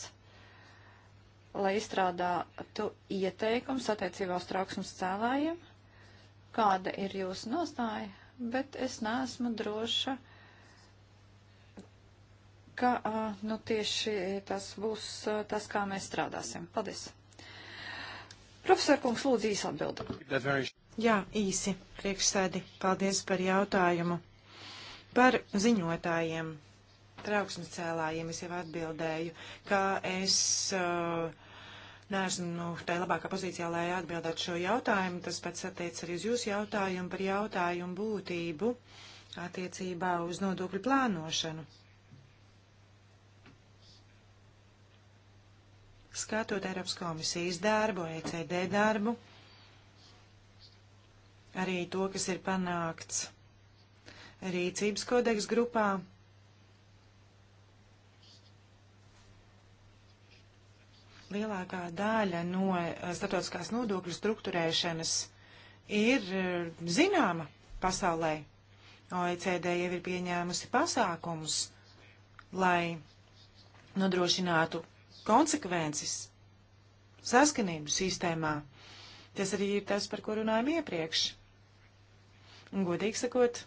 lai izstrādātu ieteikums attiecībā uz trauksmes cēlājiem. Kāda ir jūsu nostāja? bet es neesmu droša, ka uh, nu, tieši tas būs uh, tas, kā mēs strādāsim. Paldies! Profesor Kungs, lūdzu īsi atbildi. Jā, īsi, priekšsēdi, paldies par jautājumu. Par ziņotājiem, trauksmes cēlājiem es jau atbildēju, ka es uh, neesmu nu, tajā labākā pozīcijā, lai atbildētu šo jautājumu. Tas pats attiec arī uz jūsu jautājumu par jautājumu būtību attiecībā uz nodokļu plānošanu. Skatot Eiropas komisijas darbu, ECD darbu, arī to, kas ir panākts rīcības kodeks grupā, lielākā daļa no eh, starptautiskās nodokļu struktūrēšanas ir eh, zināma pasaulē. OECD jau ir pieņēmusi pasākumus, lai nodrošinātu konsekvences saskanību sistēmā. Tas arī ir tas, par ko runājam iepriekš. Un, godīgi sakot,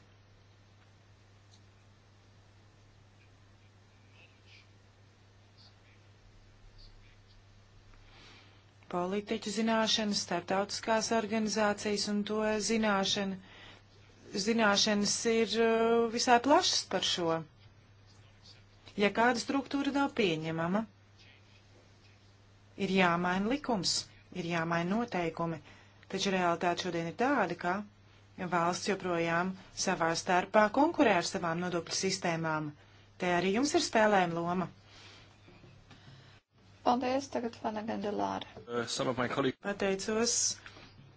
politiķu zināšanas, starptautiskās organizācijas un to zināšana. Zināšanas ir uh, visai plašas par šo. Ja kāda struktūra nav pieņemama, ir jāmaina likums, ir jāmaina noteikumi, taču realitāte šodien ir tāda, ka valsts joprojām savā starpā konkurē ar savām nodokļu sistēmām. Te arī jums ir spēlējuma loma. Paldies, tagad Fanagan Delāra. Uh, Pateicos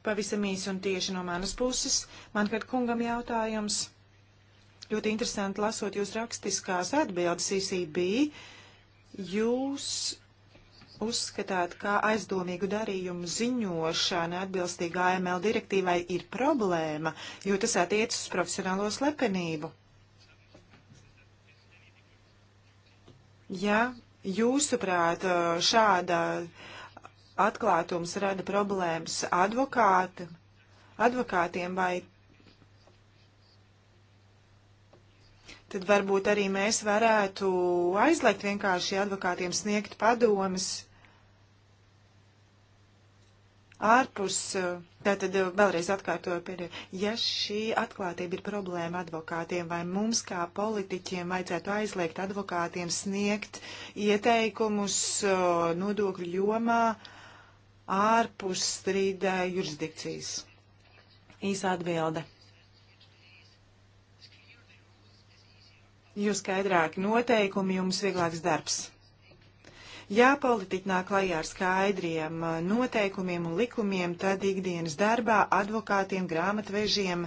pavisam īsi un tieši no manas puses. Man kad kungam jautājums. Ļoti interesanti lasot jūs rakstiskās atbildes ICB. Jūs uzskatāt, ka aizdomīgu darījumu ziņošana atbilstīgā AML direktīvai ir problēma, jo tas attiecas uz profesionālo slepenību. Ja Jūsuprāt, šāda atklātums rada problēmas advokāti, advokātiem vai tad varbūt arī mēs varētu aizliegt vienkārši advokātiem sniegt padomas ārpus uh, Tātad eh, vēlreiz atkārtoju, pēdējo. ja šī atklātība ir problēma advokātiem, vai mums kā politiķiem vajadzētu aizliegt advokātiem sniegt ieteikumus eh, nodokļu jomā ārpus strīdē jurisdikcijas? Īsa atbilde. Jo skaidrāki noteikumi, jums vieglāks darbs. Ja politiķi nāk klajā ar skaidriem uh, noteikumiem un likumiem, tad ikdienas darbā advokātiem, grāmatvežiem,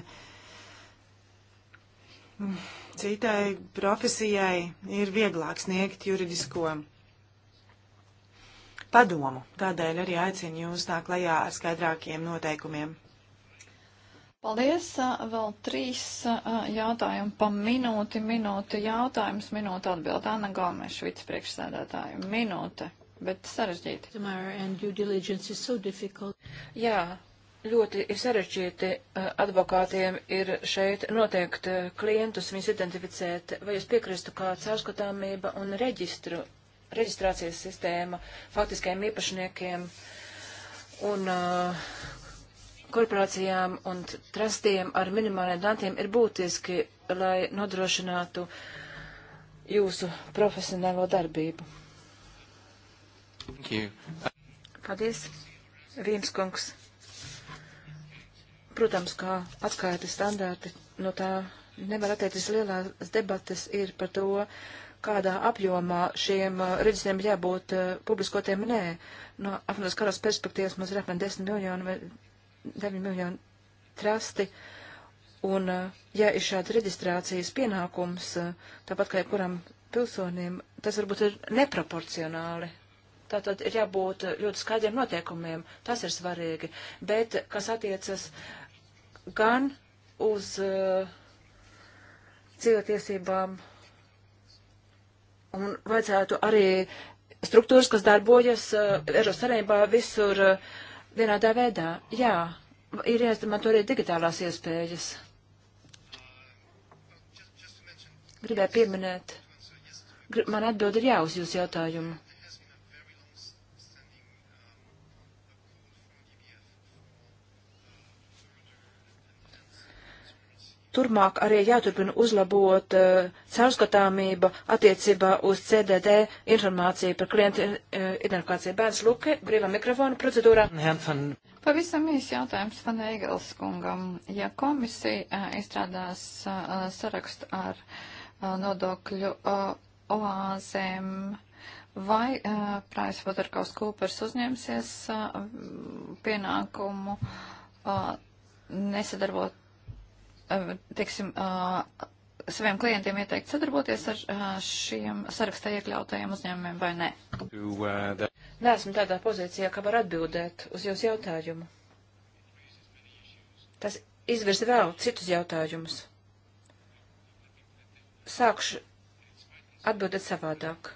mm, citai profesijai ir vieglāk sniegt juridisko padomu. Tādēļ arī aicinu jūs nāk klajā ar skaidrākiem noteikumiem. Paldies. Vēl trīs jautājumi pa minūti, minūte jautājums, minūte atbild. Anna Gomeša, vicepriekšsēdētāja, minūte, bet sarežģīti. So Jā, ļoti ir sarežģīti advokātiem ir šeit noteikt klientus, viņus identificēt. Vai jūs piekristu, kā caurskatāmība un reģistru, reģistrācijas sistēma faktiskajiem īpašniekiem un uh, korporācijām un trastiem ar minimāliem datiem ir būtiski, lai nodrošinātu jūsu profesionālo darbību. Paldies, Rīmskungs. Protams, kā atskaites standārti, no tā nevar atteikties lielās debates ir par to, kādā apjomā šiem uh, reģistriem jābūt uh, publiskotiem, nē. No apvienotās karos perspektīvas mums ir apmēram 10 miljoni vai 9 miljonu trasti. Un, eh, ja ir šāds reģistrācijas pienākums, eh, tāpat kā jebkuram pilsonim, tas varbūt ir neproporcionāli. Tātad ir jābūt eh, ļoti skaidriem noteikumiem, tas ir svarīgi. Bet, kas attiecas gan uz uh, cilvēktiesībām, un vajadzētu arī struktūras, kas darbojas uh, Eiropas Savienībā visur. Uh, vienādā veidā. Jā, ir jāizmanto arī digitālās iespējas. Gribēju pieminēt, grib, man atbild ir jā uz jūsu jautājumu. turmāk arī jāturpina uzlabot uh, caurskatāmība attiecībā uz CDD informāciju par klientu uh, identifikāciju. Bērns Luke, brīvā mikrofona procedūrā. Pavisam īsi jautājums Van Eigels kungam. Ja komisija uh, izstrādās uh, sarakstu ar uh, nodokļu uh, oāzēm, vai uh, PricewaterhouseCoopers uzņemsies uh, pienākumu? Uh, nesadarbot Eh, teiksim, eh, saviem klientiem ieteikt sadarboties ar eh, šiem sarakstā iekļautajiem uzņēmumiem vai nē? Nē, esmu tādā pozīcijā, ka var atbildēt uz jūsu jautājumu. Tas izvirza vēl citus jautājumus. Sākšu atbildēt savādāk.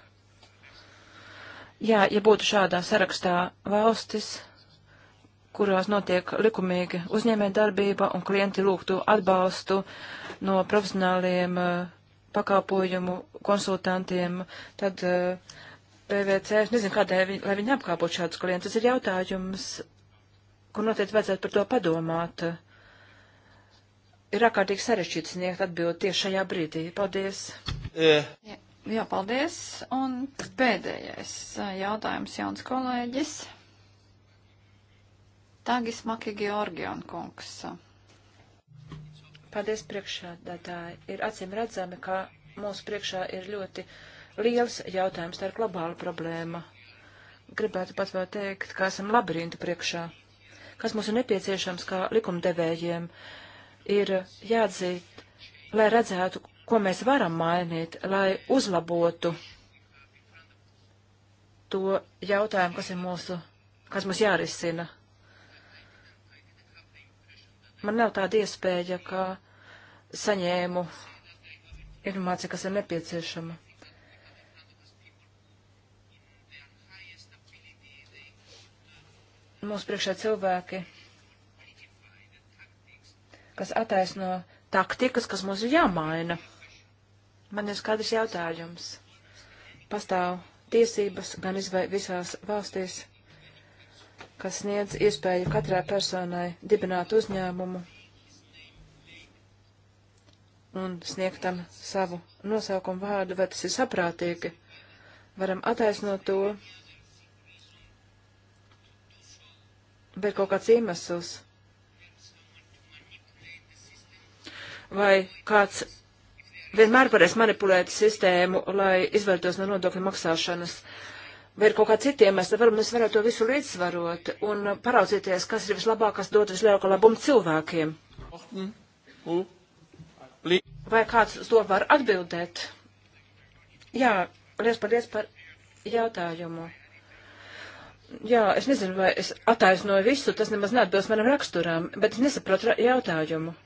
Jā, ja būtu šādā sarakstā valstis, kurās notiek likumīga uzņēmē darbība un klienti lūgtu atbalstu no profesionāliem eh, pakāpojumu konsultantiem, tad eh, PVC, es nezinu, kādēļ viņi, lai viņi apkāpot šādus klientus, tas ir jautājums, kur noteikti vajadzētu par to padomāt. Ir ārkārtīgi sarežģīti sniegt atbildi tieši šajā brīdī. Paldies! Yeah. Jā, jā, paldies! Un pēdējais eh, jautājums jauns kolēģis. Tagis Maki Georgion kungs. Paldies priekšādātāji. Ir acīm redzami, ka mūsu priekšā ir ļoti liels jautājums, tā ir globāla problēma. Gribētu pat vēl teikt, ka esam labirintu priekšā. Kas mums ir nepieciešams, kā likumdevējiem, ir jāatzīt, lai redzētu, ko mēs varam mainīt, lai uzlabotu to jautājumu, kas ir mūsu, kas mums jārisina. Man nav tāda iespēja, ka saņēmu informāciju, kas ir nepieciešama. Mūsu priekšā cilvēki, kas attaisno taktikas, kas mums ir jāmaina. Man ir skaidrs jautājums. Pastāv tiesības gan visās valstīs kas sniedz iespēju katrai personai dibināt uzņēmumu un sniegt tam savu nosaukumu vārdu, vai tas ir saprātīgi. Varam attaisnot to, bet kaut kāds iemesls. Vai kāds vienmēr varēs manipulēt sistēmu, lai izvairītos no nodokļu maksāšanas. Uh, vai ir kaut kā citi iemesli, varbūt mēs varētu to visu līdzsvarot un paraudzīties, kas ir vislabāk, kas dod vislielāko labumu cilvēkiem. Vai kāds to var atbildēt? Jā, liels paldies par jautājumu. Jā, es nezinu, vai es attaisnoju visu, tas nemaz neatbilst manam raksturam, bet es nesaprotu jautājumu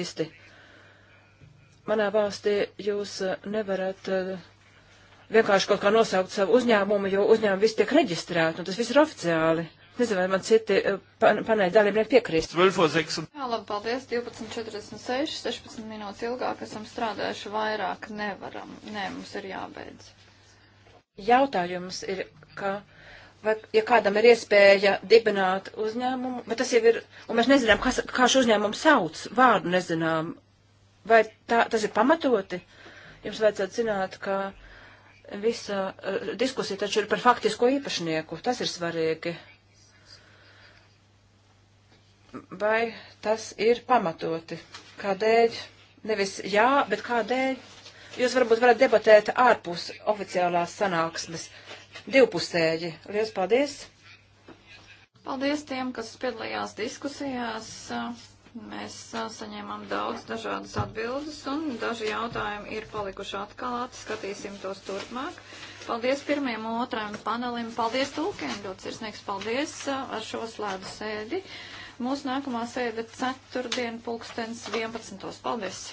īsti. Manā valstī jūs nevarat uh, vienkārši kaut kā nosaukt savu uzņēmumu, jo uzņēmumi viss tiek reģistrēti, un tas viss ir oficiāli. Nezinu, vai man citi eh, pan, panēļ dalībnieki piekrīst. Jā, labi, paldies. 12.46, 16 minūtes ilgāk esam strādājuši vairāk. Nevaram. Nē, mums ir jābeidz. Jautājums ir, ka. Vai, ja kādam ir iespēja dibināt uzņēmumu, bet tas jau ir, un mēs nezinām, kas, kā šo uzņēmumu sauc, vārdu nezinām, vai tā, tas ir pamatoti? Jums vajadzētu zināt, ka. Kā Visa uh, diskusija taču ir par faktisko īpašnieku. Tas ir svarīgi. Vai tas ir pamatoti? Kādēļ? Nevis jā, bet kādēļ? Jūs varbūt varat debatēt ārpus oficiālās sanāksmes. Divpusēji. Lielas paldies! Paldies tiem, kas piedalījās diskusijās. Mēs saņēmām daudz dažādas atbildes un daži jautājumi ir palikuši atkal, atskatīsim tos turpmāk. Paldies pirmajam, otrajam panelim. Paldies tūkiem, ļoti sirsnīgs paldies. Ar šo slēdu sēdi. Mūsu nākamā sēde ceturtdien pulkstens 11. Paldies!